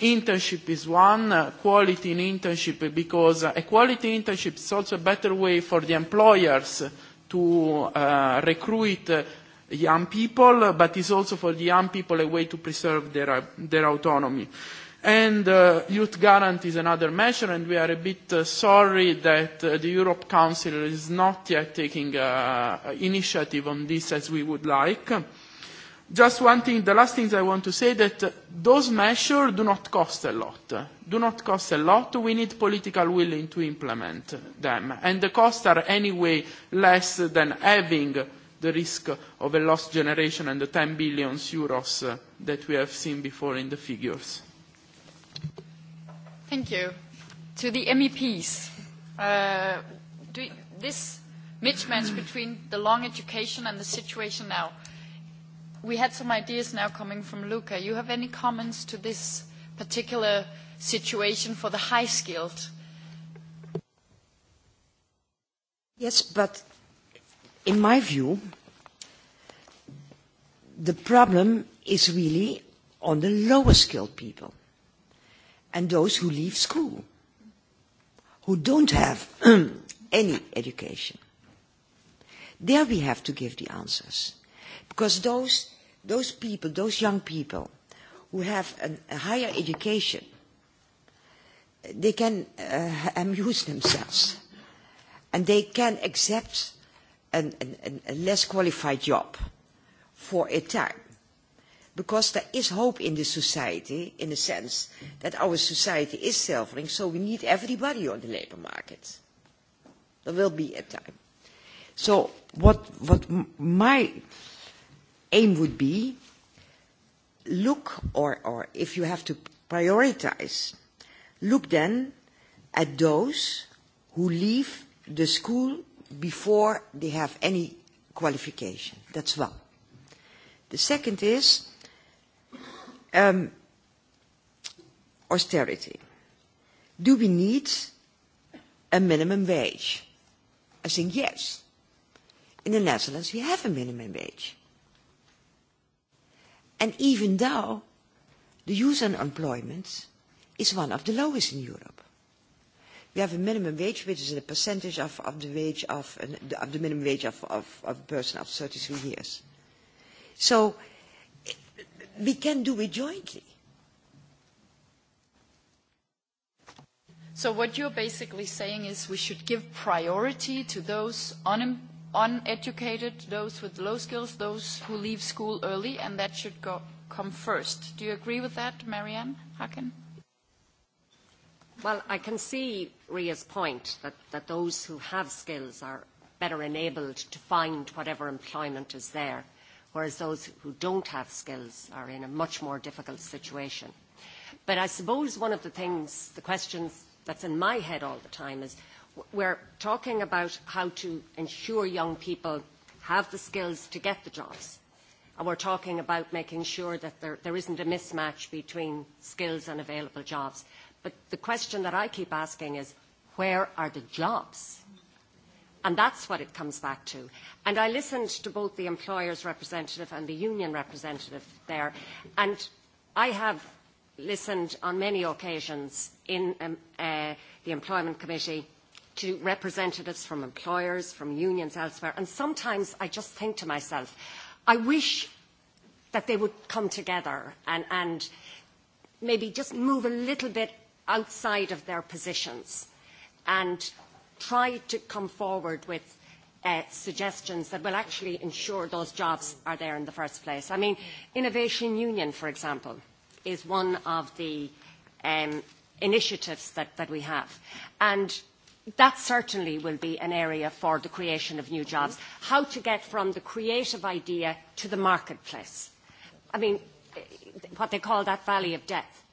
internship is one, uh, quality in internship, because uh, a quality internship is also a better way for the employers to uh, recruit uh, young people, but is also for the young people a way to preserve their, uh, their autonomy. Uh, And uh, youth guarantee is another measure, and we are a bit uh, sorry that uh, the Europe Council is not yet taking uh, uh initiative on this as we would like. Just one thing, the last thing I want to say that uh, those measures do not cost a lot. Do not cost a lot. We need political willing to implement them. And the costs are anyway less than having the risk of a lost generation and the 10 billion euros uh, that we have seen before in the figures. Thank you. To the MEPs, uh, do you, this mismatch between the long education and the situation now, we had some ideas now coming from Luca. You have any comments to this particular situation for the high-skilled? Yes, but in my view, the problem is really on the lower-skilled people and those who leave school, who don't have any education. There we have to give the answers. Because those, those people, those young people who have an, a higher education, they can uh, amuse themselves and they can accept an, an, an, a less qualified job for a time because there is hope in the society, in the sense that our society is self-running, so we need everybody on the labour market. There will be a time. So what, what my aim would be, look, or, or if you have to prioritize, look then at those who leave the school before they have any qualification. That's one. The second is Um, austerity. Do we need a minimum wage? I think yes. In the Netherlands, we have a minimum wage. And even though the youth unemployment is one of the lowest in Europe. We have a minimum wage, which is a percentage of, of the wage of, of the minimum wage of, of, of a person of 33 years. So we can do it jointly. So what you're basically saying is we should give priority to those un uneducated, those with low skills, those who leave school early, and that should go come first. Do you agree with that, Marianne Haken? Well, I can see Ria's point that, that those who have skills are better enabled to find whatever employment is there. Uh, whereas those who don't have skills are in a much more difficult situation. But I suppose one of the things, the questions that's in my head all the time is we're talking about how to ensure young people have the skills to get the jobs. And we're talking about making sure that there, there isn't a mismatch between skills and available jobs. But the question that I keep asking is, where are the jobs? And that's what it comes back to. And I listened to both the employer's representative and the union representative there. And I have listened on many occasions in um, uh, the Employment Committee to representatives from employers, from unions elsewhere. And sometimes I just think to myself, I wish that they would come together and, and maybe just move a little bit outside of their positions and tried to come forward with uh, suggestions that will actually ensure those jobs are there in the first place. I mean, Innovation Union, for example, is one of the um, initiatives that, that we have. And that certainly will be an area for the creation of new jobs. How to get from the creative idea to the marketplace. I mean, what they call that valley of death.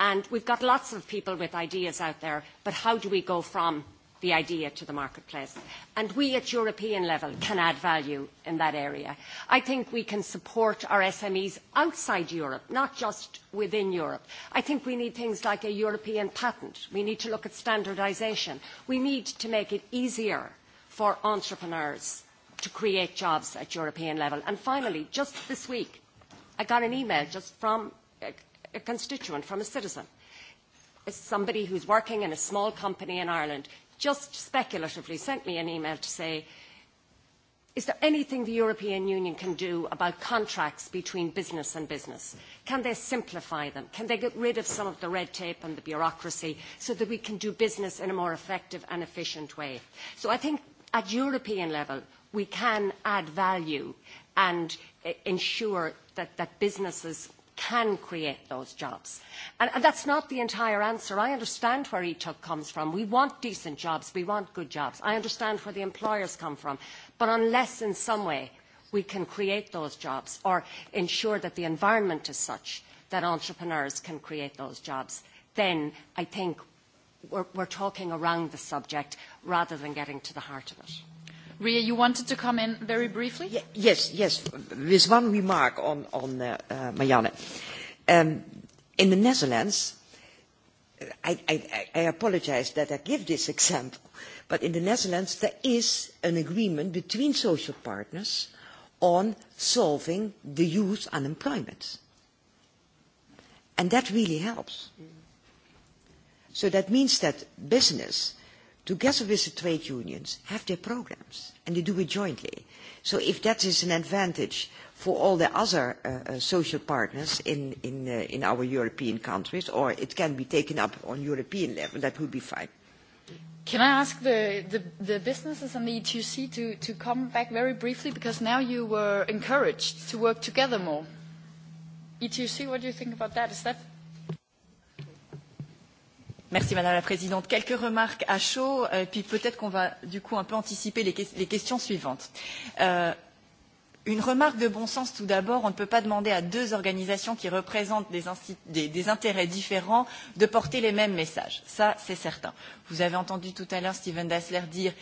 And we've got lots of people with ideas out there, but how do we go from the idea to the marketplace. And we at European level can add value in that area. I think we can support our SMEs outside Europe, not just within Europe. I think we need things like a European patent. We need to look at standardisation. We need to make it easier for entrepreneurs to create jobs at European level. And finally, just this week, I got an email just from a, a constituent, from a citizen, somebody who's working in a small company in Ireland just speculatively sent me an email to say, is there anything the European Union can do about contracts between business and business? Can they simplify them? Can they get rid of some of the red tape and the bureaucracy so that we can do business in a more effective and efficient way? So I think at European level, we can add value and eh, ensure that, that businesses can create those jobs. And, and that's not the entire answer. I understand where ETUG comes from. We want decent jobs. We want good jobs. I understand where the employers come from. But unless in some way we can create those jobs or ensure that the environment is such that entrepreneurs can create those jobs, then I think we're, we're talking around the subject rather than getting to the heart of it. Ria, you wanted to come in very briefly? Yeah, yes, yes. With one remark on, on uh, uh, Marianne. Um, in the Netherlands, I, I, I apologize that I give this example, but in the Netherlands there is an agreement between social partners on solving the youth unemployment. And that really helps. Mm. So that means that business together with the trade unions, have their programs, and they do it jointly. So if that is an advantage for all the other uh, uh, social partners in, in, uh, in our European countries, or it can be taken up on European level, that would be fine. Can I ask the, the, the businesses and the E2C to, to come back very briefly, because now you were encouraged to work together more. E2C, what do you think about that? Is that Merci Madame la Présidente. Quelques remarques à chaud, euh, puis peut-être qu'on va du coup un peu anticiper les, que les questions suivantes. Euh, une remarque de bon sens tout d'abord, on ne peut pas demander à deux organisations qui représentent des, des, des intérêts différents de porter les mêmes messages. Ça, c'est certain. Vous avez entendu tout à l'heure Steven Dassler dire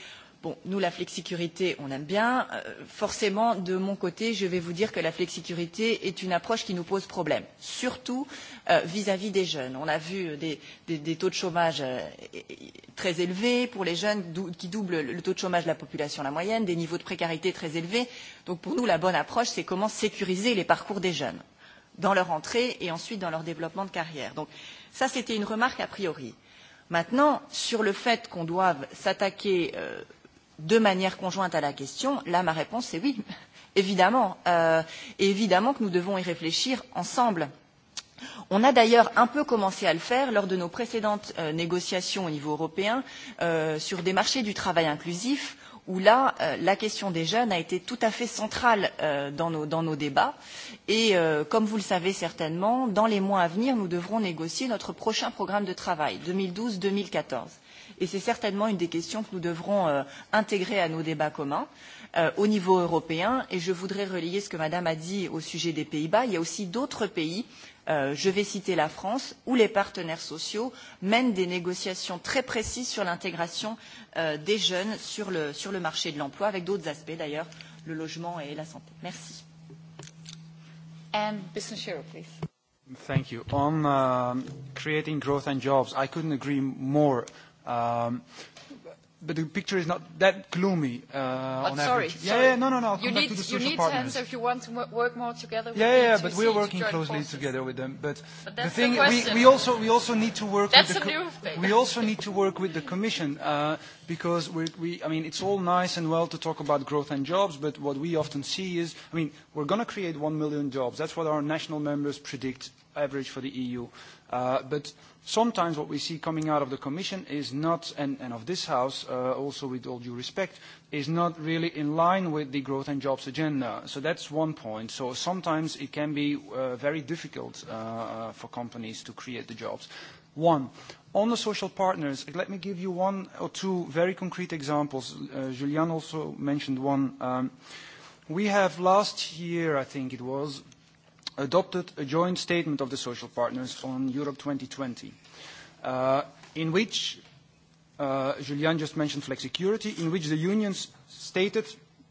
Bon, nous, la flexicurité, on aime bien. Euh, forcément, de mon côté, je vais vous dire que la flexicurité est une approche qui nous pose problème, surtout euh, vis-à-vis euh, -vis des jeunes. On a vu euh, des, des, des taux de chômage euh, très élevés pour les jeunes, dou qui doublent le taux de chômage de la population la moyenne, des niveaux de précarité très élevés. Donc, pour nous, la bonne approche, c'est comment sécuriser les parcours des jeunes dans leur entrée et ensuite dans leur développement de carrière. Donc, ça, c'était une remarque a priori. Maintenant, sur le fait qu'on doive s'attaquer euh, de manière conjointe à la question, là, ma réponse est oui, évidemment. Euh, et évidemment que nous devons y réfléchir ensemble. On a d'ailleurs un peu commencé à le faire lors de nos précédentes euh, négociations au niveau européen euh, sur des marchés du travail inclusif, où là, euh, la question des jeunes a été tout à fait centrale euh, dans, nos, dans nos débats. Et euh, comme vous le savez certainement, dans les mois à venir, nous devrons négocier notre prochain programme de travail, 2012-2014 et c'est certainement une des questions que nous devrons euh, intégrer à nos débats communs euh, au niveau européen. Et je voudrais relayer ce que Madame a dit au sujet des Pays-Bas. Il y a aussi d'autres pays euh, je vais citer la France, où les partenaires sociaux mènent des négociations très précises sur l'intégration euh, des jeunes sur le, sur le marché de l'emploi, avec d'autres aspects d'ailleurs, le logement et la santé. Merci. And um, Business Europe, please. Thank you. On uh, creating growth and jobs, I couldn't agree more Um, but the picture is not that gloomy uh, on sorry, average. Sorry. Yeah, yeah, no, no, no. I'll you come need, back to the social you need partners. hands if you want to work more together. Yeah, yeah, yeah but we're working closely forces. together with them. But, but that's the thing, the question. we, we also we also need to work. That's with the a new thing. We also need to work with the Commission uh, because we, we. I mean, it's all nice and well to talk about growth and jobs, but what we often see is, I mean, we're going to create one million jobs. That's what our national members predict average for the EU, uh, but sometimes what we see coming out of the Commission is not, and, and of this House, uh, also with all due respect, is not really in line with the growth and jobs agenda. So that's one point. So sometimes it can be uh, very difficult uh, uh for companies to create the jobs. One, on the social partners, let me give you one or two very concrete examples. Uh, Julian also mentioned one. Um, we have last year, I think it was, adopted a joint statement of the social partners on Europe 2020, uh, in which uh, Julian just mentioned flexicurity, in which the unions stated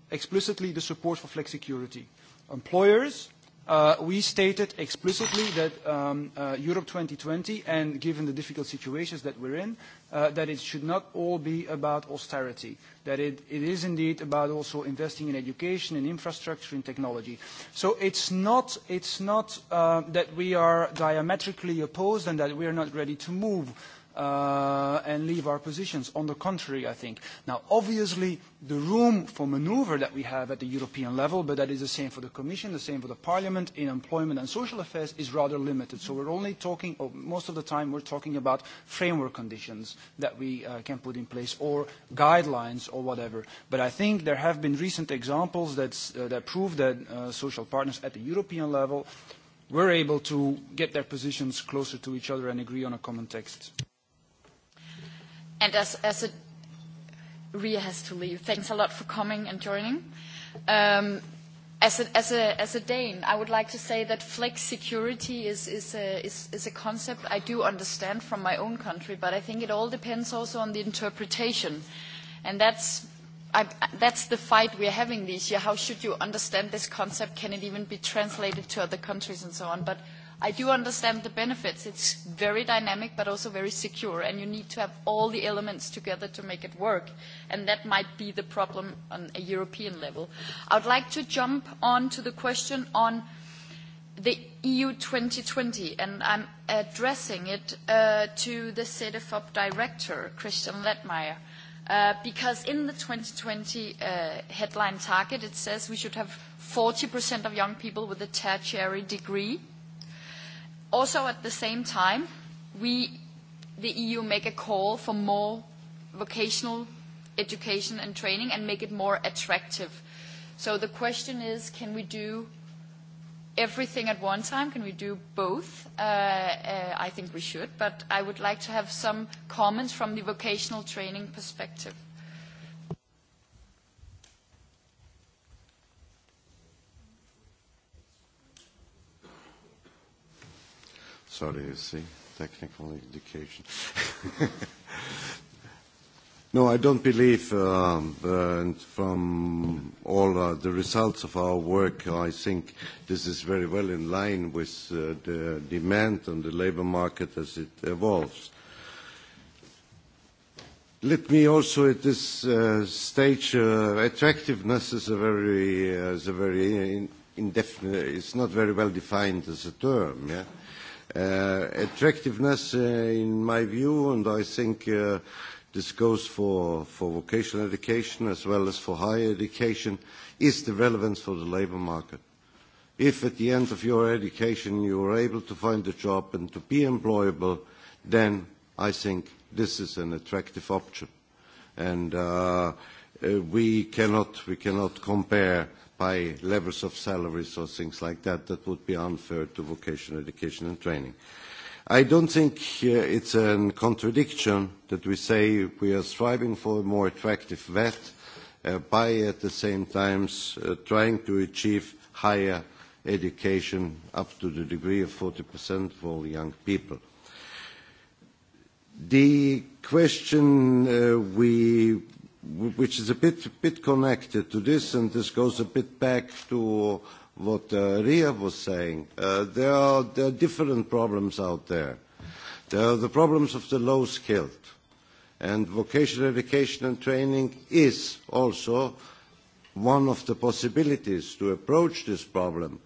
explicitly the support for flexicurity. Employers uh, we stated explicitly that um, uh, Europe 2020, and given the difficult situations that we're in, uh, that it should not all be about austerity, that it, it is indeed about also investing in education, in infrastructure, in technology. So it's not, it's not uh, that we are diametrically opposed and that we are not ready to move. Uh, uh, and leave our positions. On the contrary, I think. Now, obviously, the room for maneuver that we have at the European level, but that is the same for the Commission, the same for the Parliament, in employment and social affairs, is rather limited. So we're only talking, or oh, most of the time, we're talking about framework conditions that we uh, can put in place, or guidelines, or whatever. But I think there have been recent examples that's, uh, that prove that uh, social partners at the European level were able to get their positions closer to each other and agree on a common text. And as, as a, Ria has to leave. Thanks a lot for coming and joining. Um, as a, as, a, as a Dane, I would like to say that flex security is, is, a, is, is a concept I do understand from my own country, but I think it all depends also on the interpretation. And that's, I, that's the fight we're having this year. How should you understand this concept? Can it even be translated to other countries and so on? But I do understand the benefits. It's very dynamic, but also very secure, and you need to have all the elements together to make it work. And that might be the problem on a European level. I would like to jump on to the question on the EU 2020, and I'm addressing it uh, to the CEDEFOP director, Christian Lettmeyer. Uh, because in the 2020 uh, headline target, it says we should have 40% of young people with a tertiary degree Also, at the same time, we, the EU, make a call for more vocational education and training and make it more attractive. So the question is, can we do everything at one time? Can we do both? Uh, uh, I think we should, but I would like to have some comments from the vocational training perspective. Sorry, you see, technical education. no, I don't believe, um, uh, and from all uh, the results of our work, I think this is very well in line with uh, the demand on the labor market as it evolves. Let me also at this uh, stage, uh, attractiveness is a very, uh, is a very in, indefinite, it's not very well defined as a term, yeah? Uh, attractiveness, uh, in my view, and I think uh, this goes for, for vocational education as well as for higher education, is the relevance for the labor market. If at the end of your education you are able to find a job and to be employable, then I think this is an attractive option. And uh, uh, we, cannot, we cannot compare uh, by levels of salaries or things like that that would be unfair to vocational education and training. I don't think uh, it's a contradiction that we say we are striving for a more attractive VET uh, by at the same time uh, trying to achieve higher education up to the degree of 40% for all young people. The question uh, we which is a bit, bit connected to this, and this goes a bit back to what uh, Ria was saying. Uh, there, are, there are different problems out there. There are the problems of the low-skilled, and vocational education and training is also one of the possibilities to approach this problem.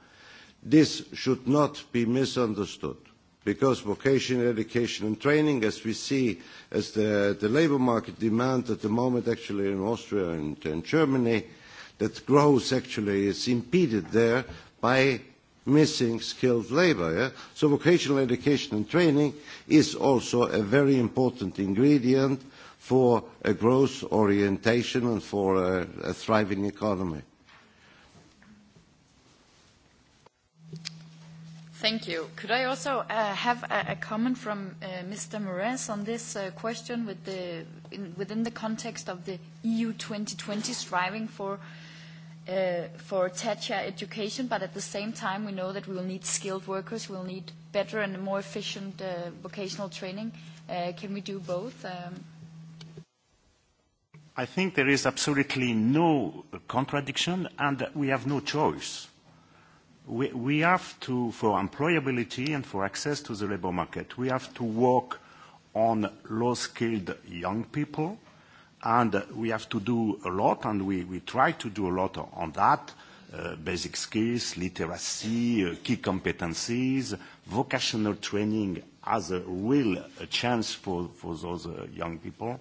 This should not be misunderstood because vocational education and training, as we see, as the, the labor market demand at the moment actually in Austria and, and Germany, that growth actually is impeded there by missing skilled labor. Yeah? So vocational education and training is also a very important ingredient for a growth orientation and for a, a thriving economy. Thank you. Could I also uh, have a, a comment from uh, Mr. Moraes on this uh, question with the, in, within the context of the EU 2020 striving for, uh, for TACHA education, but at the same time we know that we will need skilled workers, we will need better and more efficient uh, vocational training. Uh, can we do both? Um, I think there is absolutely no contradiction and we have no choice we, we have to, for employability and for access to the labor market, we have to work on low-skilled young people, and we have to do a lot, and we, we try to do a lot on that, uh, basic skills, literacy, uh, key competencies, vocational training as a real a uh, chance for, for those uh, young people.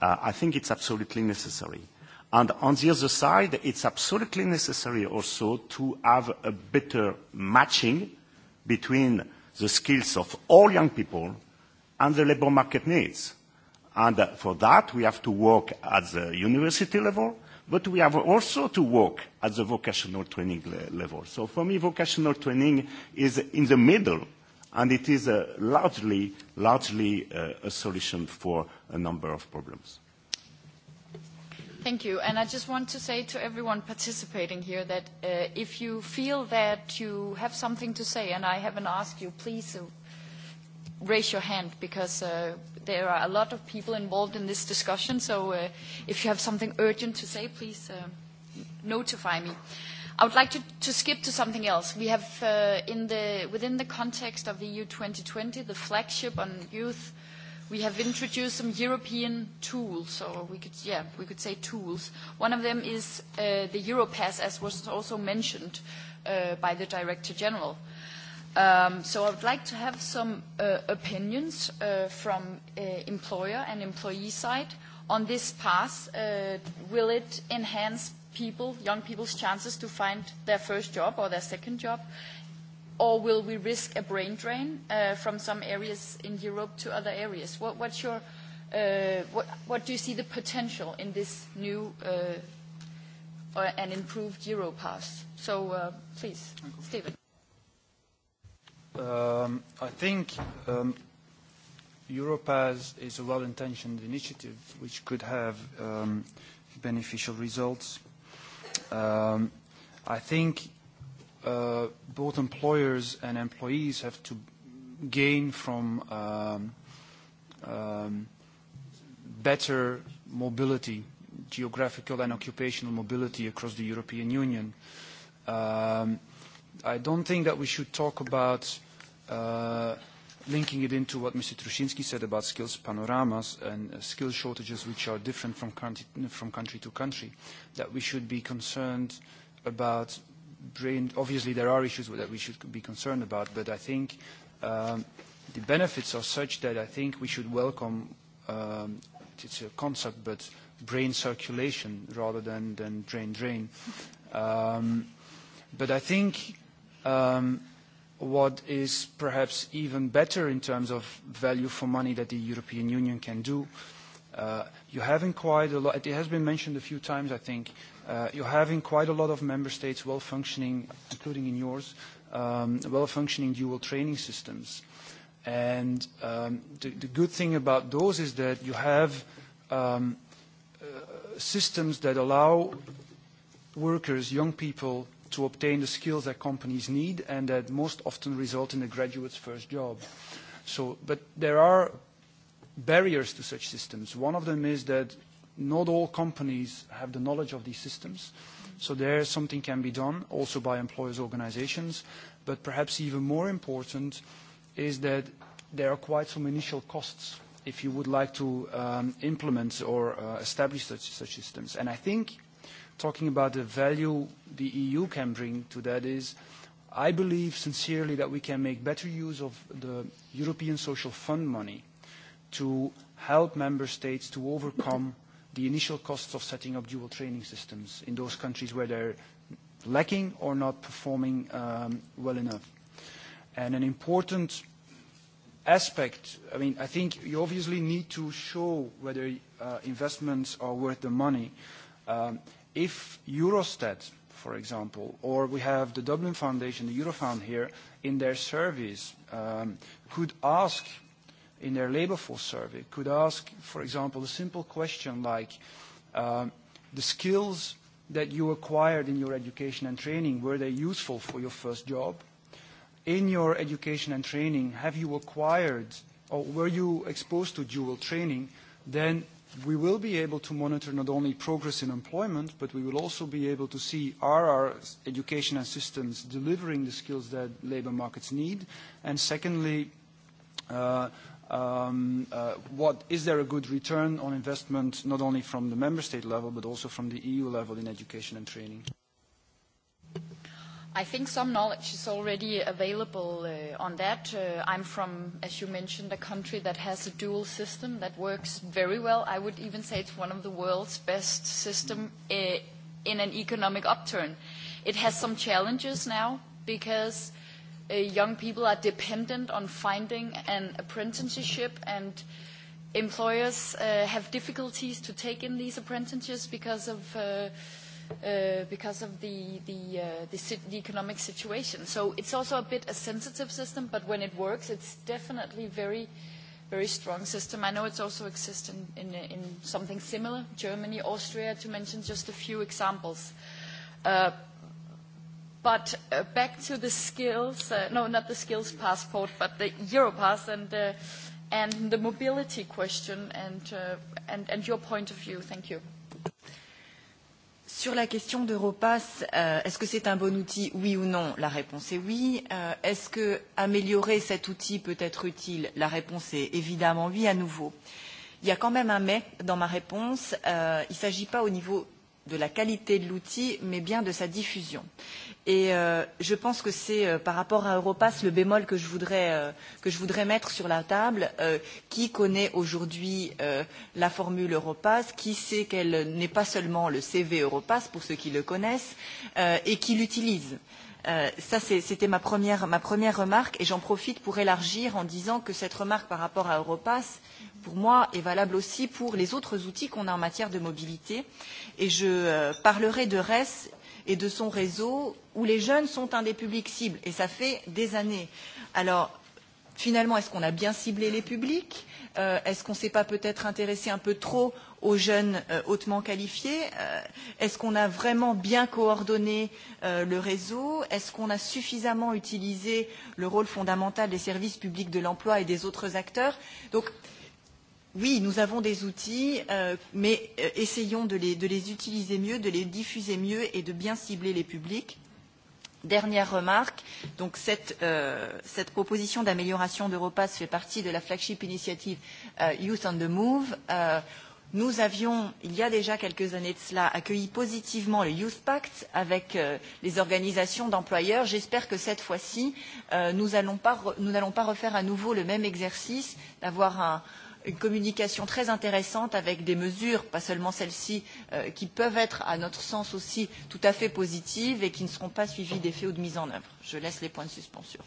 Uh, I think it's absolutely necessary. And on the other side, it's absolutely necessary also to have a better matching between the skills of all young people and the labor market needs. And for that, we have to work at the university level, but we have also to work at the vocational training le level. So for me, vocational training is in the middle, and it is a largely, largely uh, a solution for a number of problems. Thank you. And I just want to say to everyone participating here that uh, if you feel that you have something to say and I haven't asked you, please uh, raise your hand because uh, there are a lot of people involved in this discussion. So uh, if you have something urgent to say, please uh, notify me. I would like to, to skip to something else. We have, uh, in the, within the context of the EU 2020, the flagship on youth uh, we have introduced some European tools, or we could, yeah, we could say tools. One of them is uh, the Europass, as was also mentioned uh, by the Director General. Um, so I would like to have some uh, opinions uh, from uh, employer and employee side on this pass. Uh, will it enhance people, young people's chances to find their first job or their second job? or will we risk a brain drain uh, from some areas in Europe to other areas? What, what's your, uh, what, what do you see the potential in this new uh, uh, and improved Europass? So uh, please, Stephen. Um, I think um, Europass is a well-intentioned initiative which could have um, beneficial results. Um, I think uh, both employers and employees have to gain from um, um, better mobility, geographical and occupational mobility across the European Union. Um, I don't think that we should talk about uh, linking it into what Mr. Trushinsky said about skills panoramas and uh, skill shortages which are different from country, from country to country, that we should be concerned about brain, obviously there are issues that we should be concerned about, but I think um, the benefits are such that I think we should welcome, um, it's a concept, but brain circulation rather than, than drain drain. Um, but I think um, what is perhaps even better in terms of value for money that the European Union can do, uh, you haven't quite a lot, it has been mentioned a few times, I think, uh, uh, you're having quite a lot of member states well functioning, including in yours, um, well functioning dual training systems. And um, the, the good thing about those is that you have um, uh, systems that allow workers, young people, to obtain the skills that companies need and that most often result in a graduate's first job. So, but there are barriers to such systems. One of them is that Not all companies have the knowledge of these systems, so there something can be done also by employers' organizations. But perhaps even more important is that there are quite some initial costs if you would like to um, implement or uh, establish such, such systems. And I think talking about the value the EU can bring to that is I believe sincerely that we can make better use of the European Social Fund money to help member states to overcome the initial costs of setting up dual training systems in those countries where they're lacking or not performing um, well enough. And an important aspect, I mean, I think you obviously need to show whether uh, investments are worth the money. Um, if Eurostat, for example, or we have the Dublin Foundation, the Eurofound here, in their surveys, um, could ask in their labor force survey could ask, for example, a simple question like, um, the skills that you acquired in your education and training, were they useful for your first job? In your education and training, have you acquired or were you exposed to dual training? Then we will be able to monitor not only progress in employment, but we will also be able to see are our education and systems delivering the skills that labor markets need? And secondly, uh, um, uh, what is there a good return on investment, not only from the member state level, but also from the EU level in education and training? I think some knowledge is already available uh, on that. Uh, I'm from, as you mentioned, a country that has a dual system that works very well. I would even say it's one of the world's best system uh, in an economic upturn. It has some challenges now because uh, uh, young people are dependent on finding an apprenticeship and employers uh, have difficulties to take in these apprentices because of uh, uh, because of the the, uh, the, si the economic situation. So it's also a bit a sensitive system, but when it works, it's definitely very very strong system. I know it's also exists in, in, in something similar, Germany, Austria, to mention just a few examples. Uh, But uh, back to the skills, uh, no, not the skills passport, but the Europass and, uh, and the mobility question and, uh, and, and your point of view. Thank you. Sur la question d'Europass, euh, est-ce que c'est un bon outil, oui ou non La réponse est oui. Euh, est-ce que améliorer cet outil peut être utile La réponse est évidemment oui à nouveau. Il y a quand même un mais dans ma réponse. Euh, il ne s'agit pas au niveau de la qualité de l'outil, mais bien de sa diffusion. Et euh, je pense que c'est euh, par rapport à Europass le bémol que je voudrais, euh, que je voudrais mettre sur la table. Euh, qui connaît aujourd'hui euh, la formule Europass Qui sait qu'elle n'est pas seulement le CV Europass, pour ceux qui le connaissent, euh, et qui l'utilise euh, ça, c'était ma première, ma première remarque, et j'en profite pour élargir en disant que cette remarque par rapport à Europass, pour moi est valable aussi pour les autres outils qu'on a en matière de mobilité. Et je euh, parlerai de RES et de son réseau où les jeunes sont un des publics cibles et ça fait des années. Alors finalement, est-ce qu'on a bien ciblé les publics euh, Est-ce qu'on ne s'est pas peut-être intéressé un peu trop aux jeunes euh, hautement qualifiés euh, Est-ce qu'on a vraiment bien coordonné euh, le réseau Est-ce qu'on a suffisamment utilisé le rôle fondamental des services publics de l'emploi et des autres acteurs Donc Oui, nous avons des outils, euh, mais euh, essayons de les, de les utiliser mieux, de les diffuser mieux et de bien cibler les publics. Dernière remarque, donc cette, euh, cette proposition d'amélioration d'Europass fait partie de la flagship initiative euh, Youth on the Move. Euh, nous avions, il y a déjà quelques années de cela, accueilli positivement le Youth Pact avec euh, les organisations d'employeurs. J'espère que cette fois-ci, euh, nous n'allons pas, re, pas refaire à nouveau le même exercice d'avoir un, euh, une communication très intéressante avec des mesures, pas seulement celles-ci, euh, qui peuvent être, à notre sens aussi, tout à fait positives et qui ne seront pas suivies d'effets ou de mise en œuvre. Je laisse les points de suspension.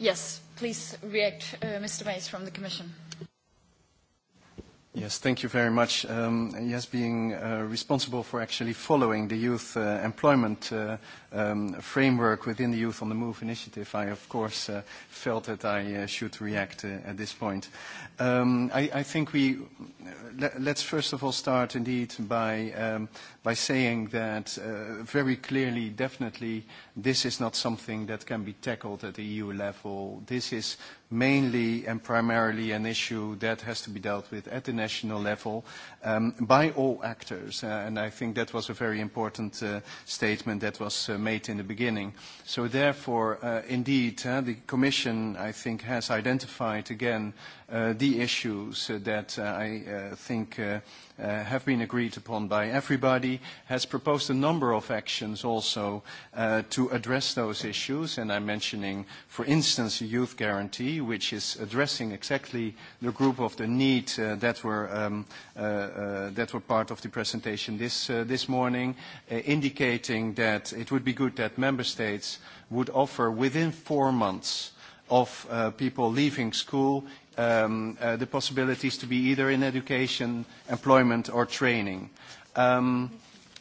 Yes, please react, uh, Mr. Mays from the Commission. Yes, thank you very much. Um, yes, being uh, responsible for actually following the youth uh, employment uh, um, framework within the Youth on the Move initiative, I of course uh, felt that I uh, should react uh, at this point. Um, I, I think we let, let's first of all start indeed by um, by saying that uh, very clearly, definitely, this is not something that can be tackled at the EU level. This is mainly and primarily an issue that has to be dealt with at the national level um, by all actors. Uh, and I think that was a very important uh, statement that was uh, made in the beginning. So therefore, uh, indeed, uh, the Commission, I think, has identified again uh, the issues uh, that uh, I uh, think uh, uh, have been agreed upon by everybody, has proposed a number of actions also uh, to address those issues. And I'm mentioning, for instance, a youth guarantee, which is addressing exactly the group of the need uh, that were um, uh, uh, that were part of the presentation this, uh, this morning, uh, indicating that it would be good that member states would offer within four months of uh, people leaving school um, uh, the possibilities to be either in education, employment or training. Um,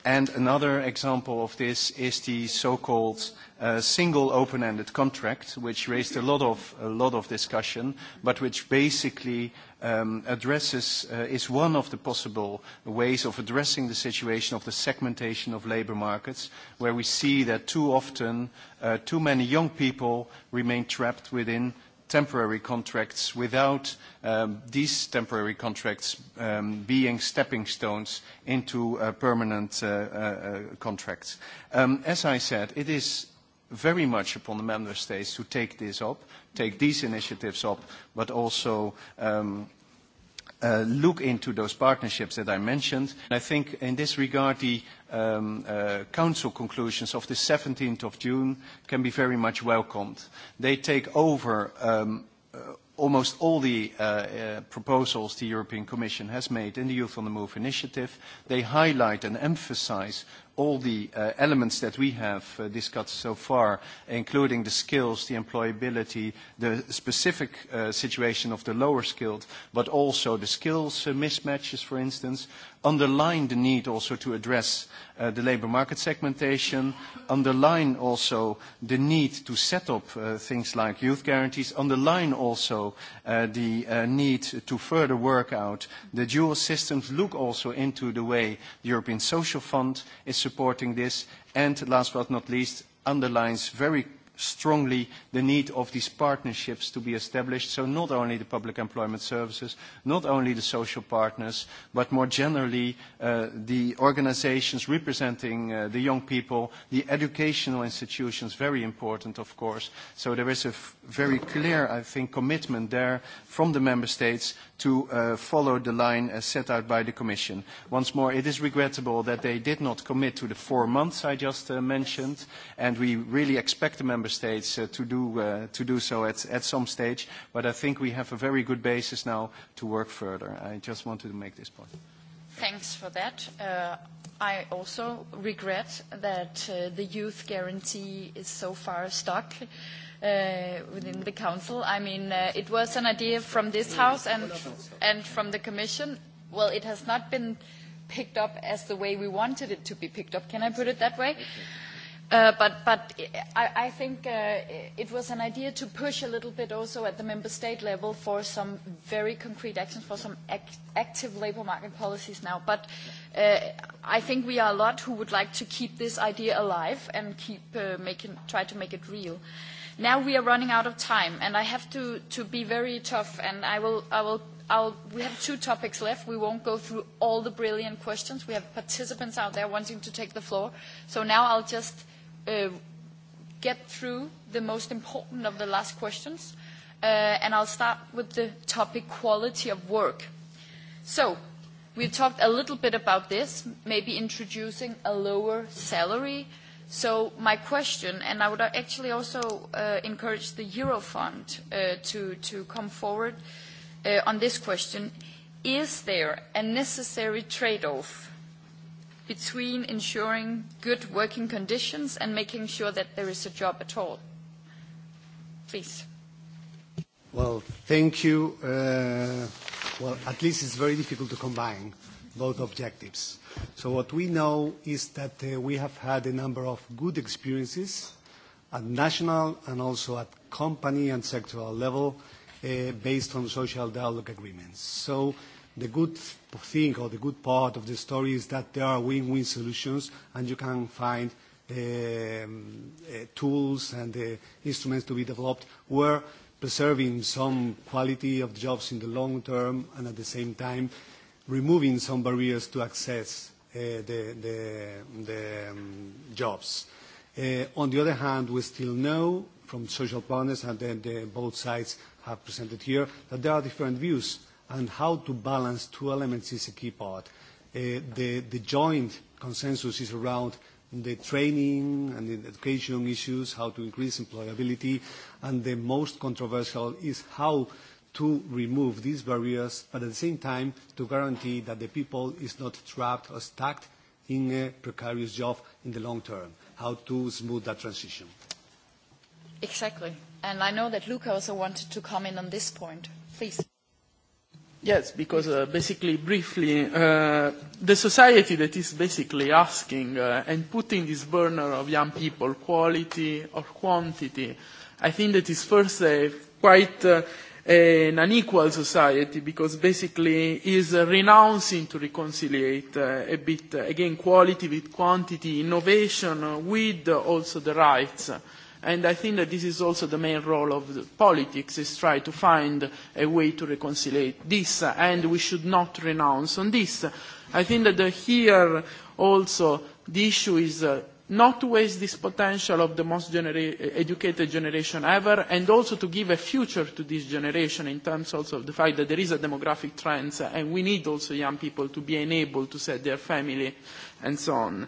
and another example of this is the so-called uh, uh, single open-ended contract, which raised a lot of, a lot of discussion, but which basically um, addresses, uh, is one of the possible ways of addressing the situation of the segmentation of labor markets, where we see that too often uh, too many young people remain trapped within temporary contracts without um, these temporary contracts um, being stepping stones into uh, permanent uh, uh, contracts. Um, as I said, it is very much upon the member states to take this up, take these initiatives up, but also um, uh, look into those partnerships that I mentioned. And I think in this regard, the um, uh, council conclusions of the 17th of June can be very much welcomed. They take over um, uh, almost all the uh, uh, proposals the European Commission has made in the Youth on the Move initiative. They highlight and emphasize all the uh, elements that we have uh, discussed so far, including the skills, the employability, the specific uh, situation of the lower skilled, but also the skills uh, mismatches, for instance, underline the need also to address uh, the labor market segmentation, underline also the need to set up uh, things like youth guarantees, underline also uh, the uh, need to further work out the dual systems, look also into the way the European Social Fund is supporting this, and last but not least, underlines very strongly the need of these partnerships to be established, so not only the public employment services, not only the social partners, but more generally uh, the organizations representing uh, the young people, the educational institutions, very important of course. So there is a very clear, I think, commitment there from the member states to uh, follow the line as uh, set out by the Commission. Once more, it is regrettable that they did not commit to the four months I just uh, mentioned, and we really expect the Member States uh, to, do, uh, to do so at, at some stage, but I think we have a very good basis now to work further. I just wanted to make this point. Thanks for that. Uh, I also regret that uh, the youth guarantee is so far stuck. Uh, uh, within the council. I mean, uh, it was an idea from this house and, and from the commission. Well, it has not been picked up as the way we wanted it to be picked up. Can I put it that way? Okay. Uh, but but I, I think uh, it was an idea to push a little bit also at the member state level for some very concrete actions, for some act, active labour market policies now. But uh, I think we are a lot who would like to keep this idea alive and keep uh, making, try to make it real. Uh, Now we are running out of time, and I have to, to be very tough, and I will, I will I'll, we have two topics left. We won't go through all the brilliant questions. We have participants out there wanting to take the floor. So now I'll just uh, get through the most important of the last questions, uh, and I'll start with the topic quality of work. So we've talked a little bit about this, maybe introducing a lower salary uh, So my question, and I would actually also uh, encourage the Eurofund uh, to, to come forward uh, on this question, is there a necessary trade-off between ensuring good working conditions and making sure that there is a job at all? Please. Well, thank you. Uh, well, at least it's very difficult to combine. Uh, both objectives. So what we know is that uh, we have had a number of good experiences at national and also at company and sectoral level uh, based on social dialogue agreements. So the good thing or the good part of the story is that there are win-win solutions and you can find uh, uh, tools and uh, instruments to be developed where preserving some quality of jobs in the long term and at the same time uh, removing some barriers to access uh, the, the, the um, jobs. Uh, on the other hand, we still know from social partners and then the, both sides have presented here that there are different views and how to balance two elements is a key part. Uh, the, the joint consensus is around the training and the education issues, how to increase employability, and the most controversial is how uh, to remove these barriers, but at the same time to guarantee that the people is not trapped or stuck in a precarious job in the long term, how to smooth that transition. Exactly. And I know that Luca also wanted to comment on this point. Please. Yes, because uh, basically, briefly, uh, the society that is basically asking uh, and putting this burner of young people, quality or quantity, I think that is first a quite uh, an unequal society because basically is renouncing to reconciliate uh, a bit uh, again quality with quantity innovation with also the rights and i think that this is also the main role of the politics is try to find a way to reconcile this and we should not renounce on this i think that the, here also the issue is uh, not to waste this potential of the most genera educated generation ever, and also to give a future to this generation in terms also of the fact that there is a demographic trend, and we need also young people to be enabled to set their family and so on.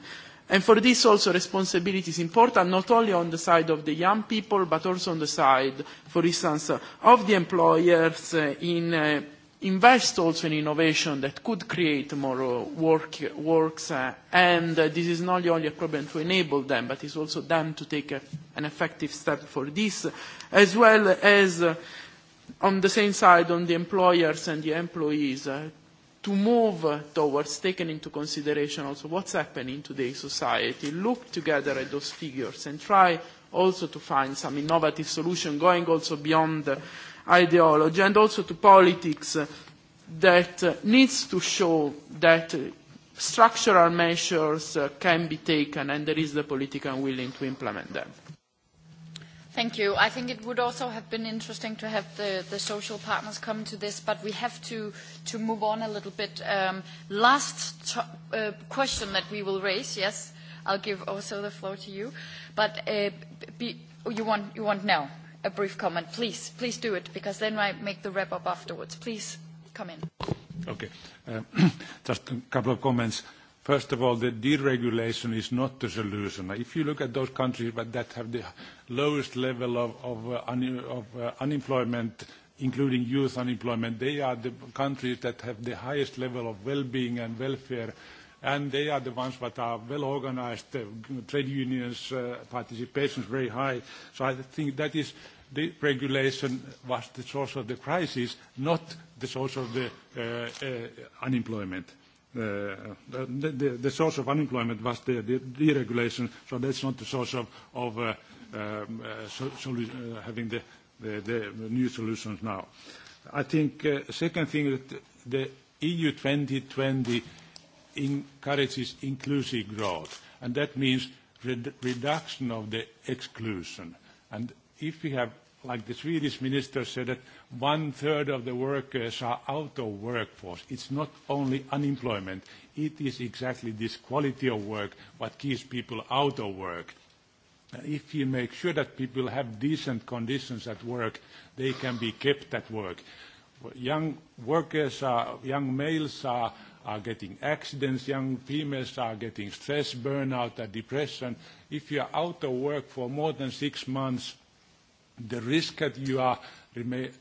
And for this also responsibility is important, not only on the side of the young people, but also on the side, for instance, of the employers in uh, invest also in innovation that could create more uh, work, works, uh, and uh, this is not only a problem to enable them, but it's also them to take a, an effective step for this, as well as uh, on the same side, on the employers and the employees, uh, to move uh, towards taking into consideration also what's happening in today's society, look together at those figures and try also to find some innovative solution going also beyond uh, ideology and also to politics uh, that uh, needs to show that uh, structural measures can be taken and there is the political willing to implement them. Thank you. I think it would also have been interesting to have the, the social partners come to this, but we have to, to move on a little bit. Um, last uh, question that we will raise, yes, I'll give also the floor to you, but uh, be, you, want, you want now? a brief comment, please. Please do it, because then I make the wrap-up afterwards. Please come in. Okay. Uh, just a couple of comments. First of all, the deregulation is not the solution. If you look at those countries but that have the lowest level of, of, uh, un, of uh, unemployment, including youth unemployment, they are the countries that have the highest level of well-being and welfare, and they are the ones that are well-organized, uh, trade unions, uh, participations very high. So I think that is deregulation was the source of the crisis, not the source of the uh, uh, unemployment. Uh, the, the, the source of unemployment was the, the deregulation, so that's not the source of, of uh, um, uh, so, solu- uh, having the, the, the new solutions now. I think uh, second thing that the EU 2020 encourages inclusive growth, and that means reduction of the exclusion. And if we have like the Swedish minister said, that one-third of the workers are out of workforce. It's not only unemployment. It is exactly this quality of work what keeps people out of work. And if you make sure that people have decent conditions at work, they can be kept at work. Young workers are, young males are, are getting accidents, young females are getting stress, burnout, and depression. If you are out of work for more than six months, the risk that you are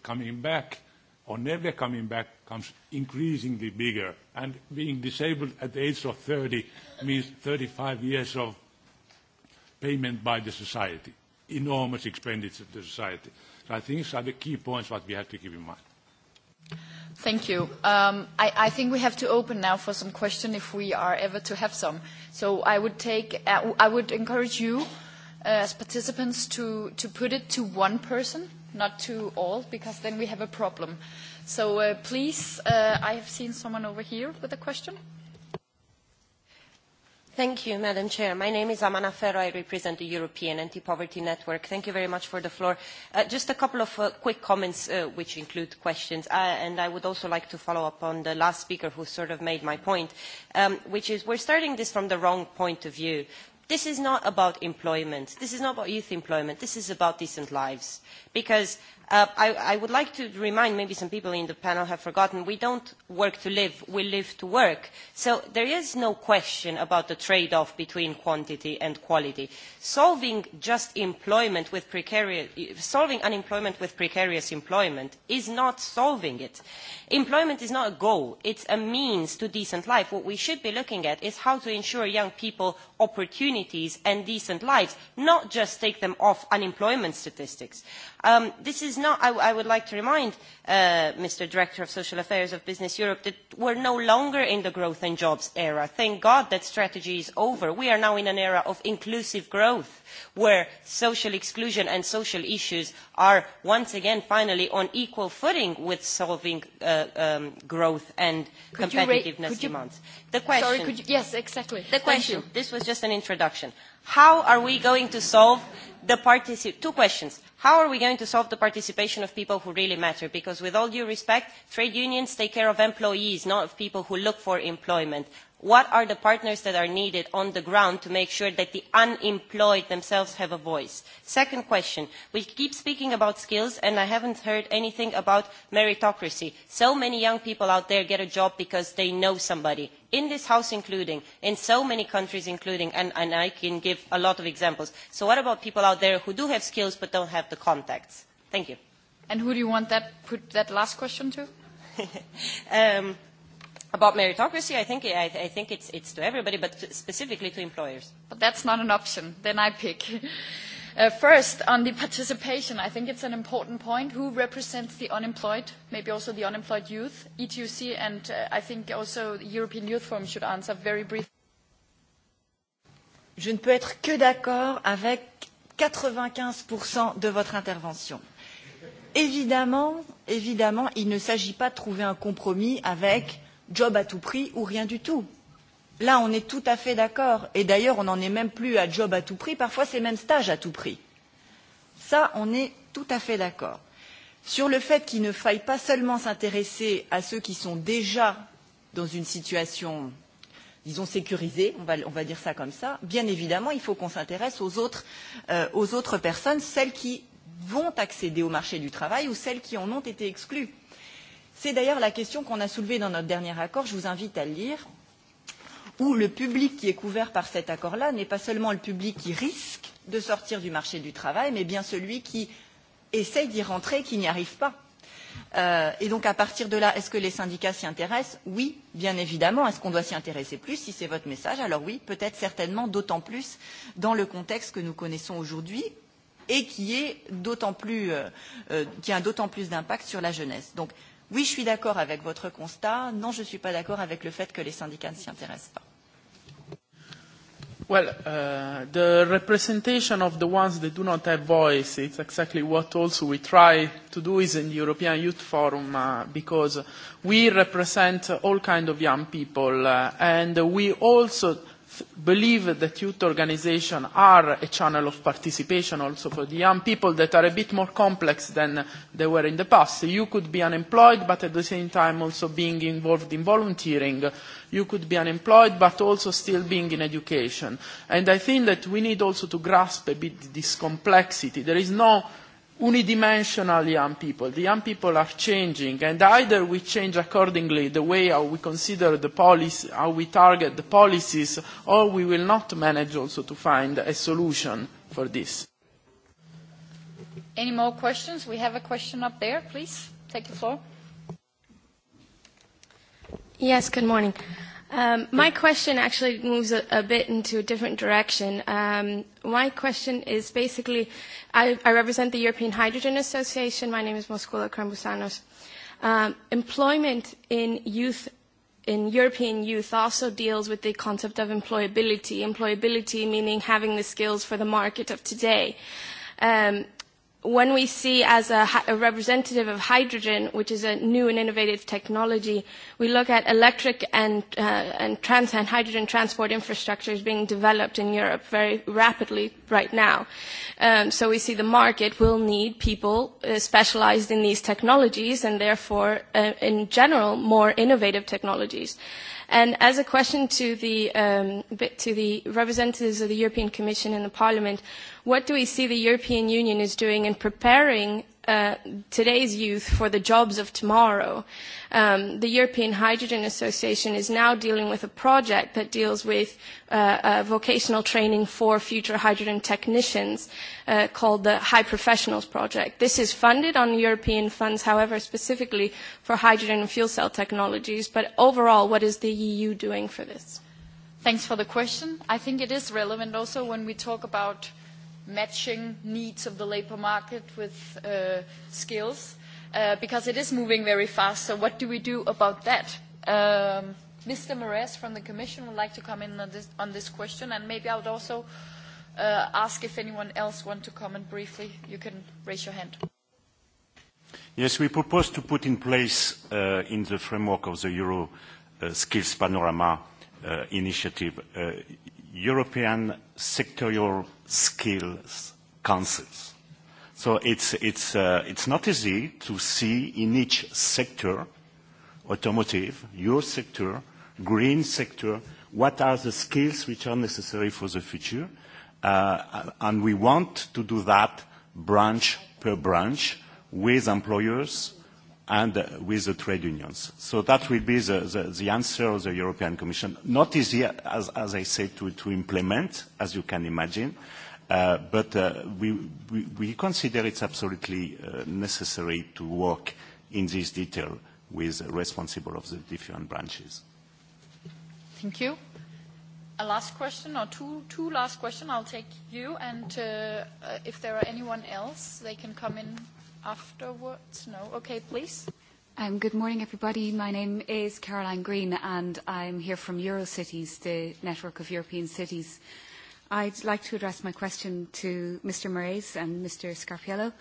coming back or never coming back comes increasingly bigger. And being disabled at the age of 30 means 35 years of payment by the society, enormous expenditure to society. So I think these are the key points what we have to keep in mind. Thank you. Um, I, I think we have to open now for some question if we are ever to have some. So I would take, uh, I would encourage you Uh, as participants to, to put it to one person, not to all, because then we have a problem. So uh, please, uh, I have seen someone over here with a question. Thank you, Madam Chair. My name is Amana Ferro. I represent the European Anti-Poverty Network. Thank you very much for the floor. Uh, just a couple of uh, quick comments, uh, which include questions. Uh, and I would also like to follow up on the last speaker who sort of made my point, um, which is we're starting this from the wrong point of view. This is not about employment. This is not about youth employment. This is about decent lives. Because Uh, I, I would like to remind, maybe some people in the panel have forgotten, we don't work to live, we live to work. So there is no question about the trade-off between quantity and quality. Solving just employment with precarious, solving unemployment with precarious employment is not solving it. Employment is not a goal, it's a means to decent life. What we should be looking at is how to ensure young people opportunities and decent lives, not just take them off unemployment statistics. Um, this is not, I, I would like to remind uh, Mr. Director of Social Affairs of Business Europe that we're no longer in the growth and jobs era. Thank God that strategy is over. We are now in an era of inclusive growth where social exclusion and social issues are once again finally on equal footing with solving uh, um, growth and could competitiveness you ra- could you, demands. The question, sorry, could you, yes, exactly. The question, this was just an introduction. How are we going to solve the particip- two questions. How are we going to solve the participation of people who really matter? Because with all due respect, trade unions take care of employees, not of people who look for employment what are the partners that are needed on the ground to make sure that the unemployed themselves have a voice? Second question, we keep speaking about skills and I haven't heard anything about meritocracy. So many young people out there get a job because they know somebody, in this house including, in so many countries including, and, and I can give a lot of examples. So what about people out there who do have skills but don't have the contacts? Thank you. And who do you want that, put that last question to? um, about meritocracy, I think, I, I think it's, it's to everybody, but specifically to employers. But that's not an option. Then I pick. Uh, first, on the participation, I think it's an important point. Who represents the unemployed, maybe also the unemployed youth? ETUC and uh, I think also the European Youth Forum should answer very briefly. Je ne peux être que d'accord avec 95% de votre intervention. Évidemment, évidemment, il ne s'agit pas de trouver un compromis avec euh, job à tout prix ou rien du tout. Là, on est tout à fait d'accord. Et d'ailleurs, on n'en est même plus à job à tout prix. Parfois, c'est même stage à tout prix. Ça, on est tout à fait d'accord. Sur le fait qu'il ne faille pas seulement s'intéresser à ceux qui sont déjà dans une situation, disons, sécurisée, on va, on va dire ça comme ça, bien évidemment, il faut qu'on s'intéresse aux, autres, euh, aux autres personnes, celles qui vont accéder au marché du travail ou celles qui en ont été exclues C'est d'ailleurs la question qu'on a soulevée dans notre dernier accord, je vous invite à le lire, où le public qui est couvert par cet accord-là n'est pas seulement le public qui risque de sortir du marché du travail, mais bien celui qui essaye d'y rentrer et qui n'y arrive pas. Euh, et donc à partir de là, est-ce que les syndicats s'y intéressent Oui, bien évidemment. Est-ce qu'on doit s'y intéresser plus Si c'est votre message, alors oui, peut-être certainement, d'autant plus dans le contexte que nous connaissons aujourd'hui et qui, est plus, euh, euh, qui a d'autant plus d'impact sur la jeunesse. Donc oui, je suis d'accord avec votre constat, non, je ne suis pas d'accord avec le fait que les syndicats ne s'y intéressent pas. Well, uh, the representation of the ones that do not have voice, it's exactly what also we try to do is in the European Youth Forum, uh, because we represent all kind of young people, uh, and we also believe that youth organizations are a channel of participation also for the young people that are a bit more complex than they were in the past. You could be unemployed, but at the same time also being involved in volunteering. You could be unemployed, but also still being in education. And I think that we need also to grasp a bit this complexity. There is no unidimensional young people. The young people are changing, and either we change accordingly the way how we consider the policy, how we target the policies, or we will not manage also to find a solution for this. Any more questions? We have a question up there, please. Take the floor. Yes, good morning. Uh, Um, my question actually moves a, a bit into a different direction. Um, my question is basically, I, I represent the European Hydrogen Association. My name is Moscula Krambusanos. Um, employment in youth, in European youth, also deals with the concept of employability. Employability meaning having the skills for the market of today. Um, when we see as a, a representative of hydrogen, which is a new and innovative technology, we look at electric and, uh, and, trans- and hydrogen transport infrastructures being developed in Europe very rapidly right now. Um, so we see the market will need people uh, specialized in these technologies and therefore, uh, in general, more innovative technologies. Uh, And as a question to the, um, to the representatives of the European Commission and the Parliament, what do we see the European Union is doing in preparing uh, today's youth for the jobs of tomorrow. Um, the European Hydrogen Association is now dealing with a project that deals with uh, uh, vocational training for future hydrogen technicians uh, called the High Professionals Project. This is funded on European funds, however, specifically for hydrogen and fuel cell technologies. But overall, what is the EU doing for this? Thanks for the question. I think it is relevant also when we talk about uh, matching needs of the labor market with uh, skills uh, because it is moving very fast. So what do we do about that? Um, Mr. Moraes from the Commission would like to come in on this, on this question, and maybe I would also uh, ask if anyone else wants to comment briefly. You can raise your hand. Yes, we propose to put in place uh, in the framework of the Euro uh, Skills Panorama uh, initiative uh, European sectorial skills councils. So it's, it's, uh, it's not easy to see in each sector, automotive, your sector, green sector, what are the skills which are necessary for the future. Uh, and we want to do that branch per branch with employers, and with the trade unions. So that will be the, the, the answer of the European Commission. Not easy, as, as I said, to, to implement, as you can imagine, uh, but uh, we, we, we consider it's absolutely uh, necessary to work in this detail with responsible of the different branches. Thank you. A last question or two, two last question. I'll take you, and uh, uh if there are anyone else, they can come in afterwards? No? Okay, please. Um, good morning, everybody. My name is Caroline Green, and I'm here from Eurocities, the network of European cities. I'd like to address my question to Mr. Moraes and Mr. Scarpiello.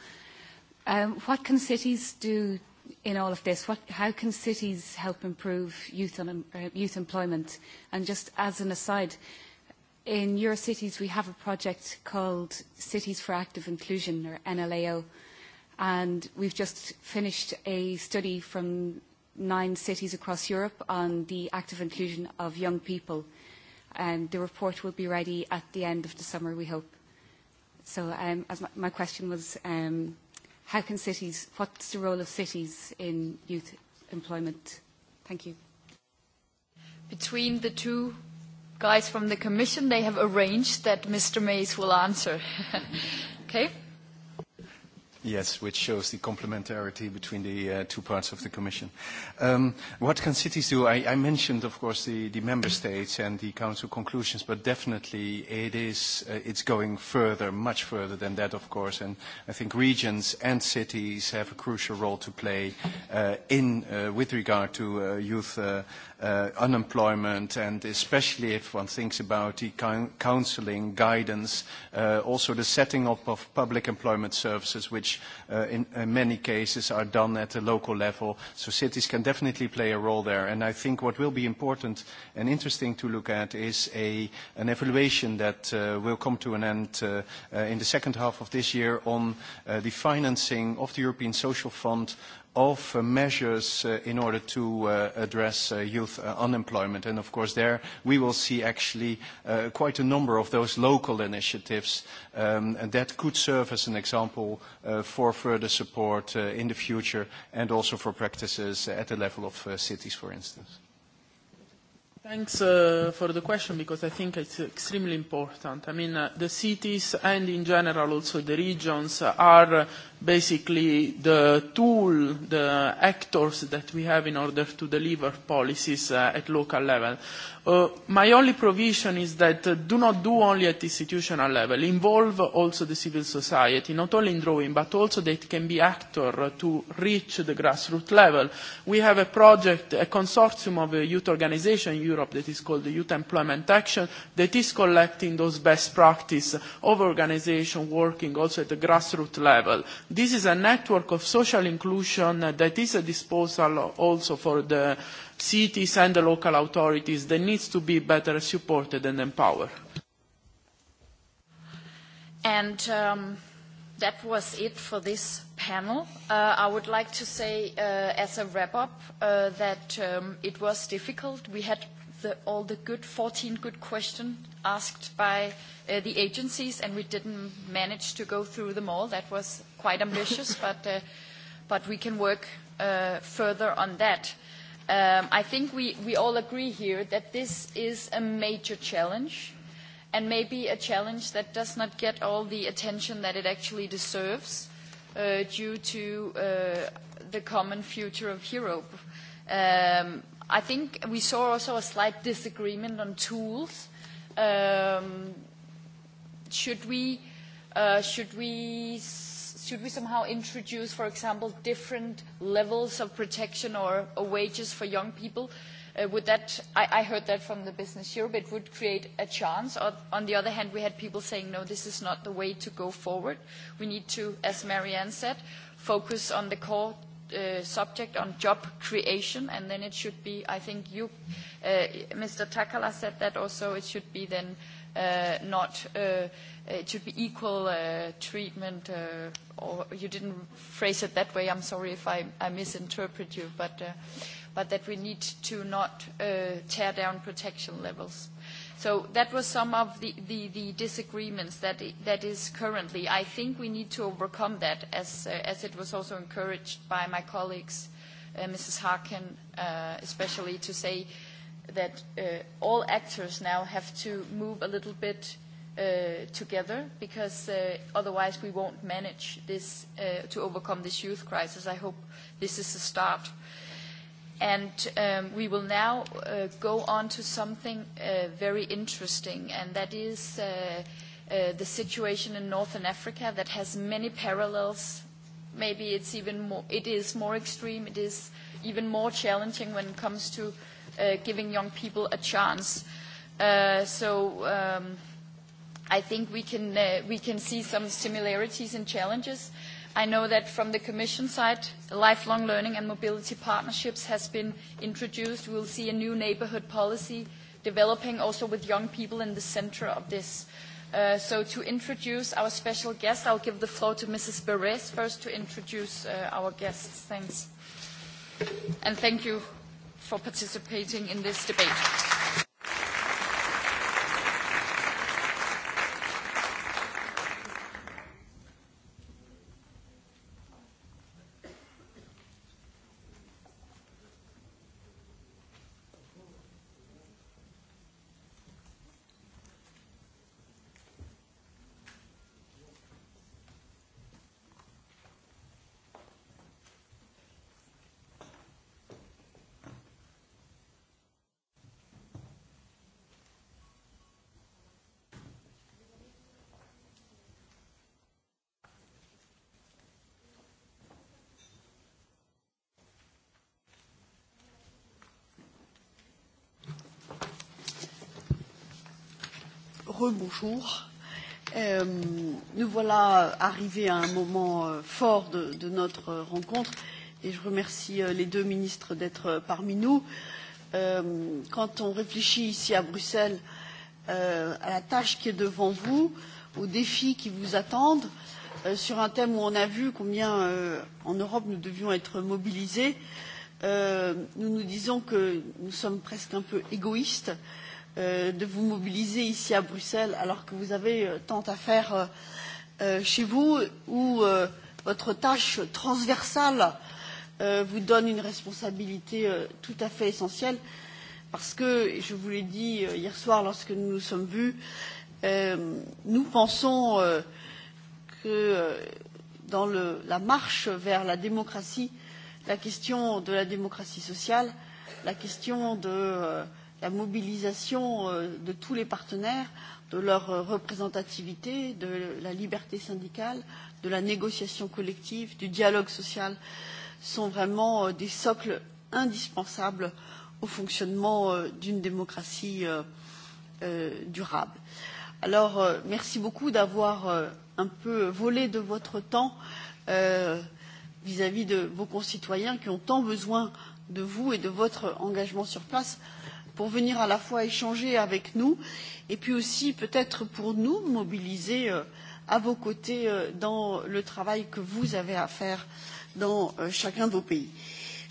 Um, what can cities do in all of this? What, how can cities help improve youth, un, uh, youth employment? And just as an aside, in Eurocities, we have a project called Cities for Active Inclusion, or NLAO, And we've just finished a study from nine cities across Europe on the active inclusion of young people. And the report will be ready at the end of the summer, we hope. So um, as my, my question was, um, how can cities, what's the role of cities in youth employment? Thank you. Between the two guys from the Commission, they have arranged that Mr. Mays will answer. okay. Yes, which shows the complementarity between the uh, two parts of the Commission. Um, what can cities do? I, I mentioned, of course, the, the member states and the Council conclusions, but definitely it is, uh, it's going further, much further than that, of course, and I think regions and cities have a crucial role to play uh, in, uh, with regard to uh, youth uh, uh, unemployment, and especially if one thinks about the coun counseling, guidance, uh, also the setting up of public employment services, which which uh, in, in many cases are done at the local level. So cities can definitely play a role there. And I think what will be important and interesting to look at is a, an evaluation that uh, will come to an end uh, uh, in the second half of this year on uh, the financing of the European Social Fund uh, of uh, measures uh, in order to uh, address uh, youth uh, unemployment. And of course there we will see actually uh, quite a number of those local initiatives um, and that could serve as an example uh, for further support uh, in the future and also for practices at the level of uh, cities, for instance. Thanks uh, for the question because I think it's extremely important. I mean, uh, the cities and in general also the regions are uh, basically the tool, the actors that we have in order to deliver policies uh, at local level. Uh, my only provision is that uh, do not do only at institutional level, involve also the civil society, not only in drawing, but also that it can be actor uh, to reach the grassroots level. We have a project, a consortium of a uh, youth organization in Europe that is called the Youth Employment Action that is collecting those best practice of organization working also at the grassroots level This is a network of social inclusion uh, that is a disposal also for the cities and the local authorities that needs to be better supported and empowered. And um, that was it for this panel. Uh, I would like to say uh, as a wrap-up uh, that um, it was difficult. We had the, all the good 14 good questions asked by uh, the agencies, and we didn't manage to go through them all. That was quite ambitious, but, uh, but we can work uh, further on that. Um, I think we, we all agree here that this is a major challenge and maybe a challenge that does not get all the attention that it actually deserves uh, due to uh, the common future of Europe. Um, I think we saw also a slight disagreement on tools. Um, should we, uh, should we should we somehow introduce, for example, different levels of protection or, or wages for young people? Uh, would that, I, I heard that from the Business Europe, it would create a chance. Or, on the other hand, we had people saying, no, this is not the way to go forward. We need to, as Marianne said, focus on the core uh, subject on job creation, and then it should be, I think you, uh, Mr. Takala said that also, it should be then uh, uh, not uh, it uh, should be equal uh, treatment, uh, or you didn't phrase it that way. I'm sorry if I, I misinterpret you, but, uh, but that we need to not uh, tear down protection levels. So that was some of the, the, the disagreements that, that is currently. I think we need to overcome that, as, uh, as it was also encouraged by my colleagues, uh, Mrs. Harkin uh, especially, to say uh, that uh, all actors now have to move a little bit uh, together because uh, otherwise we won't manage this uh, to overcome this youth crisis. I hope this is a start. And um, we will now uh, go on to something uh, very interesting, and that is uh, uh, the situation in Northern Africa that has many parallels. Maybe it's even more, it is more extreme, it is even more challenging when it comes to uh, uh, giving young people a chance. Uh, so um, I think we can, uh, we can see some similarities and challenges. I know that from the Commission side, lifelong learning and mobility partnerships has been introduced. We'll see a new neighborhood policy developing also with young people in the center of this. Uh, so to introduce our special guest, I'll give the floor to Mrs. Beres first to introduce uh, our guests. Thanks. And thank you for participating in this debate. rebonjour. Euh, nous voilà arrivés à un moment euh, fort de, de notre euh, rencontre et je remercie euh, les deux ministres d'être euh, parmi nous. Euh, quand on réfléchit ici à Bruxelles euh, à la tâche qui est devant vous, aux défis qui vous attendent, euh, sur un thème où on a vu combien euh, en Europe nous devions être mobilisés, euh, nous nous disons que nous sommes presque un peu égoïstes euh, euh, de vous mobiliser ici à Bruxelles alors que vous avez euh, tant à faire euh, euh, chez vous où euh, votre tâche transversale euh, vous donne une responsabilité euh, tout à fait essentielle parce que, je vous l'ai dit euh, hier soir lorsque nous nous sommes vus, euh, nous pensons euh, que euh, dans le, la marche vers la démocratie, la question de la démocratie sociale, la question de euh, la mobilisation euh, de tous les partenaires, de leur euh, représentativité, de la liberté syndicale, de la négociation collective, du dialogue social sont vraiment euh, des socles indispensables au fonctionnement d'une démocratie durable. Alors, merci beaucoup d'avoir un peu volé de votre temps vis-à-vis -vis de vos concitoyens qui ont tant besoin de vous et de votre engagement sur place pour venir à la fois échanger avec nous et puis aussi peut être pour nous mobiliser euh, à vos côtés euh, dans le travail que vous avez à faire dans euh, chacun de vos pays.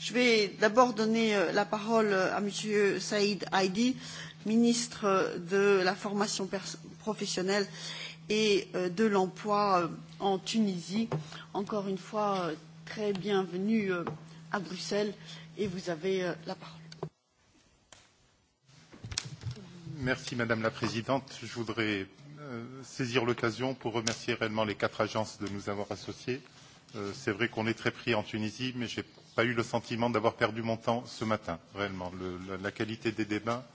Je vais d'abord donner la parole à M. Saïd Haïdi, ministre de la formation professionnelle et de l'emploi en Tunisie. Encore une fois, très bienvenue à Bruxelles et vous avez la parole. Merci Madame la Présidente. Je voudrais euh, saisir l'occasion pour remercier réellement les quatre agences de nous avoir associés. Euh, C'est vrai qu'on est très pris en Tunisie, mais je n'ai pas eu le sentiment d'avoir perdu mon temps ce matin, réellement. Le, la, la qualité des débats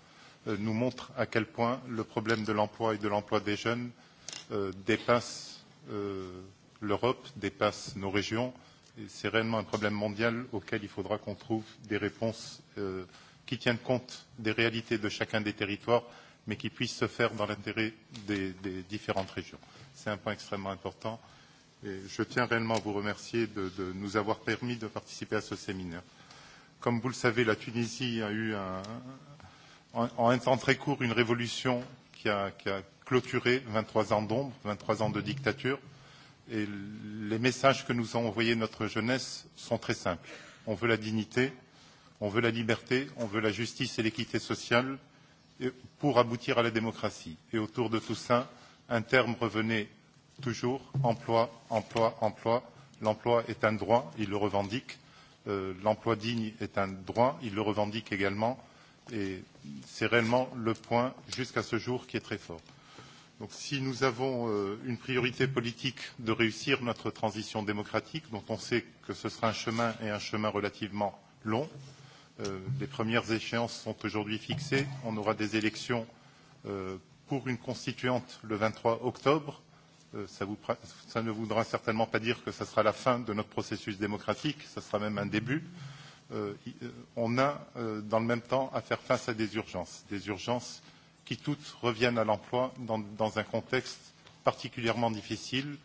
euh, nous montre à quel point le problème de l'emploi et de l'emploi des jeunes euh, dépasse euh, l'Europe, dépasse nos régions. C'est réellement un problème mondial auquel il faudra qu'on trouve des réponses euh, qui tienne compte des réalités de chacun des territoires, mais qui puisse se faire dans l'intérêt des, des différentes régions. C'est un point extrêmement important. Et je tiens réellement à vous remercier de, de nous avoir permis de participer à ce séminaire. Comme vous le savez, la Tunisie a eu un, en, en un temps très court une révolution qui a, qui a clôturé 23 ans d'ombre, 23 ans de dictature. Et les messages que nous a envoyés notre jeunesse sont très simples. On veut la dignité, On veut la liberté, on veut la justice et l'équité sociale pour aboutir à la démocratie. Et autour de tout ça, un terme revenait toujours emploi, emploi, emploi. L'emploi est un droit, il le revendique. Euh, L'emploi digne est un droit, il le revendique également. Et c'est réellement le point jusqu'à ce jour qui est très fort. Donc si nous avons euh, une priorité politique de réussir notre transition démocratique, dont on sait que ce sera un chemin et un chemin relativement long, euh, Euh, les premières échéances sont aujourd'hui fixées. On aura des élections euh, pour une constituante le 23 octobre. Euh, ça, vous, ça ne voudra certainement pas dire que ça sera la fin de notre processus démocratique, ça sera même un début. Euh, euh, on a euh, dans le même temps à faire face à des urgences, des urgences qui toutes reviennent à l'emploi dans, dans un contexte particulièrement difficile.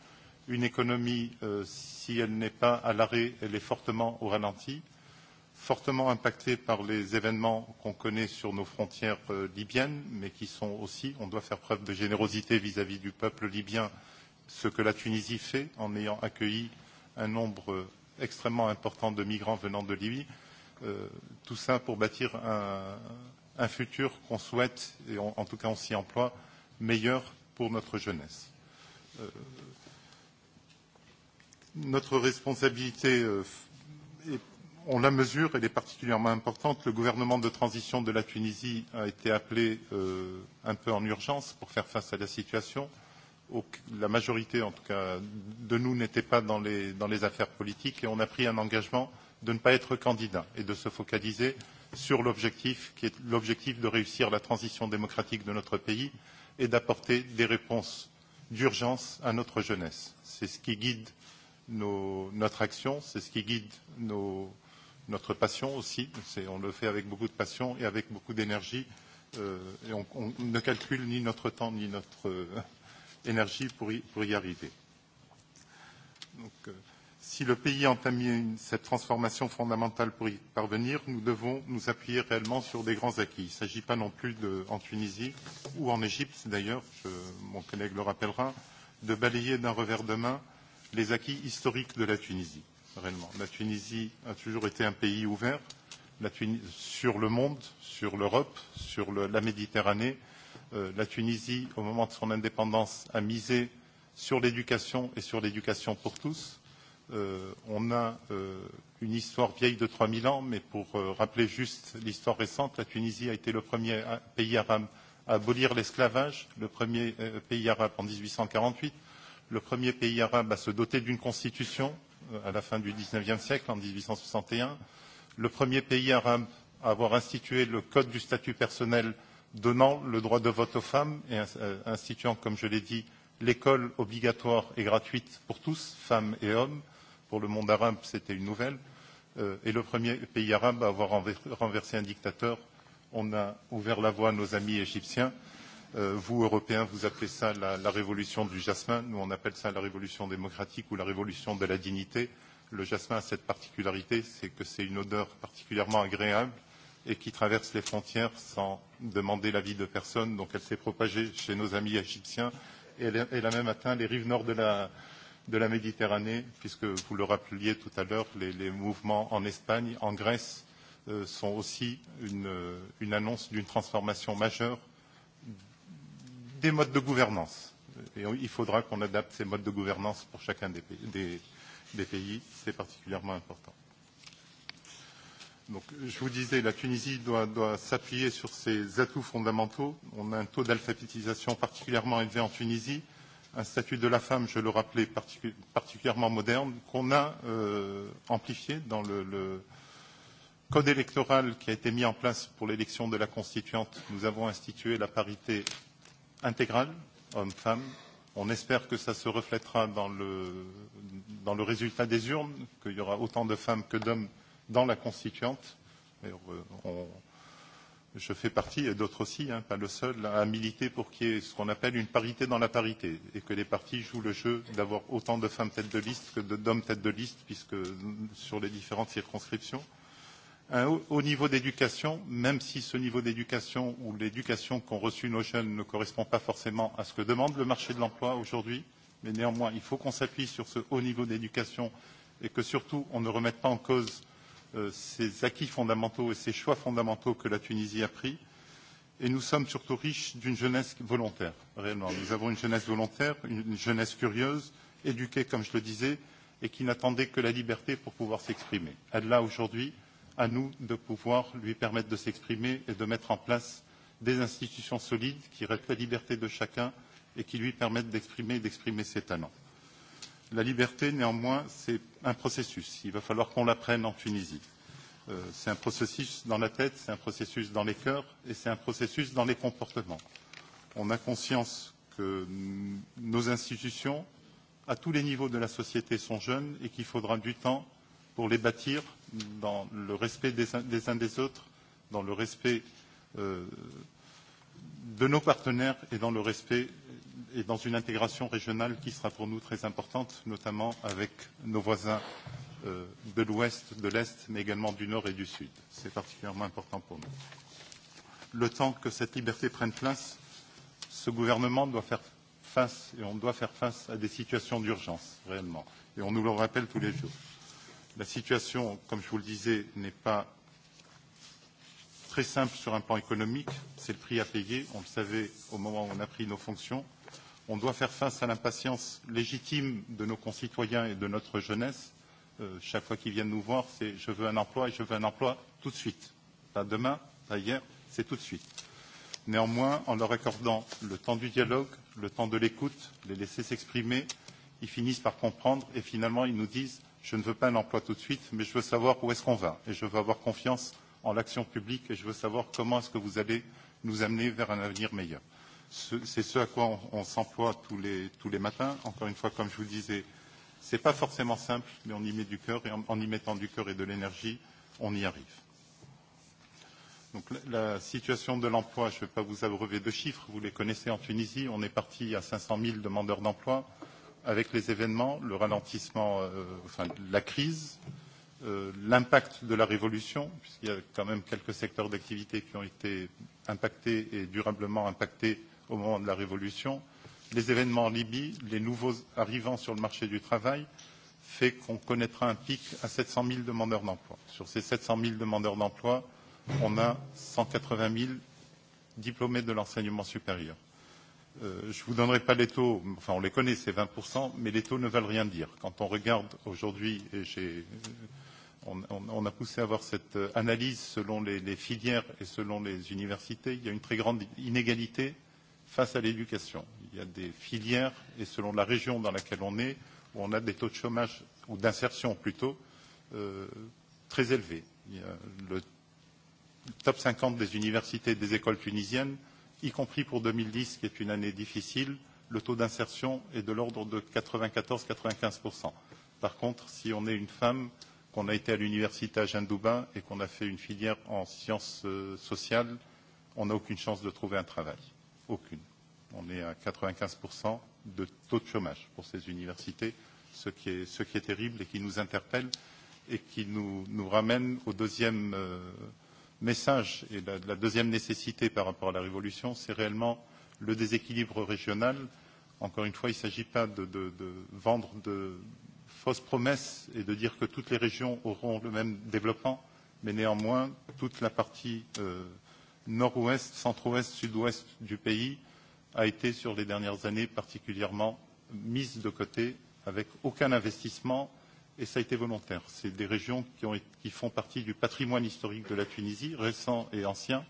Une économie, euh, si elle n'est pas à l'arrêt, elle est fortement au ralenti. Euh, fortement impactés par les événements qu'on connaît sur nos frontières euh, libyennes, mais qui sont aussi, on doit faire preuve de générosité vis-à-vis -vis du peuple libyen, ce que la Tunisie fait en ayant accueilli un nombre euh, extrêmement important de migrants venant de Libye. Euh, tout ça pour bâtir un, un futur qu'on souhaite, et on, en tout cas on s'y emploie, meilleur pour notre jeunesse. Euh, notre responsabilité euh, on la mesure, elle est particulièrement importante. Le gouvernement de transition de la Tunisie a été appelé euh, un peu en urgence pour faire face à la situation. Au, la majorité, en tout cas, de nous n'était pas dans les, dans les affaires politiques et on a pris un engagement de ne pas être candidat et de se focaliser sur l'objectif qui est l'objectif de réussir la transition démocratique de notre pays et d'apporter des réponses d'urgence à notre jeunesse. C'est ce qui guide nos, notre action, c'est ce qui guide nos, notre passion aussi. On le fait avec beaucoup de passion et avec beaucoup d'énergie. Euh, et on, on ne calcule ni notre temps ni notre euh, énergie pour y, pour y arriver. Donc, euh, si le pays entame une, cette transformation fondamentale pour y parvenir, nous devons nous appuyer réellement sur des grands acquis. Il ne s'agit pas non plus de, en Tunisie ou en Égypte d'ailleurs, mon collègue le rappellera, de balayer d'un revers de main les acquis historiques de la Tunisie réellement. La Tunisie a toujours été un pays ouvert la Tunis, sur le monde, sur l'Europe, sur le, la Méditerranée. Euh, la Tunisie, au moment de son indépendance, a misé sur l'éducation et sur l'éducation pour tous. Euh, on a euh, une histoire vieille de 3000 ans, mais pour euh, rappeler juste l'histoire récente, la Tunisie a été le premier euh, pays arabe à abolir l'esclavage, le premier euh, pays arabe en 1848, le premier pays arabe à se doter d'une constitution, euh, à la fin du XIXe siècle, en 1861, le premier pays arabe à avoir institué le code du statut personnel donnant le droit de vote aux femmes et euh, instituant, comme je l'ai dit, l'école obligatoire et gratuite pour tous, femmes et hommes. Pour le monde arabe, c'était une nouvelle. Euh, et le premier pays arabe à avoir renversé un dictateur. On a ouvert la voie à nos amis égyptiens. Euh, Euh, vous, Européens, vous appelez ça la, la révolution du jasmin. Nous, on appelle ça la révolution démocratique ou la révolution de la dignité. Le jasmin a cette particularité, c'est que c'est une odeur particulièrement agréable et qui traverse les frontières sans demander l'avis de personne. Donc elle s'est propagée chez nos amis égyptiens et elle, elle a même atteint les rives nord de la, de la Méditerranée, puisque vous le rappeliez tout à l'heure, les, les mouvements en Espagne, en Grèce, euh, sont aussi une, une annonce d'une transformation majeure des modes de gouvernance. Et on, il faudra qu'on adapte ces modes de gouvernance pour chacun des pays. Des, des pays C'est particulièrement important. Donc, je vous disais, la Tunisie doit, doit s'appuyer sur ses atouts fondamentaux. On a un taux d'alphabétisation particulièrement élevé en Tunisie, un statut de la femme, je le rappelais, particu particulièrement moderne, qu'on a euh, amplifié dans le, le code électoral qui a été mis en place pour l'élection de la constituante. Nous avons institué la parité intégrale, hommes-femmes. On espère que ça se reflètera dans le, dans le résultat des urnes, qu'il y aura autant de femmes que d'hommes dans la constituante. Et euh, on, je fais partie, et d'autres aussi, hein, pas le seul, à militer pour qu'il y ait ce qu'on appelle une parité dans la parité, et que les partis jouent le jeu d'avoir autant de femmes tête de liste que d'hommes tête de liste, puisque sur les différentes circonscriptions. Euh, un euh, haut niveau d'éducation, même si ce niveau d'éducation ou l'éducation qu'ont reçue nos jeunes ne correspond pas forcément à ce que demande le marché de l'emploi aujourd'hui, mais néanmoins il faut qu'on s'appuie sur ce haut niveau d'éducation et que surtout on ne remette pas en cause euh, ces acquis fondamentaux et ces choix fondamentaux que la Tunisie a pris. Et nous sommes surtout riches d'une jeunesse volontaire, réellement. Nous avons une jeunesse volontaire, une jeunesse curieuse, éduquée, comme je le disais, et qui n'attendait que la liberté pour pouvoir s'exprimer. Elle l'a aujourd'hui, euh, à nous de pouvoir lui permettre de s'exprimer et de mettre en place des institutions solides qui restent la liberté de chacun et qui lui permettent d'exprimer et d'exprimer ses talents. La liberté, néanmoins, c'est un processus. Il va falloir qu'on l'apprenne en Tunisie. Euh, c'est un processus dans la tête, c'est un processus dans les cœurs et c'est un processus dans les comportements. On a conscience que nos institutions, à tous les niveaux de la société, sont jeunes et qu'il faudra du temps pour les bâtir dans le respect des, des uns des autres, dans le respect euh, de nos partenaires et dans le respect et dans une intégration régionale qui sera pour nous très importante, notamment avec nos voisins euh, de l'Ouest, de l'Est, mais également du Nord et du Sud. C'est particulièrement important pour nous. Le temps que cette liberté prenne place, ce gouvernement doit faire face et on doit faire face à des situations d'urgence, réellement. Et on nous le rappelle tous les jours. La situation, comme je vous le disais, n'est pas très simple sur un plan économique. C'est le prix à payer. On le savait au moment où on a pris nos fonctions. On doit faire face à l'impatience légitime de nos concitoyens et de notre jeunesse. Euh, chaque fois qu'ils viennent nous voir, c'est je veux un emploi et je veux un emploi tout de suite. Pas demain, pas hier, c'est tout de suite. Néanmoins, en leur accordant le temps du dialogue, le temps de l'écoute, les laisser s'exprimer, ils finissent par comprendre et finalement ils nous disent je ne veux pas un emploi tout de suite, mais je veux savoir où est-ce qu'on va. Et je veux avoir confiance en l'action publique et je veux savoir comment est-ce que vous allez nous amener vers un avenir meilleur. C'est ce à quoi on, on s'emploie tous les, tous les matins. Encore une fois, comme je vous le disais, ce n'est pas forcément simple, mais on y met du cœur et en, en y mettant du cœur et de l'énergie, on y arrive. Donc la, la situation de l'emploi, je ne vais pas vous abreuver de chiffres, vous les connaissez en Tunisie, on est parti à 500 000 demandeurs d'emploi. Euh, avec les événements, le ralentissement, euh, enfin la crise, euh, l'impact de la révolution, puisqu'il y a quand même quelques secteurs d'activité qui ont été impactés et durablement impactés au moment de la révolution, les événements en Libye, les nouveaux arrivants sur le marché du travail, fait qu'on connaîtra un pic à 700 000 demandeurs d'emploi. Sur ces 700 000 demandeurs d'emploi, on a 180 000 diplômés de l'enseignement supérieur. Euh, je ne vous donnerai pas les taux, enfin on les connaît, c'est 20%, mais les taux ne veulent rien dire. Quand on regarde aujourd'hui, et j'ai, on, on, on a poussé à avoir cette euh, analyse selon les, les filières et selon les universités, il y a une très grande inégalité face à l'éducation. Il y a des filières, et selon la région dans laquelle on est, où on a des taux de chômage, ou d'insertion plutôt, euh, très élevés. Il y a le top 50 des universités et des écoles tunisiennes y compris pour 2010, qui est une année difficile, le taux d'insertion est de l'ordre de 94-95%. Par contre, si on est une femme, qu'on a été à l'université à Jeanne-Doubin et qu'on a fait une filière en sciences euh, sociales, on n'a aucune chance de trouver un travail. Aucune. On est à 95% de taux de chômage pour ces universités, ce qui est, ce qui est terrible et qui nous interpelle et qui nous, nous ramène au deuxième, euh, message et la, la deuxième nécessité par rapport à la révolution, c'est réellement le déséquilibre régional. Encore une fois, il ne s'agit pas de, de, de vendre de fausses promesses et de dire que toutes les régions auront le même développement, mais néanmoins, toute la partie euh, nord-ouest, centre-ouest, sud-ouest du pays a été sur les dernières années particulièrement mise de côté avec aucun investissement et ça a été volontaire. C'est des régions qui, ont, qui font partie du patrimoine historique de la Tunisie, récent et ancien.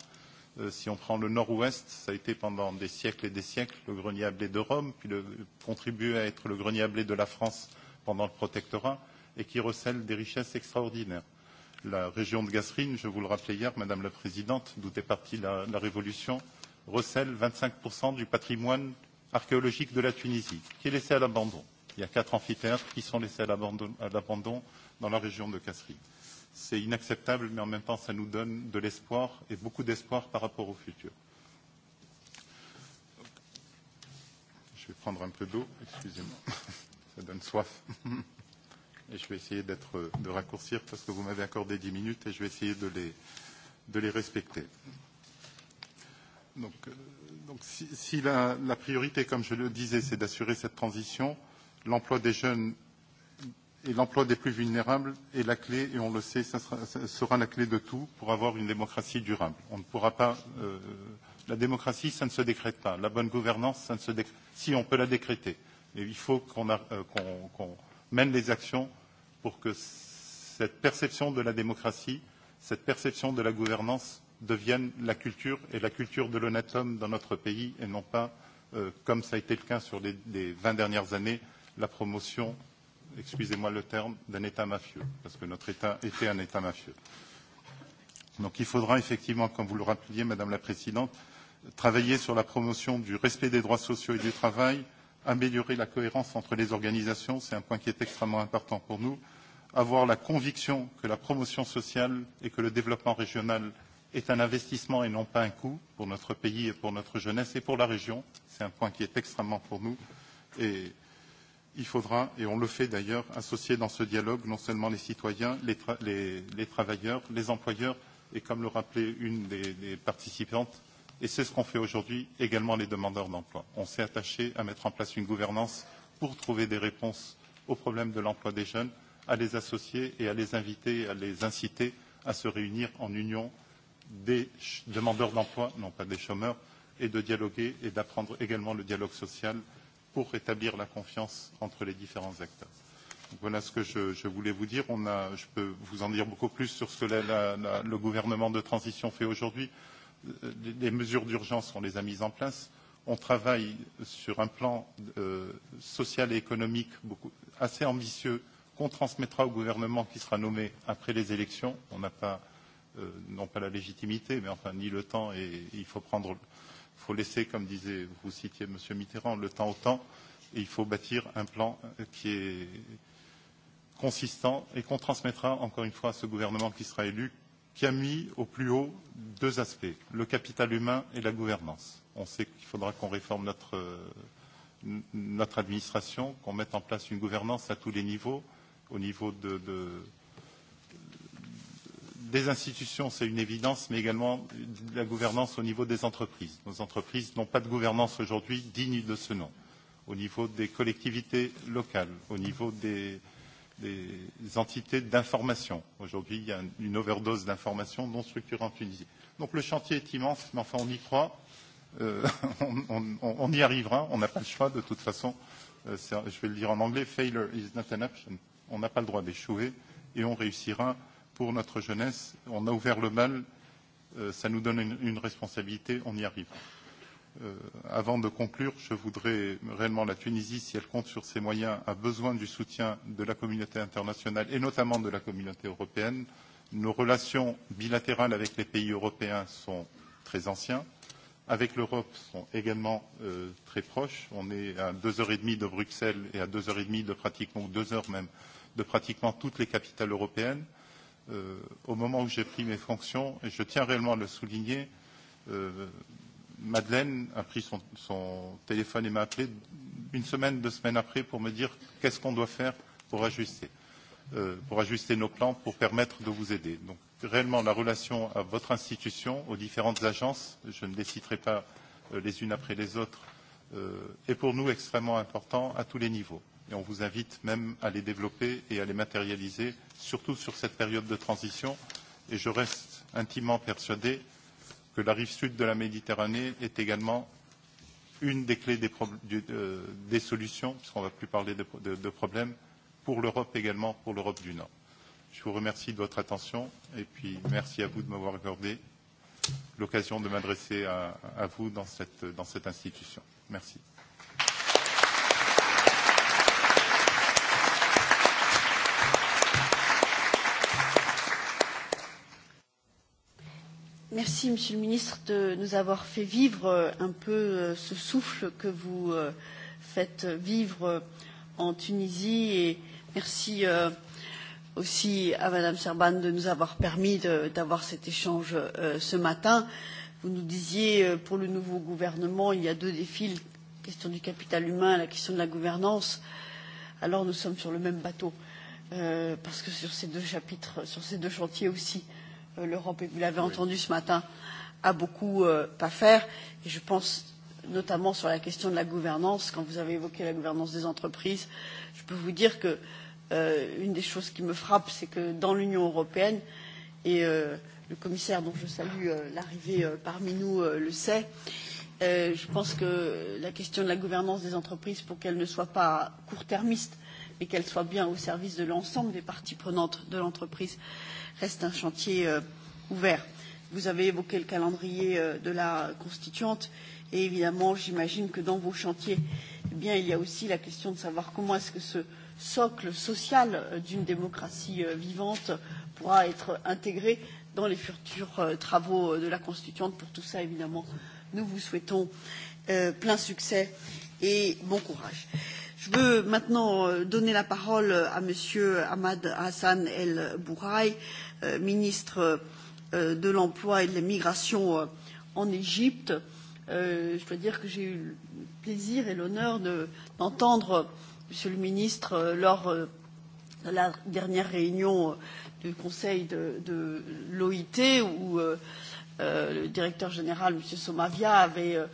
Euh, si on prend le nord-ouest, ça a été pendant des siècles et des siècles le grenier à blé de Rome, puis le, contribué à être le grenier à blé de la France pendant le protectorat, et qui recèle des richesses extraordinaires. La région de Gasserine, je vous le rappelais hier, Madame la Présidente, d'où est partie la, la Révolution, recèle 25% du patrimoine archéologique de la Tunisie, qui est laissé à l'abandon Il y a quatre amphithéâtres qui sont laissés à l'abandon dans la région de Casserie. C'est inacceptable, mais en même temps, ça nous donne de l'espoir et beaucoup d'espoir par rapport au futur. Je vais prendre un peu d'eau, excusez-moi, ça donne soif. Et je vais essayer d'être, de raccourcir parce que vous m'avez accordé 10 minutes et je vais essayer de les, de les respecter. Donc, euh, donc si, si la, la priorité, comme je le disais, c'est d'assurer cette transition, euh, l'emploi des jeunes et l'emploi des plus vulnérables est la clé, et on le sait, ça sera, ça sera la clé de tout pour avoir une démocratie durable. On ne pourra pas. Euh, la démocratie, ça ne se décrète pas. La bonne gouvernance, ça ne se décrète. Si on peut la décréter, et il faut qu'on euh, qu qu mène les actions pour que cette perception de la démocratie, cette perception de la gouvernance devienne la culture et la culture de l'honnête homme dans notre pays, et non pas euh, comme ça a été le cas sur les, les 20 dernières années la promotion, excusez-moi le terme, d'un État mafieux, parce que notre État était un État mafieux. Donc il faudra effectivement, comme vous le rappeliez, Madame la Présidente, travailler sur la promotion du respect des droits sociaux et du travail, améliorer la cohérence entre les organisations, c'est un point qui est extrêmement important pour nous, avoir la conviction que la promotion sociale et que le développement régional est un investissement et non pas un coût pour notre pays et pour notre jeunesse et pour la région. C'est un point qui est extrêmement pour nous. Et il faudra, et on le fait d'ailleurs, associer dans ce dialogue non seulement les citoyens, les, tra les, les travailleurs, les employeurs, et comme le rappelait une des, des participantes, et c'est ce qu'on fait aujourd'hui, également les demandeurs d'emploi. On s'est attaché à mettre en place une gouvernance pour trouver des réponses aux problèmes de l'emploi des jeunes, à les associer et à les inviter, à les inciter à se réunir en union des demandeurs d'emploi, non pas des chômeurs, et de dialoguer et d'apprendre également le dialogue social pour rétablir la confiance entre les différents acteurs. Donc voilà ce que je, je voulais vous dire. On a, je peux vous en dire beaucoup plus sur ce que la, la, la, le gouvernement de transition fait aujourd'hui. Les, les mesures d'urgence, on les a mises en place. On travaille sur un plan euh, social et économique beaucoup, assez ambitieux qu'on transmettra au gouvernement qui sera nommé après les élections. On n'a pas, euh, non pas la légitimité, mais enfin ni le temps et, et il faut prendre. Euh, Il faut laisser, comme disait, vous citiez M. Mitterrand, le temps au temps, et il faut bâtir un plan qui est consistant et qu'on transmettra encore une fois à ce gouvernement qui sera élu, qui a mis au plus haut deux aspects, le capital humain et la gouvernance. On sait qu'il faudra qu'on réforme notre, notre administration, qu'on mette en place une gouvernance à tous les niveaux, au niveau de, de, des institutions, c'est une évidence, mais également de la gouvernance au niveau des entreprises. Nos entreprises n'ont pas de gouvernance aujourd'hui digne de ce nom, au niveau des collectivités locales, au niveau des, des entités d'information. Aujourd'hui, il y a une overdose d'informations non structurées en Tunisie. Donc le chantier est immense, mais enfin, on y croit. Euh, on, on, on y arrivera. On n'a pas le choix, de toute façon. Euh, je vais le dire en anglais, failure is not an option. On n'a pas le droit d'échouer et on réussira euh, pour notre jeunesse. On a ouvert le bal, euh, ça nous donne une, une responsabilité, on y arrive. Euh, avant de conclure, je voudrais réellement la Tunisie, si elle compte sur ses moyens, a besoin du soutien de la communauté internationale et notamment de la communauté européenne. Nos relations bilatérales avec les pays européens sont très anciens. Avec l'Europe, sont également euh, très proches. On est à deux heures et demie de Bruxelles et à deux heures et demie de pratiquement, ou deux heures même, de pratiquement toutes les capitales européennes. Euh, euh, au moment où j'ai pris mes fonctions, et je tiens réellement à le souligner, euh, Madeleine a pris son, son téléphone et m'a appelé une semaine, deux semaines après pour me dire qu'est-ce qu'on doit faire pour ajuster, euh, pour ajuster nos plans, pour permettre de vous aider. Donc réellement la relation à votre institution, aux différentes agences, je ne les citerai pas euh, les unes après les autres, euh, est pour nous extrêmement important à tous les niveaux et on vous invite même à les développer et à les matérialiser, surtout sur cette période de transition. Et je reste intimement persuadé que la rive sud de la Méditerranée est également une des clés des, du, euh, des solutions, puisqu'on ne va plus parler de, de, de problèmes, pour l'Europe également, pour l'Europe du Nord. Je vous remercie de votre attention et puis merci à vous de m'avoir accordé l'occasion de m'adresser à, à vous dans cette, dans cette institution. Merci. Merci, Monsieur le Ministre, de nous avoir fait vivre euh, un peu euh, ce souffle que vous euh, faites vivre en Tunisie et merci aussi à Madame Serban de nous avoir permis d'avoir cet échange ce matin. Vous nous disiez, pour le nouveau gouvernement, il y a deux défis, la question du capital humain et la question de la gouvernance. Alors nous sommes sur le même bateau, euh, parce que sur ces deux chapitres, sur ces deux chantiers aussi, euh, l'Europe, et vous l'avez oui. entendu ce matin, a beaucoup euh, à faire. Et je pense notamment sur la question de la gouvernance. Quand vous avez évoqué la gouvernance des entreprises, je peux vous dire que euh, une des choses qui me frappe, c'est que dans l'Union européenne, et euh, le commissaire dont je salue euh, l'arrivée euh, parmi nous euh, le sait, euh, je pense que la question de la gouvernance des entreprises, pour qu'elle ne soit pas court-termiste, euh, et qu'elle soit bien au service de l'ensemble des parties prenantes de l'entreprise reste un chantier euh, ouvert. Vous avez évoqué le calendrier euh, de la constituante et évidemment, j'imagine que dans vos chantiers, eh bien, il y a aussi la question de savoir comment est-ce que ce socle social euh, d'une démocratie euh, vivante pourra être intégré dans les futurs euh, travaux euh, de la constituante. Pour tout ça, évidemment, nous vous souhaitons euh, plein succès et bon courage. Euh, Je veux maintenant euh, donner la parole euh, à Monsieur Ahmad Hassan El Bouraï, euh, ministre euh, de l'Emploi et de la Migration euh, en Égypte. Euh, je dois dire que j'ai eu le plaisir et l'honneur d'entendre Monsieur le ministre euh, lors de la dernière réunion du Conseil de, de l'OIT où euh, le directeur général, M. Somavia, avait euh,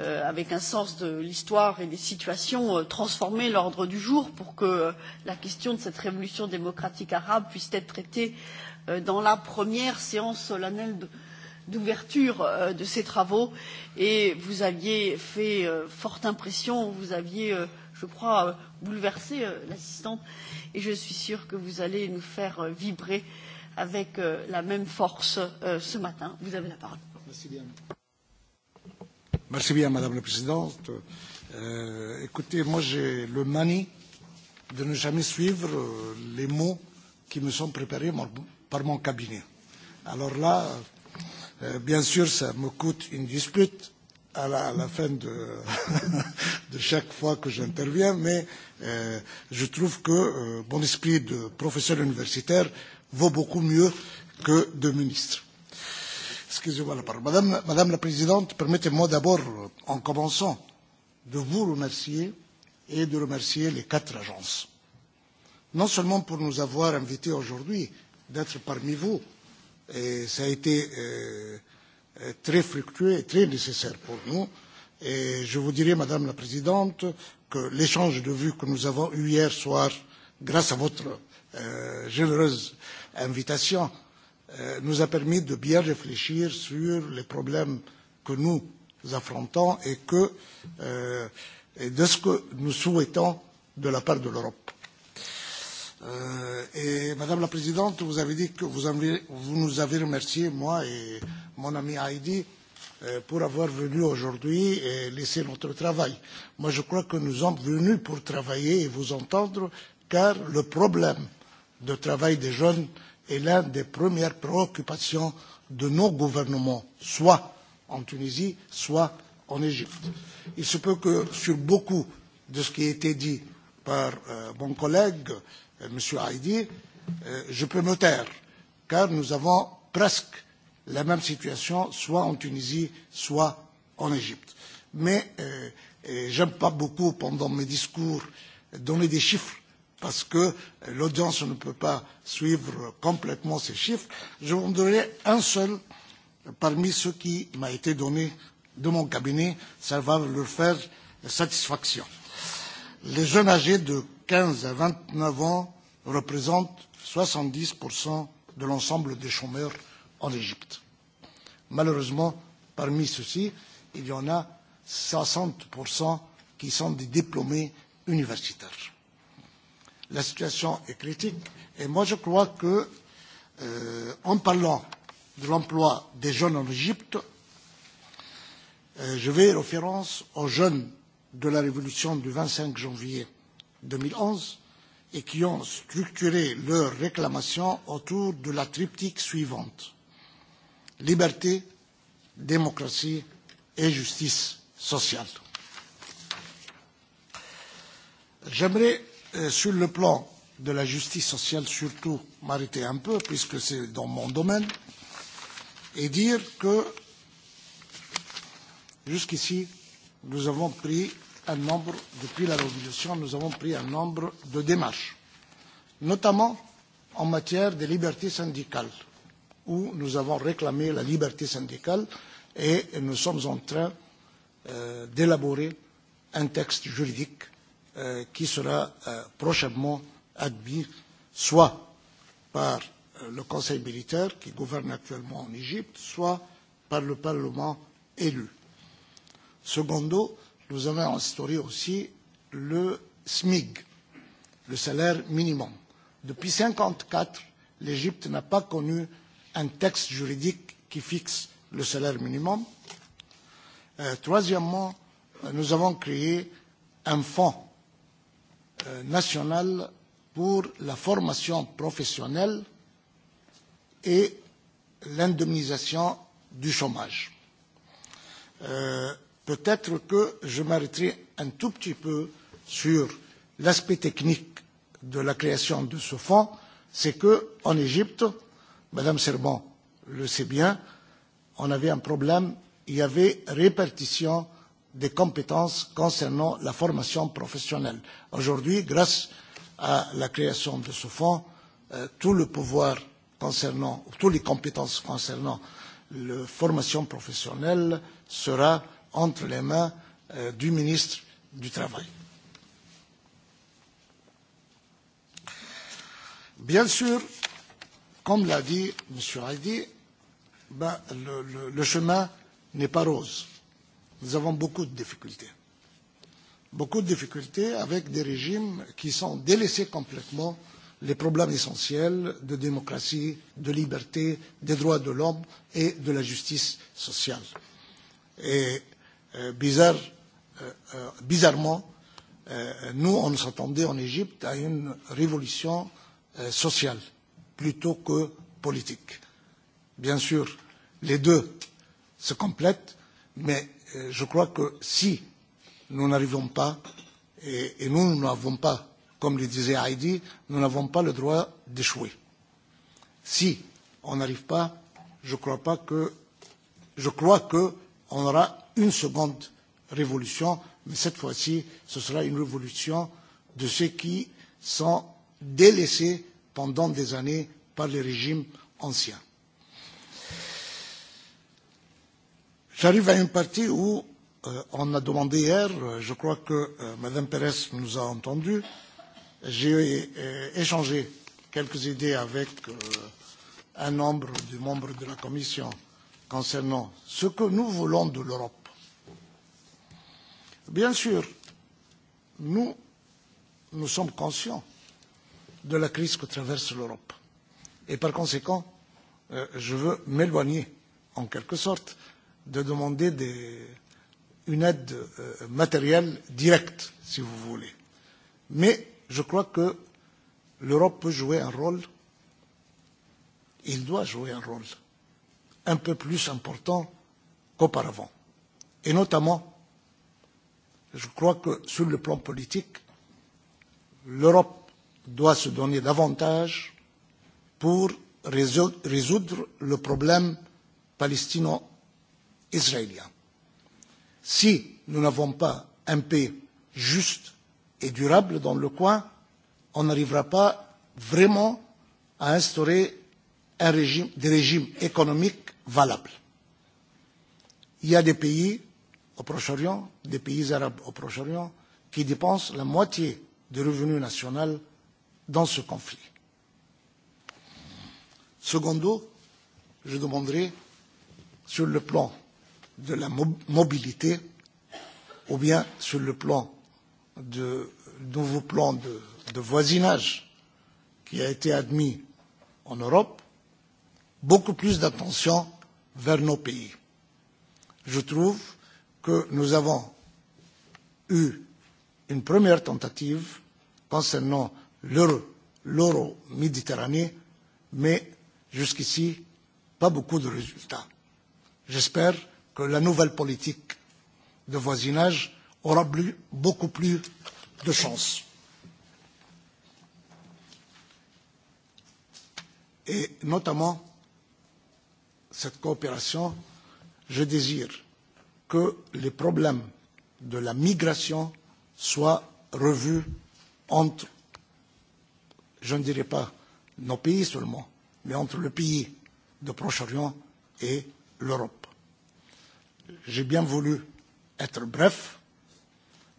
euh, avec un sens de l'histoire et des situations, euh, transformer l'ordre du jour pour que euh, la question de cette révolution démocratique arabe puisse être traitée euh, dans la première séance solennelle de, d'ouverture euh, de ces travaux et vous aviez fait euh, forte impression, vous aviez, euh, je crois, euh, bouleversé euh, l'assistante et je suis sûre que vous allez nous faire euh, vibrer avec euh, la même force euh, ce matin. Vous avez la parole. Merci bien. Merci bien, Madame la Présidente. Euh, écoutez, moi, j'ai le manie de ne jamais suivre euh, les mots qui me sont préparés par mon cabinet. Alors là, euh, bien sûr, ça me coûte une dispute à la, à la fin de, de chaque fois que j'interviens, mais euh, je trouve que euh, mon esprit de professeur universitaire vaut beaucoup mieux que de ministre. Excusez-moi la parole. Madame, Madame la Présidente, permettez-moi d'abord, euh, en commençant, de vous remercier et de remercier les quatre agences. Non seulement pour nous avoir invités aujourd'hui d'être parmi vous, et ça a été euh, euh, très fructueux et très nécessaire pour nous. Et je vous dirai, Madame la Présidente, que l'échange de vues que nous avons eu hier soir, grâce à votre euh, généreuse invitation, euh, Euh, nous a permis de bien réfléchir sur les problèmes que nous affrontons et, que, euh, et de ce que nous souhaitons de la part de l'Europe. Euh, et Madame la Présidente, vous avez dit que vous, avez, vous nous avez remercié, moi et mon ami Heidi, euh, pour avoir venu aujourd'hui et laissé notre travail. Moi, je crois que nous sommes venus pour travailler et vous entendre, car le problème de travail des jeunes est l'une des premières préoccupations de nos gouvernements, soit en Tunisie, soit en Égypte. Il se peut que sur beaucoup de ce qui a été dit par euh, mon collègue, euh, M. Haïdi, euh, je peux me taire, car nous avons presque la même situation, soit en Tunisie, soit en Égypte. Mais euh, j'aime pas beaucoup, pendant mes discours, donner des chiffres parce que l'audience ne peut pas suivre complètement ces chiffres. Je vais me donner un seul parmi ceux qui m'a été donné de mon cabinet. Ça va leur faire satisfaction. Les jeunes âgés de 15 à 29 ans représentent 70% de l'ensemble des chômeurs en Égypte. Malheureusement, parmi ceux-ci, il y en a 60% qui sont des diplômés universitaires la situation est critique. Et moi, je crois que, euh, en parlant de l'emploi des jeunes en Égypte, euh, je vais référence aux jeunes de la révolution du 25 janvier 2011 et qui ont structuré leurs réclamations autour de la triptyque suivante liberté, démocratie et justice sociale. J'aimerais Euh, sur le plan de la justice sociale, surtout m'arrêter un peu, puisque c'est dans mon domaine, et dire que jusqu'ici, nous avons pris un nombre, depuis la Révolution, nous avons pris un nombre de démarches, notamment en matière de liberté syndicale, où nous avons réclamé la liberté syndicale et nous sommes en train euh, d'élaborer un texte juridique euh, qui sera euh, prochainement admis soit par euh, le Conseil militaire qui gouverne actuellement en Égypte, soit par le Parlement élu. Secondo, nous avons instauré aussi le SMIG, le salaire minimum. Depuis 1954, l'Égypte n'a pas connu un texte juridique qui fixe le salaire minimum. Euh, troisièmement, euh, nous avons créé un fonds Euh, national pour la formation professionnelle et l'indemnisation du chômage. Euh, Peut-être que je m'arrêterai un tout petit peu sur l'aspect technique de la création de ce fonds, c'est qu'en Égypte, Madame Serban le sait bien, on avait un problème, il y avait répartition des compétences concernant la formation professionnelle. Aujourd'hui, grâce à la création de ce fonds, euh, tout le pouvoir concernant, toutes les compétences concernant la formation professionnelle sera entre les mains euh, du ministre du Travail. Bien sûr, comme l'a dit M. Heidi, ben, le, le, le chemin n'est pas rose nous avons beaucoup de difficultés. Beaucoup de difficultés avec des régimes qui sont délaissés complètement les problèmes essentiels de démocratie, de liberté, des droits de l'homme et de la justice sociale. Et euh, bizarre, euh, euh, bizarrement, euh, nous, on s'attendait en Égypte à une révolution euh, sociale plutôt que politique. Bien sûr, les deux se complètent, mais Euh, je crois que si nous n'arrivons pas, et, et nous n'avons pas, comme le disait Heidi, nous n'avons pas le droit d'échouer. Si on n'arrive pas, je crois pas que, je crois que on aura une seconde révolution, mais cette fois-ci, ce sera une révolution de ceux qui sont délaissés pendant des années par les régimes anciens. J'arrive à une partie où euh, on a demandé hier, euh, je crois que euh, Mme Pérez nous a entendus, j'ai euh, échangé quelques idées avec euh, un nombre de membres de la Commission concernant ce que nous voulons de l'Europe. Bien sûr, nous, nous sommes conscients de la crise que traverse l'Europe. Et par conséquent, euh, je veux m'éloigner, en quelque sorte, de demander des, une aide euh, matérielle directe, si vous voulez. Mais je crois que l'Europe peut jouer un rôle, il doit jouer un rôle un peu plus important qu'auparavant. Et notamment, je crois que sur le plan politique, l'Europe doit se donner davantage pour résoudre le problème palestino israélien. Si nous n'avons pas un paix juste et durable dans le coin, on n'arrivera pas vraiment à instaurer un régime, des régimes économiques valables. Il y a des pays au Proche-Orient, des pays arabes au Proche-Orient, qui dépensent la moitié du revenu national dans ce conflit. Secondo, je demanderai, sur le plan de la mo mobilité ou bien sur le plan de nouveau plan de, de voisinage qui a été admis en Europe, beaucoup plus d'attention vers nos pays. Je trouve que nous avons eu une première tentative concernant l'euro-méditerranée, mais jusqu'ici, pas beaucoup de résultats. J'espère que la nouvelle politique de voisinage aura plus, beaucoup plus de chance. Et notamment, cette coopération, je désire que les problèmes de la migration soient revus entre, je ne dirais pas nos pays seulement, mais entre le pays de Proche-Orient et l'Europe j'ai bien voulu être bref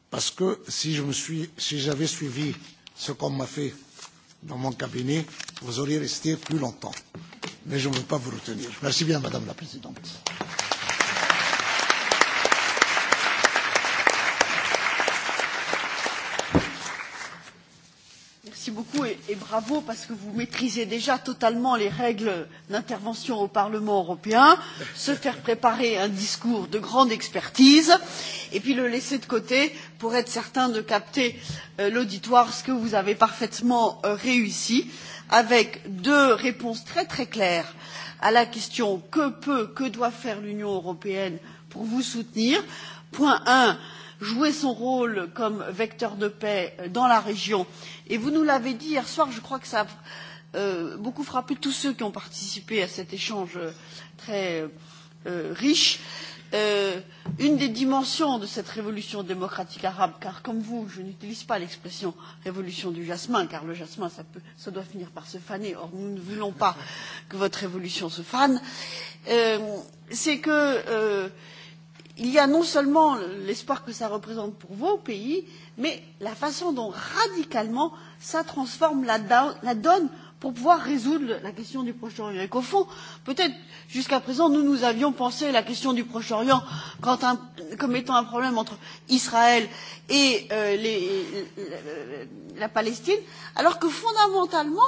parce que si je me suis, si j'avais suivi ce qu'on m'a fait dans mon cabinet, vous auriez resté plus longtemps. Mais je ne veux pas vous retenir. Merci bien, Madame la Présidente. Applaudissements merci beaucoup et, et bravo parce que vous maîtrisez déjà totalement les règles d'intervention au Parlement européen, se faire préparer un discours de grande expertise et puis le laisser de côté pour être certain de capter euh, l'auditoire, ce que vous avez parfaitement euh, réussi avec deux réponses très très claires à la question que peut, que doit faire l'Union européenne pour vous soutenir. Point 1 jouer son rôle comme vecteur de paix euh, dans la région et vous nous l'avez dit hier soir je crois que cela a euh, beaucoup frappé tous ceux qui ont participé à cet échange euh, très euh, riche euh, une des dimensions de cette révolution démocratique arabe car comme vous je n'utilise pas l'expression révolution du jasmin car le jasmin ça, peut, ça doit finir par se faner or nous ne voulons pas que votre révolution se fane euh, c'est que euh, il y a non seulement l'espoir que cela représente pour vos pays mais la façon dont radicalement cela transforme la donne pour pouvoir résoudre la question du proche orient et qu'au fond peut être jusqu'à présent nous nous avions pensé la question du proche orient comme étant un problème entre israël et euh, euh, la palestine alors que fondamentalement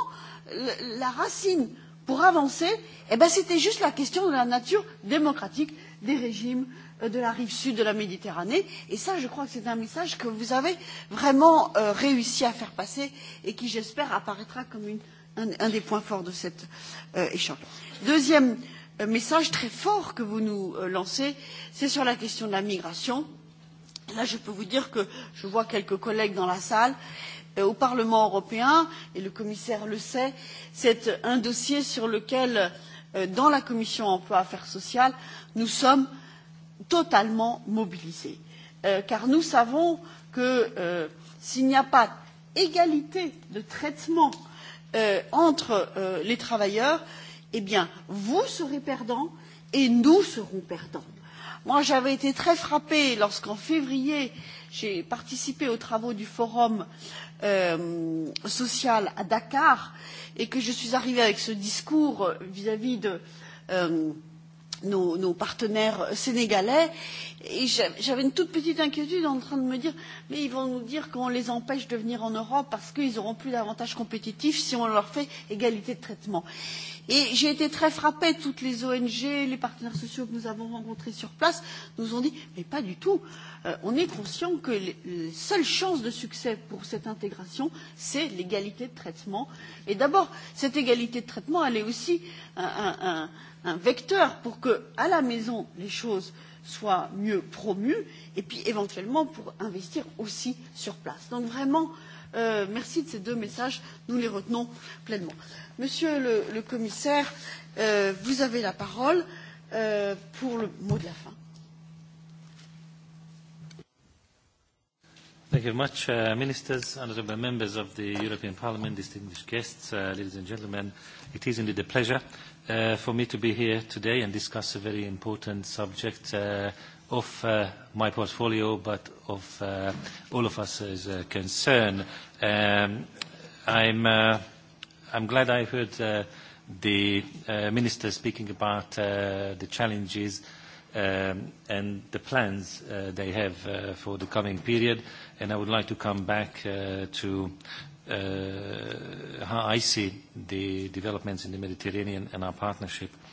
la racine pour avancer eh c'était juste la question de la nature démocratique des régimes Euh, de la rive sud de la Méditerranée. Et ça, je crois que c'est un message que vous avez vraiment euh, réussi à faire passer et qui, j'espère, apparaîtra comme une, un, un des points forts de cet euh, échange. Deuxième euh, message très fort que vous nous euh, lancez, c'est sur la question de la migration. Là, je peux vous dire que je vois quelques collègues dans la salle. Euh, au Parlement européen, et le commissaire le sait, c'est un dossier sur lequel, euh, dans la commission emploi affaires sociales, nous sommes euh, totalement mobilisés euh, car nous savons que euh, s'il n'y a pas égalité de traitement euh, entre euh, les travailleurs eh bien vous serez perdants et nous serons perdants. Moi, j'avais été très frappée lorsqu'en février j'ai participé aux travaux du forum euh, social à Dakar et que je suis arrivée avec ce discours vis-à-vis -vis de euh, nos, nos partenaires sénégalais et j'avais une toute petite inquiétude en train de me dire mais ils vont nous dire qu'on les empêche de venir en Europe parce qu'ils n'auront plus d'avantages compétitifs si on leur fait égalité de traitement. Euh, Et j'ai été très frappée, toutes les ONG, les partenaires sociaux que nous avons rencontrés sur place nous ont dit Mais pas du tout, euh, on est conscient que les, les seules chances de succès pour cette intégration, c'est l'égalité de traitement. Et d'abord, cette égalité de traitement, elle est aussi un, un, un, un vecteur pour que, à la maison, les choses soient mieux promues et puis éventuellement pour investir aussi sur place. Donc vraiment, euh, Euh, merci de ces deux messages, nous les retenons pleinement. Monsieur le, le commissaire, euh, vous avez la parole euh, pour le mot de la fin. Thank you very much, uh, ministers, honourable members of the European Parliament, distinguished guests, uh, ladies and gentlemen. It is indeed a pleasure uh, for me to be here today and discuss a very important subject uh, of uh, my portfolio, but of uh, all of us is a uh, concern. Um, I'm, uh, I'm glad I heard uh, the uh, Minister speaking about uh, the challenges um, and the plans uh, they have uh, for the coming period. And I would like to come back uh, to uh, how I see the developments in the Mediterranean and our partnership uh,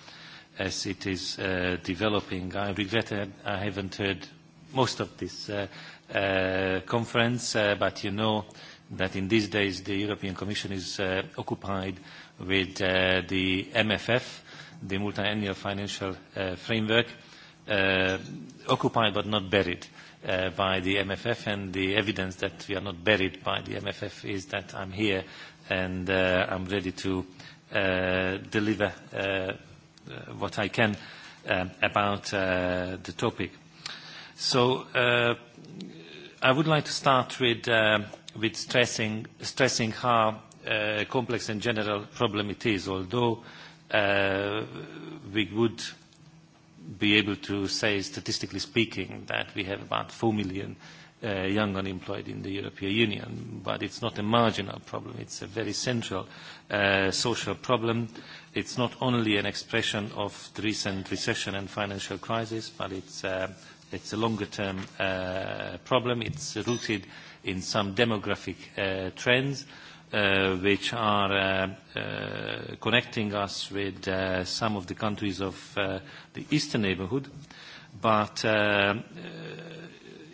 as it is uh, developing. I regret I haven't heard most of this uh, uh, conference, uh, but you know that in these days the European Commission is uh, occupied with uh, the MFF, the Multi-Annual Financial uh, Framework, uh, occupied but not buried uh, by the MFF, and the evidence that we are not buried by the MFF is that I'm here and uh, I'm ready to uh, deliver uh, Uh, what I can um, about uh, the topic. So uh, I would like to start with, uh, with stressing, stressing how uh, complex and general problem it is, although uh, we would be able to say, statistically speaking, that we have about 4 million uh, young unemployed in the European Union, but it's not a marginal problem. It's a very central uh, social problem it's not only an expression of the recent recession and financial crisis, but it's, uh, it's a longer-term uh, problem. It's rooted in some demographic uh, trends, uh, which are uh, uh, connecting us with uh, some of the countries of uh, the eastern neighborhood. But uh, uh,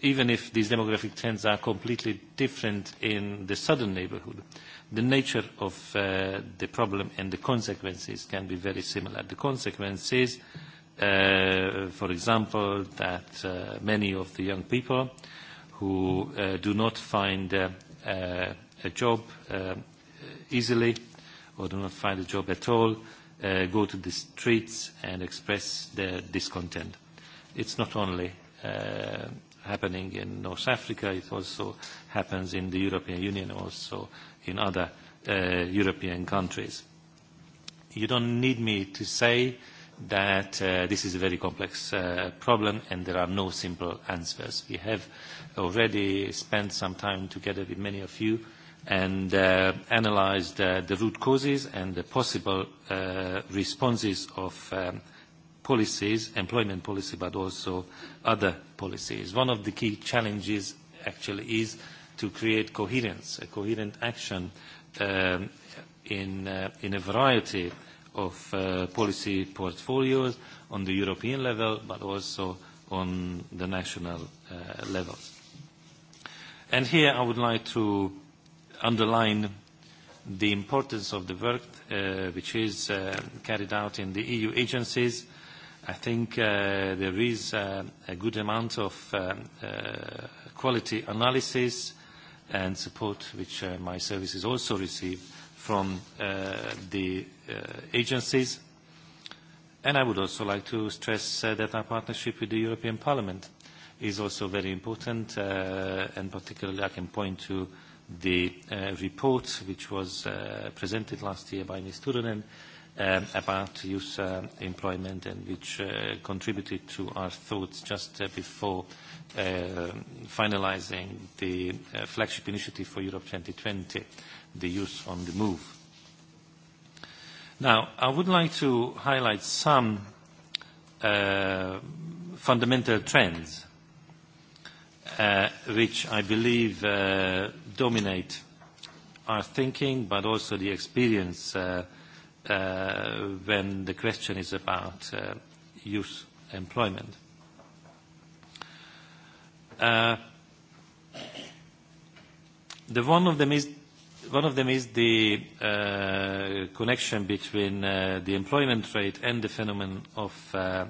even if these demographic trends are completely different in the southern neighborhood, uh, the nature of uh, the problem and the consequences can be very similar. The consequences, uh, for example, that uh, many of the young people who uh, do not find uh, uh, a job uh, easily or do not find a job at all uh, go to the streets and express their discontent. It's not only uh, happening in North Africa, it also happens in the European Union also uh, in other uh, European countries. You don't need me to say that uh, this is a very complex uh, problem and there are no simple answers. We have already spent some time together with many of you and uh, analyzed uh, the root causes and the possible uh, responses of um, policies, employment policy, but also other policies. One of the key challenges actually is uh, to create coherence, a coherent action um, in, uh, in a variety of uh, policy portfolios on the European level, but also on the national uh, levels. And here I would like to underline the importance of the work uh, which is uh, carried out in the EU agencies. I think uh, there is uh, a good amount of uh, uh, quality analysis and support which uh, my services also receive from uh, the uh, agencies. And I would also like to stress uh, that our partnership with the European Parliament is also very important, uh, and particularly I can point to the uh, report which was uh, presented last year by Ms. Turunen um, about youth uh, employment and which uh, contributed to our thoughts just uh, before uh, uh, finalizing the uh, flagship initiative for Europe 2020, the Youth on the Move. Now, I would like to highlight some uh, fundamental trends uh, which I believe uh, dominate our thinking but also the experience uh, uh, when the question is about uh, youth employment. Uh, Uh, the one of them is one of them is the uh, connection between uh, the employment rate and the phenomenon of uh, uh,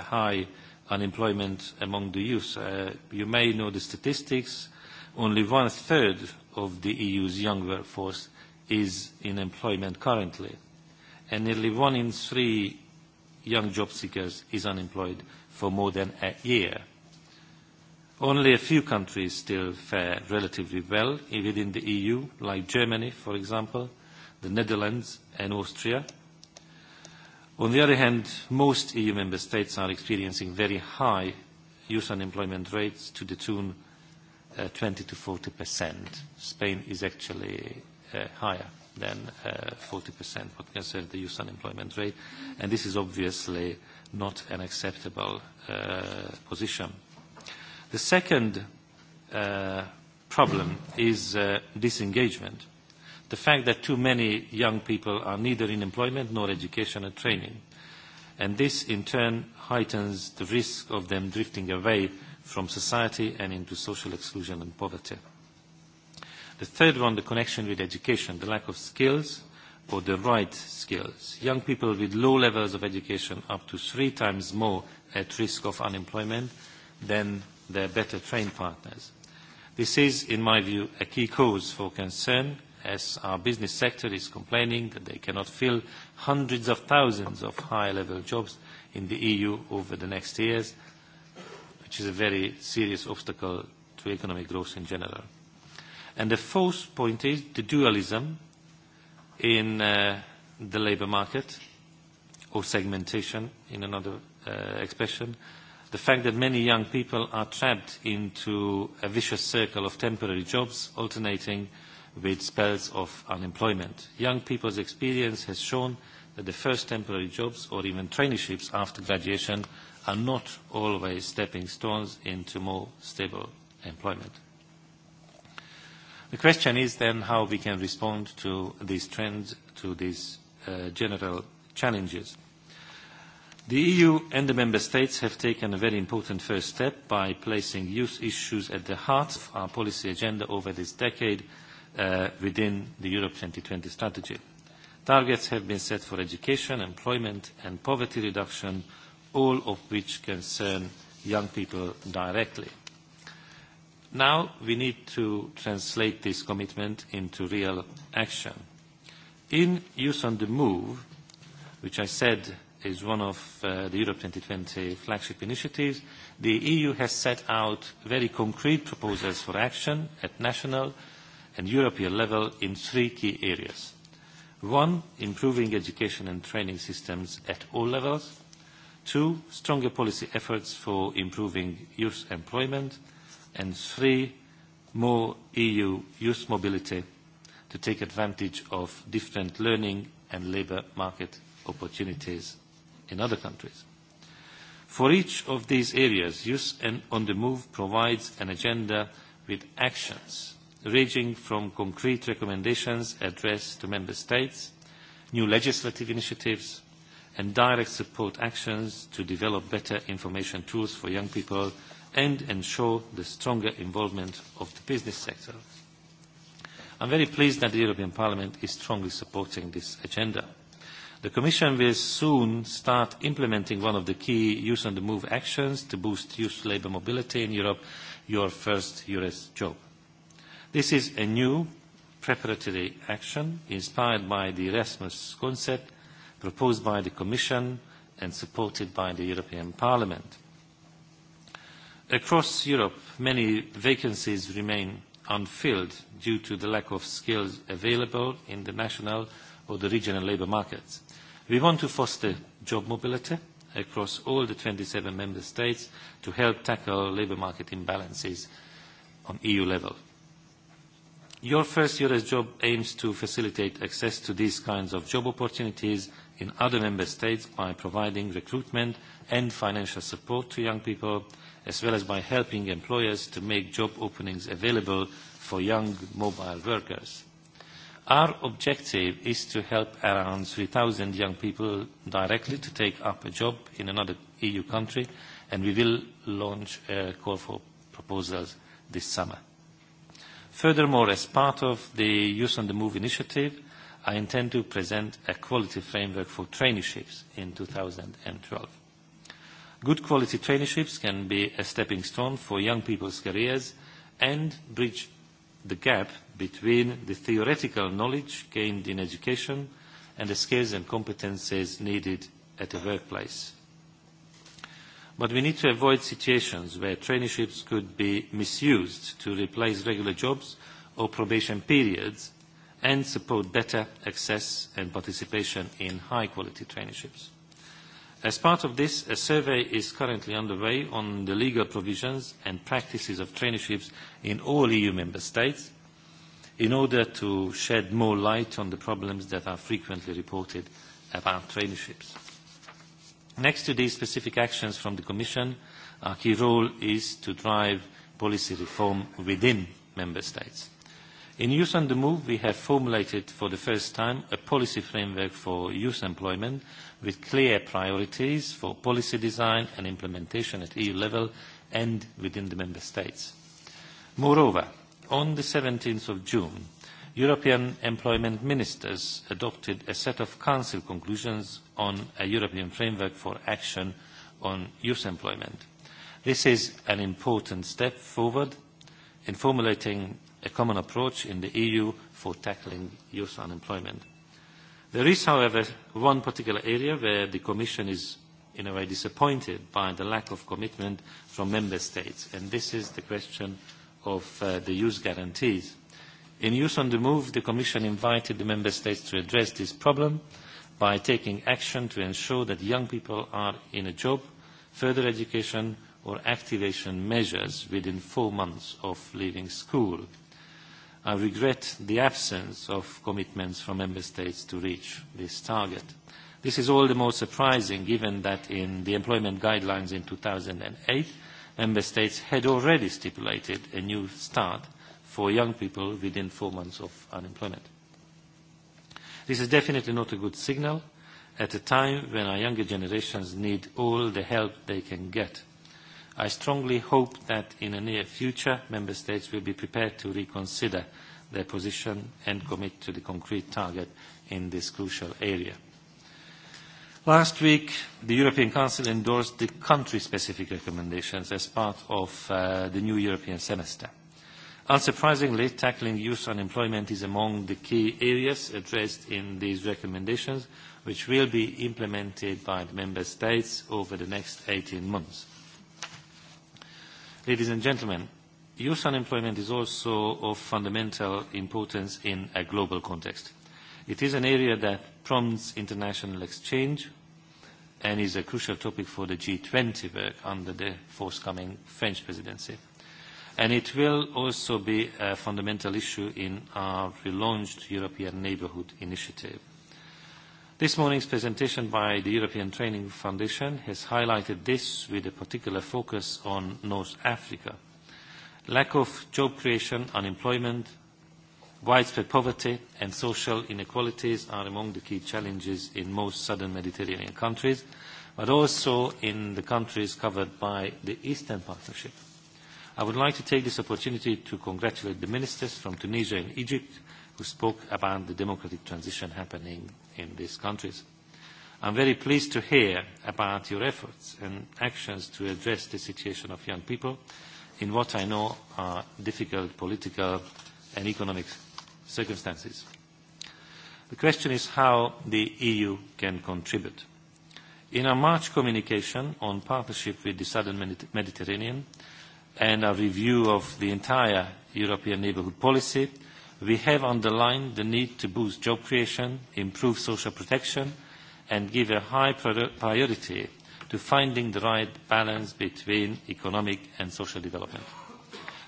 high unemployment among the youth. Uh, you may know the statistics. Only one-third of the EU's young workforce is in employment currently, and nearly one in three young job seekers is unemployed for more than a year. Only a few countries still fare relatively well within the EU, like Germany, for example, the Netherlands and Austria. On the other hand, most EU member states are experiencing very high youth unemployment rates to the tune uh, 20%-40%. Spain is actually uh, higher than uh, 40% what concerns the youth unemployment rate, and this is obviously not an acceptable uh, position. The second uh, problem is uh, disengagement. The fact that too many young people are neither in employment nor education and training. And this in turn heightens the risk of them drifting away from society and into social exclusion and poverty. The third one, the connection with education, the lack of skills or the right skills. Young people with low levels of education up to three times more at risk of unemployment than their better trade partners. This is, in my view, a key cause for concern as our business sector is complaining that they cannot fill hundreds of thousands of high-level jobs in the EU over the next years, which is a very serious obstacle to economic growth in general. And the fourth point is the dualism in uh, the labour market, or segmentation in another uh, expression, uh, the fact that many young people are trapped into a vicious circle of temporary jobs alternating with spells of unemployment. Young people's experience has shown that the first temporary jobs or even traineeships after graduation are not always stepping stones into more stable employment. The question is then how we can respond to these trends, to these uh, general challenges. Uh, The EU and the Member States have taken a very important first step by placing youth issues at the heart of our policy agenda over this decade uh, within the Europe 2020 strategy. Targets have been set for education, employment and poverty reduction, all of which concern young people directly. Now we need to translate this commitment into real action. In Youth on the Move, which I said is one of uh, the Europe 2020 flagship initiatives. The EU has set out very concrete proposals for action at national and European level in three key areas. One, improving education and training systems at all levels. Two, stronger policy efforts for improving youth employment. And three, more EU youth mobility to take advantage of different learning and labour market opportunities in other countries. For each of these areas, Youth and on the Move provides an agenda with actions ranging from concrete recommendations addressed to Member States, new legislative initiatives, and direct support actions to develop better information tools for young people and ensure the stronger involvement of the business sector. I'm very pleased that the European Parliament is strongly supporting this agenda. The Commission will soon start implementing one of the key Youth on the Move actions to boost youth labour mobility in Europe, Your First Eures Job. This is a new preparatory action inspired by the Erasmus concept proposed by the Commission and supported by the European Parliament. Across Europe, many vacancies remain unfilled due to the lack of skills available in the national or the regional labour markets. We want to foster job mobility across all the 27 member states to help tackle labour market imbalances on EU level. Your first year as job aims to facilitate access to these kinds of job opportunities in other member states by providing recruitment and financial support to young people, as well as by helping employers to make job openings available for young mobile workers. Our objective is to help around 3,000 young people directly to take up a job in another EU country, and we will launch a call for proposals this summer. Furthermore, as part of the Youth on the Move initiative, I intend to present a quality framework for traineeships in 2012. Good quality traineeships can be a stepping stone for young people's careers and bridge the gap between the theoretical knowledge gained in education and the skills and competences needed at the workplace. But we need to avoid situations where traineeships could be misused to replace regular jobs or probation periods and support better access and participation in high-quality traineeships. As part of this, a survey is currently underway on the legal provisions and practices of traineeships in all EU member states in order to shed more light on the problems that are frequently reported about traineeships. Next to these specific actions from the Commission, our key role is to drive policy reform within member states. In Youth on the Move, we have formulated for the first time a policy framework for youth employment with clear priorities for policy design and implementation at EU level and within the Member States. Moreover, on the 17th of June, European employment ministers adopted a set of Council conclusions on a European framework for action on youth employment. This is an important step forward in formulating a common approach in the EU for tackling youth unemployment. There is, however, one particular area where the Commission is in a way disappointed by the lack of commitment from Member States, and this is the question of uh, the youth guarantees. In Youth on the Move, the Commission invited the Member States to address this problem by taking action to ensure that young people are in a job, further education or activation measures within four months of leaving school. I regret the absence of commitments from Member States to reach this target. This is all the more surprising given that in the employment guidelines in 2008, Member States had already stipulated a new start for young people within four months of unemployment. This is definitely not a good signal at a time when our younger generations need all the help they can get I strongly hope that in the near future, Member States will be prepared to reconsider their position and commit to the concrete target in this crucial area. Last week, the European Council endorsed the country-specific recommendations as part of uh, the new European semester. Unsurprisingly, tackling youth unemployment is among the key areas addressed in these recommendations, which will be implemented by the Member States over the next 18 months. Ladies and gentlemen, youth unemployment is also of fundamental importance in a global context. It is an area that prompts international exchange and is a crucial topic for the G20 work under the forthcoming French presidency. And it will also be a fundamental issue in our relaunched European Neighbourhood Initiative. This morning's presentation by the European Training Foundation has highlighted this with a particular focus on North Africa. Lack of job creation, unemployment, widespread poverty and social inequalities are among the key challenges in most southern Mediterranean countries, but also in the countries covered by the Eastern Partnership. I would like to take this opportunity to congratulate the ministers from Tunisia and Egypt who spoke about the democratic transition happening in these countries. I'm very pleased to hear about your efforts and actions to address the situation of young people in what I know are difficult political and economic circumstances. The question is how the EU can contribute. In our March communication on partnership with the Southern Mediterranean and our review of the entire European Neighbourhood Policy, we have underlined the need to boost job creation, improve social protection and give a high priority to finding the right balance between economic and social development.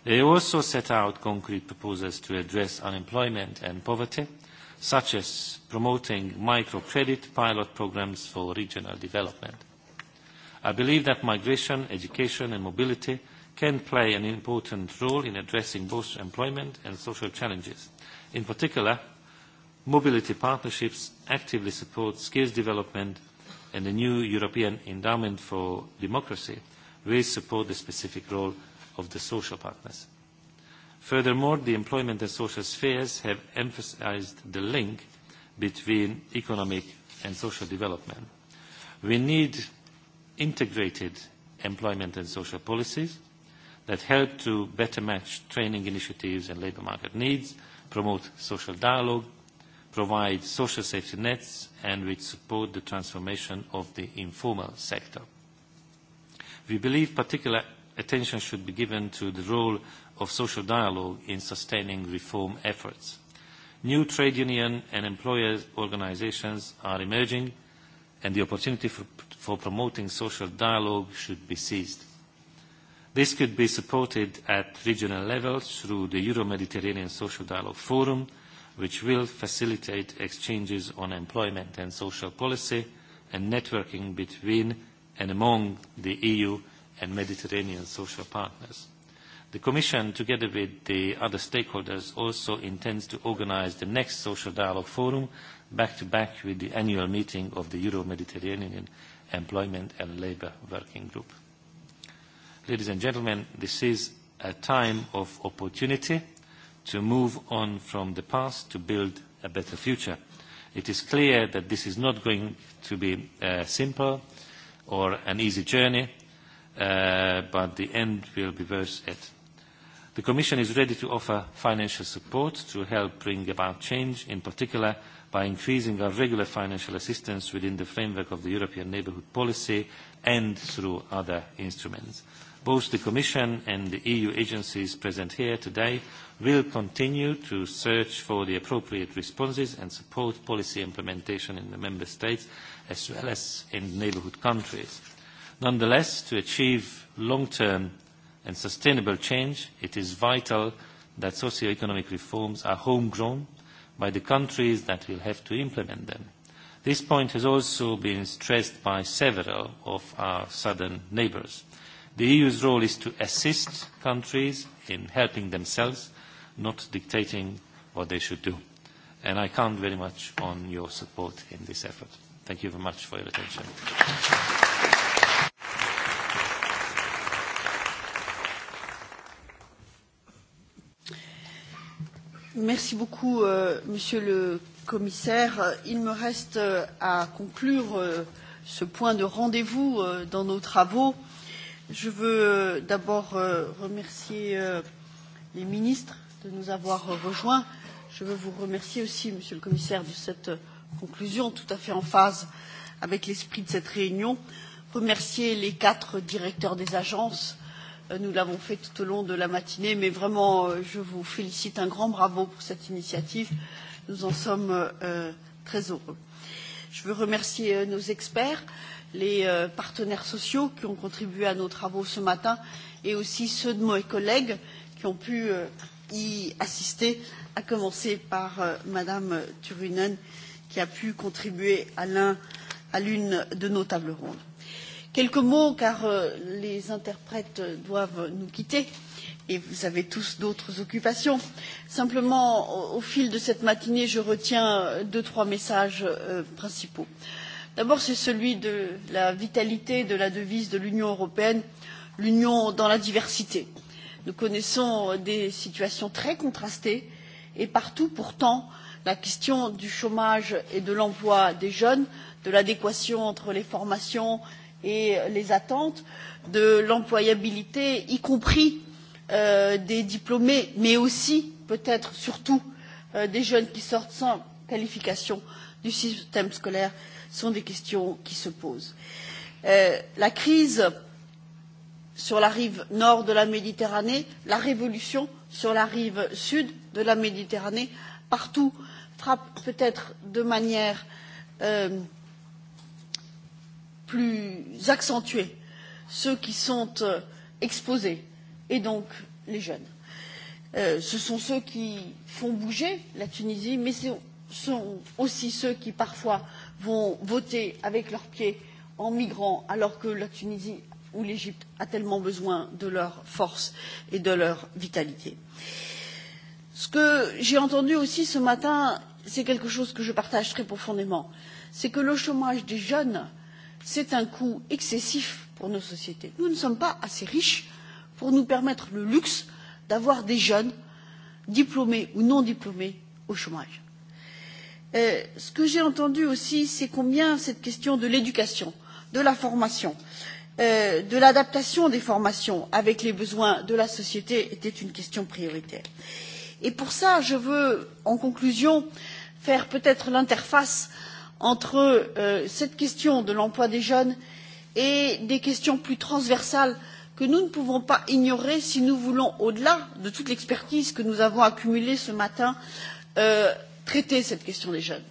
They also set out concrete proposals to address unemployment and poverty, such as promoting microcredit pilot programs for regional development. I believe that migration, education and mobility – can play an important role in addressing both employment and social challenges. In particular, mobility partnerships actively support skills development and the new European Endowment for Democracy will support the specific role of the social partners. Furthermore, the employment and social spheres have emphasized the link between economic and social development. We need integrated employment and social policies that help to better match training initiatives and labour market needs, promote social dialogue, provide social safety nets and which support the transformation of the informal sector. We believe particular attention should be given to the role of social dialogue in sustaining reform efforts. New trade union and employer organisations are emerging and the opportunity for, for promoting social dialogue should be seized This could be supported at regional level through the Euro-Mediterranean Social Dialogue Forum, which will facilitate exchanges on employment and social policy and networking between and among the EU and Mediterranean social partners. The Commission, together with the other stakeholders, also intends to organise the next Social Dialogue Forum back-to-back -back with the annual meeting of the Euro-Mediterranean Employment and Labour Working Group. Ladies and gentlemen, this is a time of opportunity to move on from the past to build a better future. It is clear that this is not going to be uh, simple or an easy journey, uh, but the end will be worth it. The Commission is ready to offer financial support to help bring about change, in particular by increasing our regular financial assistance within the framework of the European Neighbourhood Policy and through other instruments. Uh, Both the Commission and the EU agencies present here today will continue to search for the appropriate responses and support policy implementation in the Member States as well as in neighbourhood countries. Nonetheless, to achieve long-term and sustainable change, it is vital that socio-economic reforms are homegrown by the countries that will have to implement them. This point has also been stressed by several of our southern neighbours. The EU's role is to assist countries in helping themselves, not dictating what they should do. And I count very much on your support in this effort. Thank you very much for your attention. Merci beaucoup, euh, Monsieur le Commissaire. Il me reste euh, à conclure euh, ce point de rendez-vous euh, dans nos travaux. Euh, Je veux euh, d'abord euh, remercier euh, les ministres de nous avoir rejoints. Je veux vous remercier aussi, Monsieur le Commissaire, de cette conclusion tout à fait en phase avec l'esprit de cette réunion. Remercier les quatre directeurs des agences. Nous l'avons fait tout au long de la matinée, mais vraiment, je vous félicite un grand bravo pour cette initiative. Nous en sommes euh, très heureux. Je veux remercier nos experts. Euh, les euh, partenaires sociaux qui ont contribué à nos travaux ce matin et aussi ceux de mes collègues qui ont pu euh, y assister, à commencer par euh, Madame Turunen qui a pu contribuer à l'une de nos tables rondes. Quelques mots car euh, les interprètes doivent nous quitter et vous avez tous d'autres occupations. Simplement, au, au fil de cette matinée, je retiens euh, deux, trois messages euh, principaux. Euh, D'abord, c'est celui de la vitalité de la devise de l'Union européenne, l'Union dans la diversité. Nous connaissons euh, des situations très contrastées et partout, pourtant, la question du chômage et de l'emploi des jeunes, de l'adéquation entre les formations et les attentes, de l'employabilité, y compris euh, des diplômés, mais aussi, peut être surtout, euh, des jeunes qui sortent sans qualification du système scolaire euh, sont des questions qui se posent. Euh, la crise sur la rive nord de la méditerranée la révolution sur la rive sud de la méditerranée partout frappe peut être de manière euh, plus accentuée ceux qui sont euh, exposés et donc les jeunes. Euh, ce sont ceux qui font bouger la tunisie mais ce sont aussi ceux qui parfois vont voter avec leurs pieds en migrant alors que la tunisie ou l'égypte a tellement besoin de leur force et de leur vitalité. ce que j'ai entendu aussi ce matin c'est quelque chose que je partage très profondément c'est que le chômage des jeunes c'est un coût excessif pour nos sociétés. nous ne sommes pas assez riches pour nous permettre le luxe d'avoir des jeunes diplômés ou non diplômés au chômage. Euh, ce que j'ai entendu aussi c'est combien cette question de l'éducation de la formation euh, de l'adaptation des formations avec les besoins de la société était une question prioritaire. et pour cela je veux en conclusion faire peut être l'interface entre euh, cette question de l'emploi des jeunes et des questions plus transversales que nous ne pouvons pas ignorer si nous voulons au delà de toute l'expertise que nous avons accumulée ce matin euh, traiter cette question des jeunes.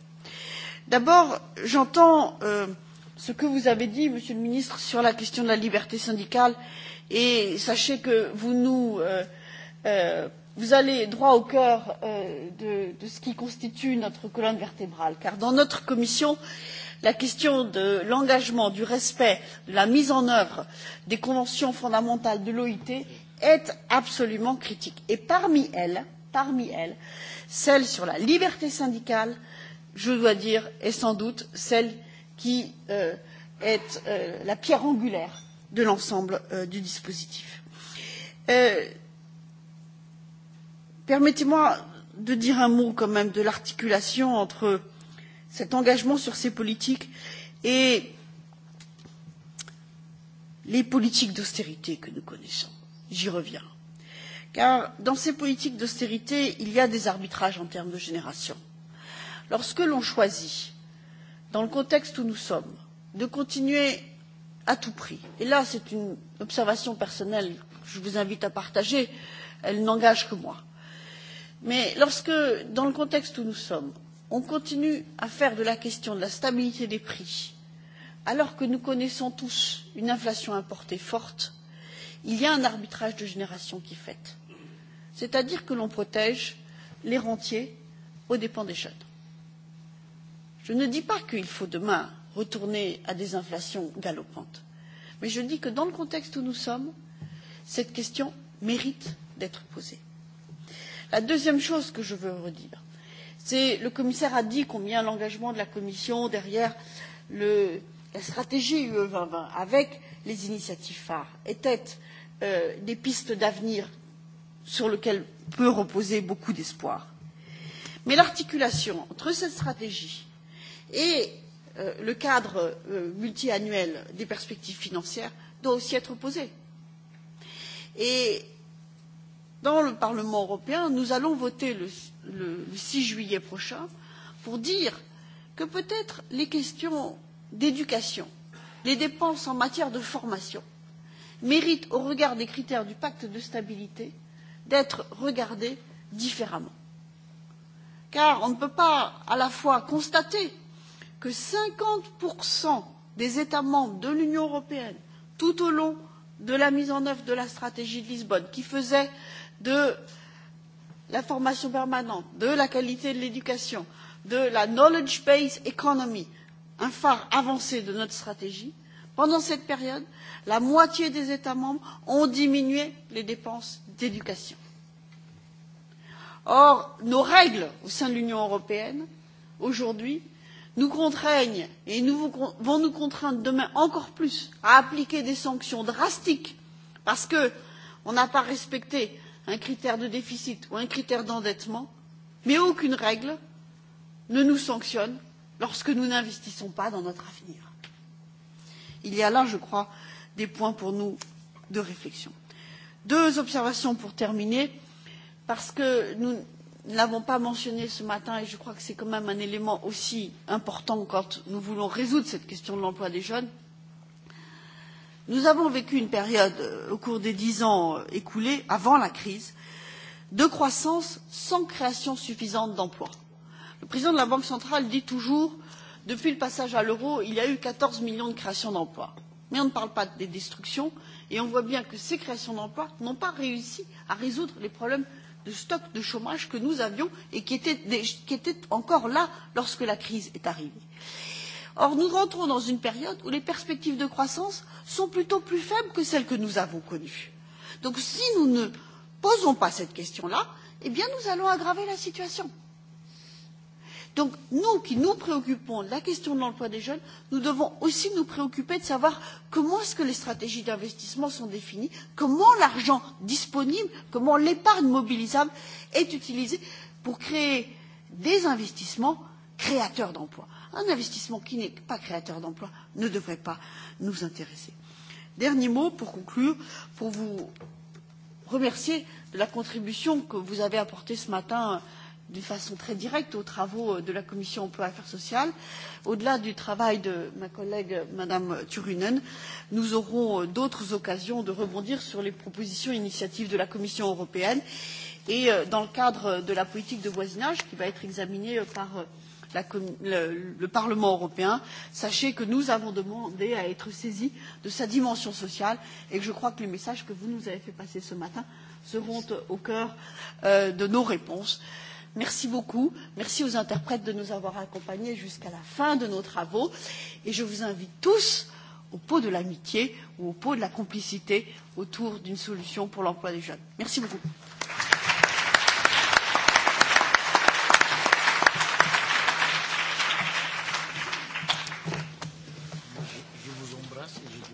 d'abord j'entends euh, ce que vous avez dit monsieur le ministre sur la question de la liberté syndicale et sachez que vous nous euh, euh, vous allez droit au cœur euh, de, de ce qui constitue notre colonne vertébrale car dans notre commission la question de l'engagement du respect de la mise en œuvre des conventions fondamentales de l'oit est absolument critique et parmi elles il parmi elles celle sur la liberté syndicale je dois dire est sans doute celle qui euh, est euh, la pierre angulaire de l'ensemble euh, du dispositif. Euh, permettez moi de dire un mot quand même de l'articulation entre cet engagement sur ces politiques et les politiques d'austérité que nous connaissons j'y reviens car dans ces politiques d'austérité il y a des arbitrages en termes de génération. lorsque l'on choisit dans le contexte où nous sommes de continuer à tout prix et là c'est une observation personnelle que je vous invite à partager elle n'engage que moi mais lorsque dans le contexte où nous sommes on continue à faire de la question de la stabilité des prix alors que nous connaissons tous une inflation importée forte il y a un arbitrage de génération qui est fait c'est à dire que l'on protège les rentiers aux dépens des jeunes. je ne dis pas qu'il faut demain retourner à des inflations galopantes mais je dis que dans le contexte où nous sommes cette question mérite d'être posée. la deuxième chose que je veux redire c'est que le commissaire a dit combien l'engagement de la commission derrière le, la stratégie ue deux mille vingt avec les initiatives phares était euh, des pistes d'avenir sur lequel peut reposer beaucoup d'espoir. mais l'articulation entre cette stratégie et euh, le cadre euh, multiannuel des perspectives financières doit aussi être posée. et dans le parlement européen nous allons voter le, le, le six juillet prochain pour dire que peut être les questions d'éducation les dépenses en matière de formation méritent au regard des critères du pacte de stabilité d'être regardés différemment car on ne peut pas à la fois constater que cinquante des états membres de l'union européenne tout au long de la mise en œuvre de la stratégie de lisbonne qui faisait de la formation permanente de la qualité de l'éducation de la knowledge based economy un phare avancé de notre stratégie pendant cette période la moitié des états membres ont diminué les dépenses d'éducation or nos règles au sein de l'union européenne aujourd'hui nous contraignent et nous, vont nous contraindre demain encore plus à appliquer des sanctions drastiques parce qu'on n'a pas respecté un critère de déficit ou un critère d'endettement mais aucune règle ne nous sanctionne lorsque nous n'investissons pas dans notre avenir. il y a là je crois des points pour nous de réflexion. deux observations pour terminer parce que nous ne l'avons pas mentionné ce matin et je crois que c'est quand même un élément aussi important quand nous voulons résoudre cette question de l'emploi des jeunes nous avons vécu une période euh, au cours des dix ans euh, écoulés avant la crise de croissance sans création suffisante d'emplois. le président de la banque centrale dit toujours depuis le passage à l'euro il y a eu quatorze millions de créations d'emplois mais on ne parle pas des destructions et on voit bien que ces créations d'emplois n'ont pas réussi à résoudre les problèmes de stock de chômage que nous avions et qui était, qui était encore là lorsque la crise est arrivée. Or, nous rentrons dans une période où les perspectives de croissance sont plutôt plus faibles que celles que nous avons connues. Donc, si nous ne posons pas cette question là, eh bien, nous allons aggraver la situation. Euh, donc nous qui nous préoccupons de la question de l'emploi des jeunes nous devons aussi nous préoccuper de savoir comment les stratégies d'investissement sont définies comment l'argent disponible comment l'épargne mobilisable est utilisée pour créer des investissements créateurs d'emplois. un investissement qui n'est pas créateur d'emplois ne devrait pas nous intéresser. dernier mot pour conclure pour vous remercier de la contribution que vous avez apportée ce matin à d'une façon très directe aux travaux euh, de la commission de l'emploi et des affaires sociales. au delà du travail de ma collègue euh, mme turunen nous aurons euh, d'autres occasions de rebondir sur les propositions et initiatives de la commission européenne et dans le cadre de la politique de voisinage qui va être examinée par la, le, le parlement européen sachez que nous avons demandé à être saisis de sa dimension sociale et que je crois que les messages que vous nous avez fait passer ce matin seront au cœur euh, de nos réponses. Euh, Merci beaucoup. Merci aux interprètes de nous avoir accompagnés jusqu'à la fin de nos travaux. Et je vous invite tous au pot de l'amitié ou au pot de la complicité autour d'une solution pour l'emploi des jeunes. Merci beaucoup.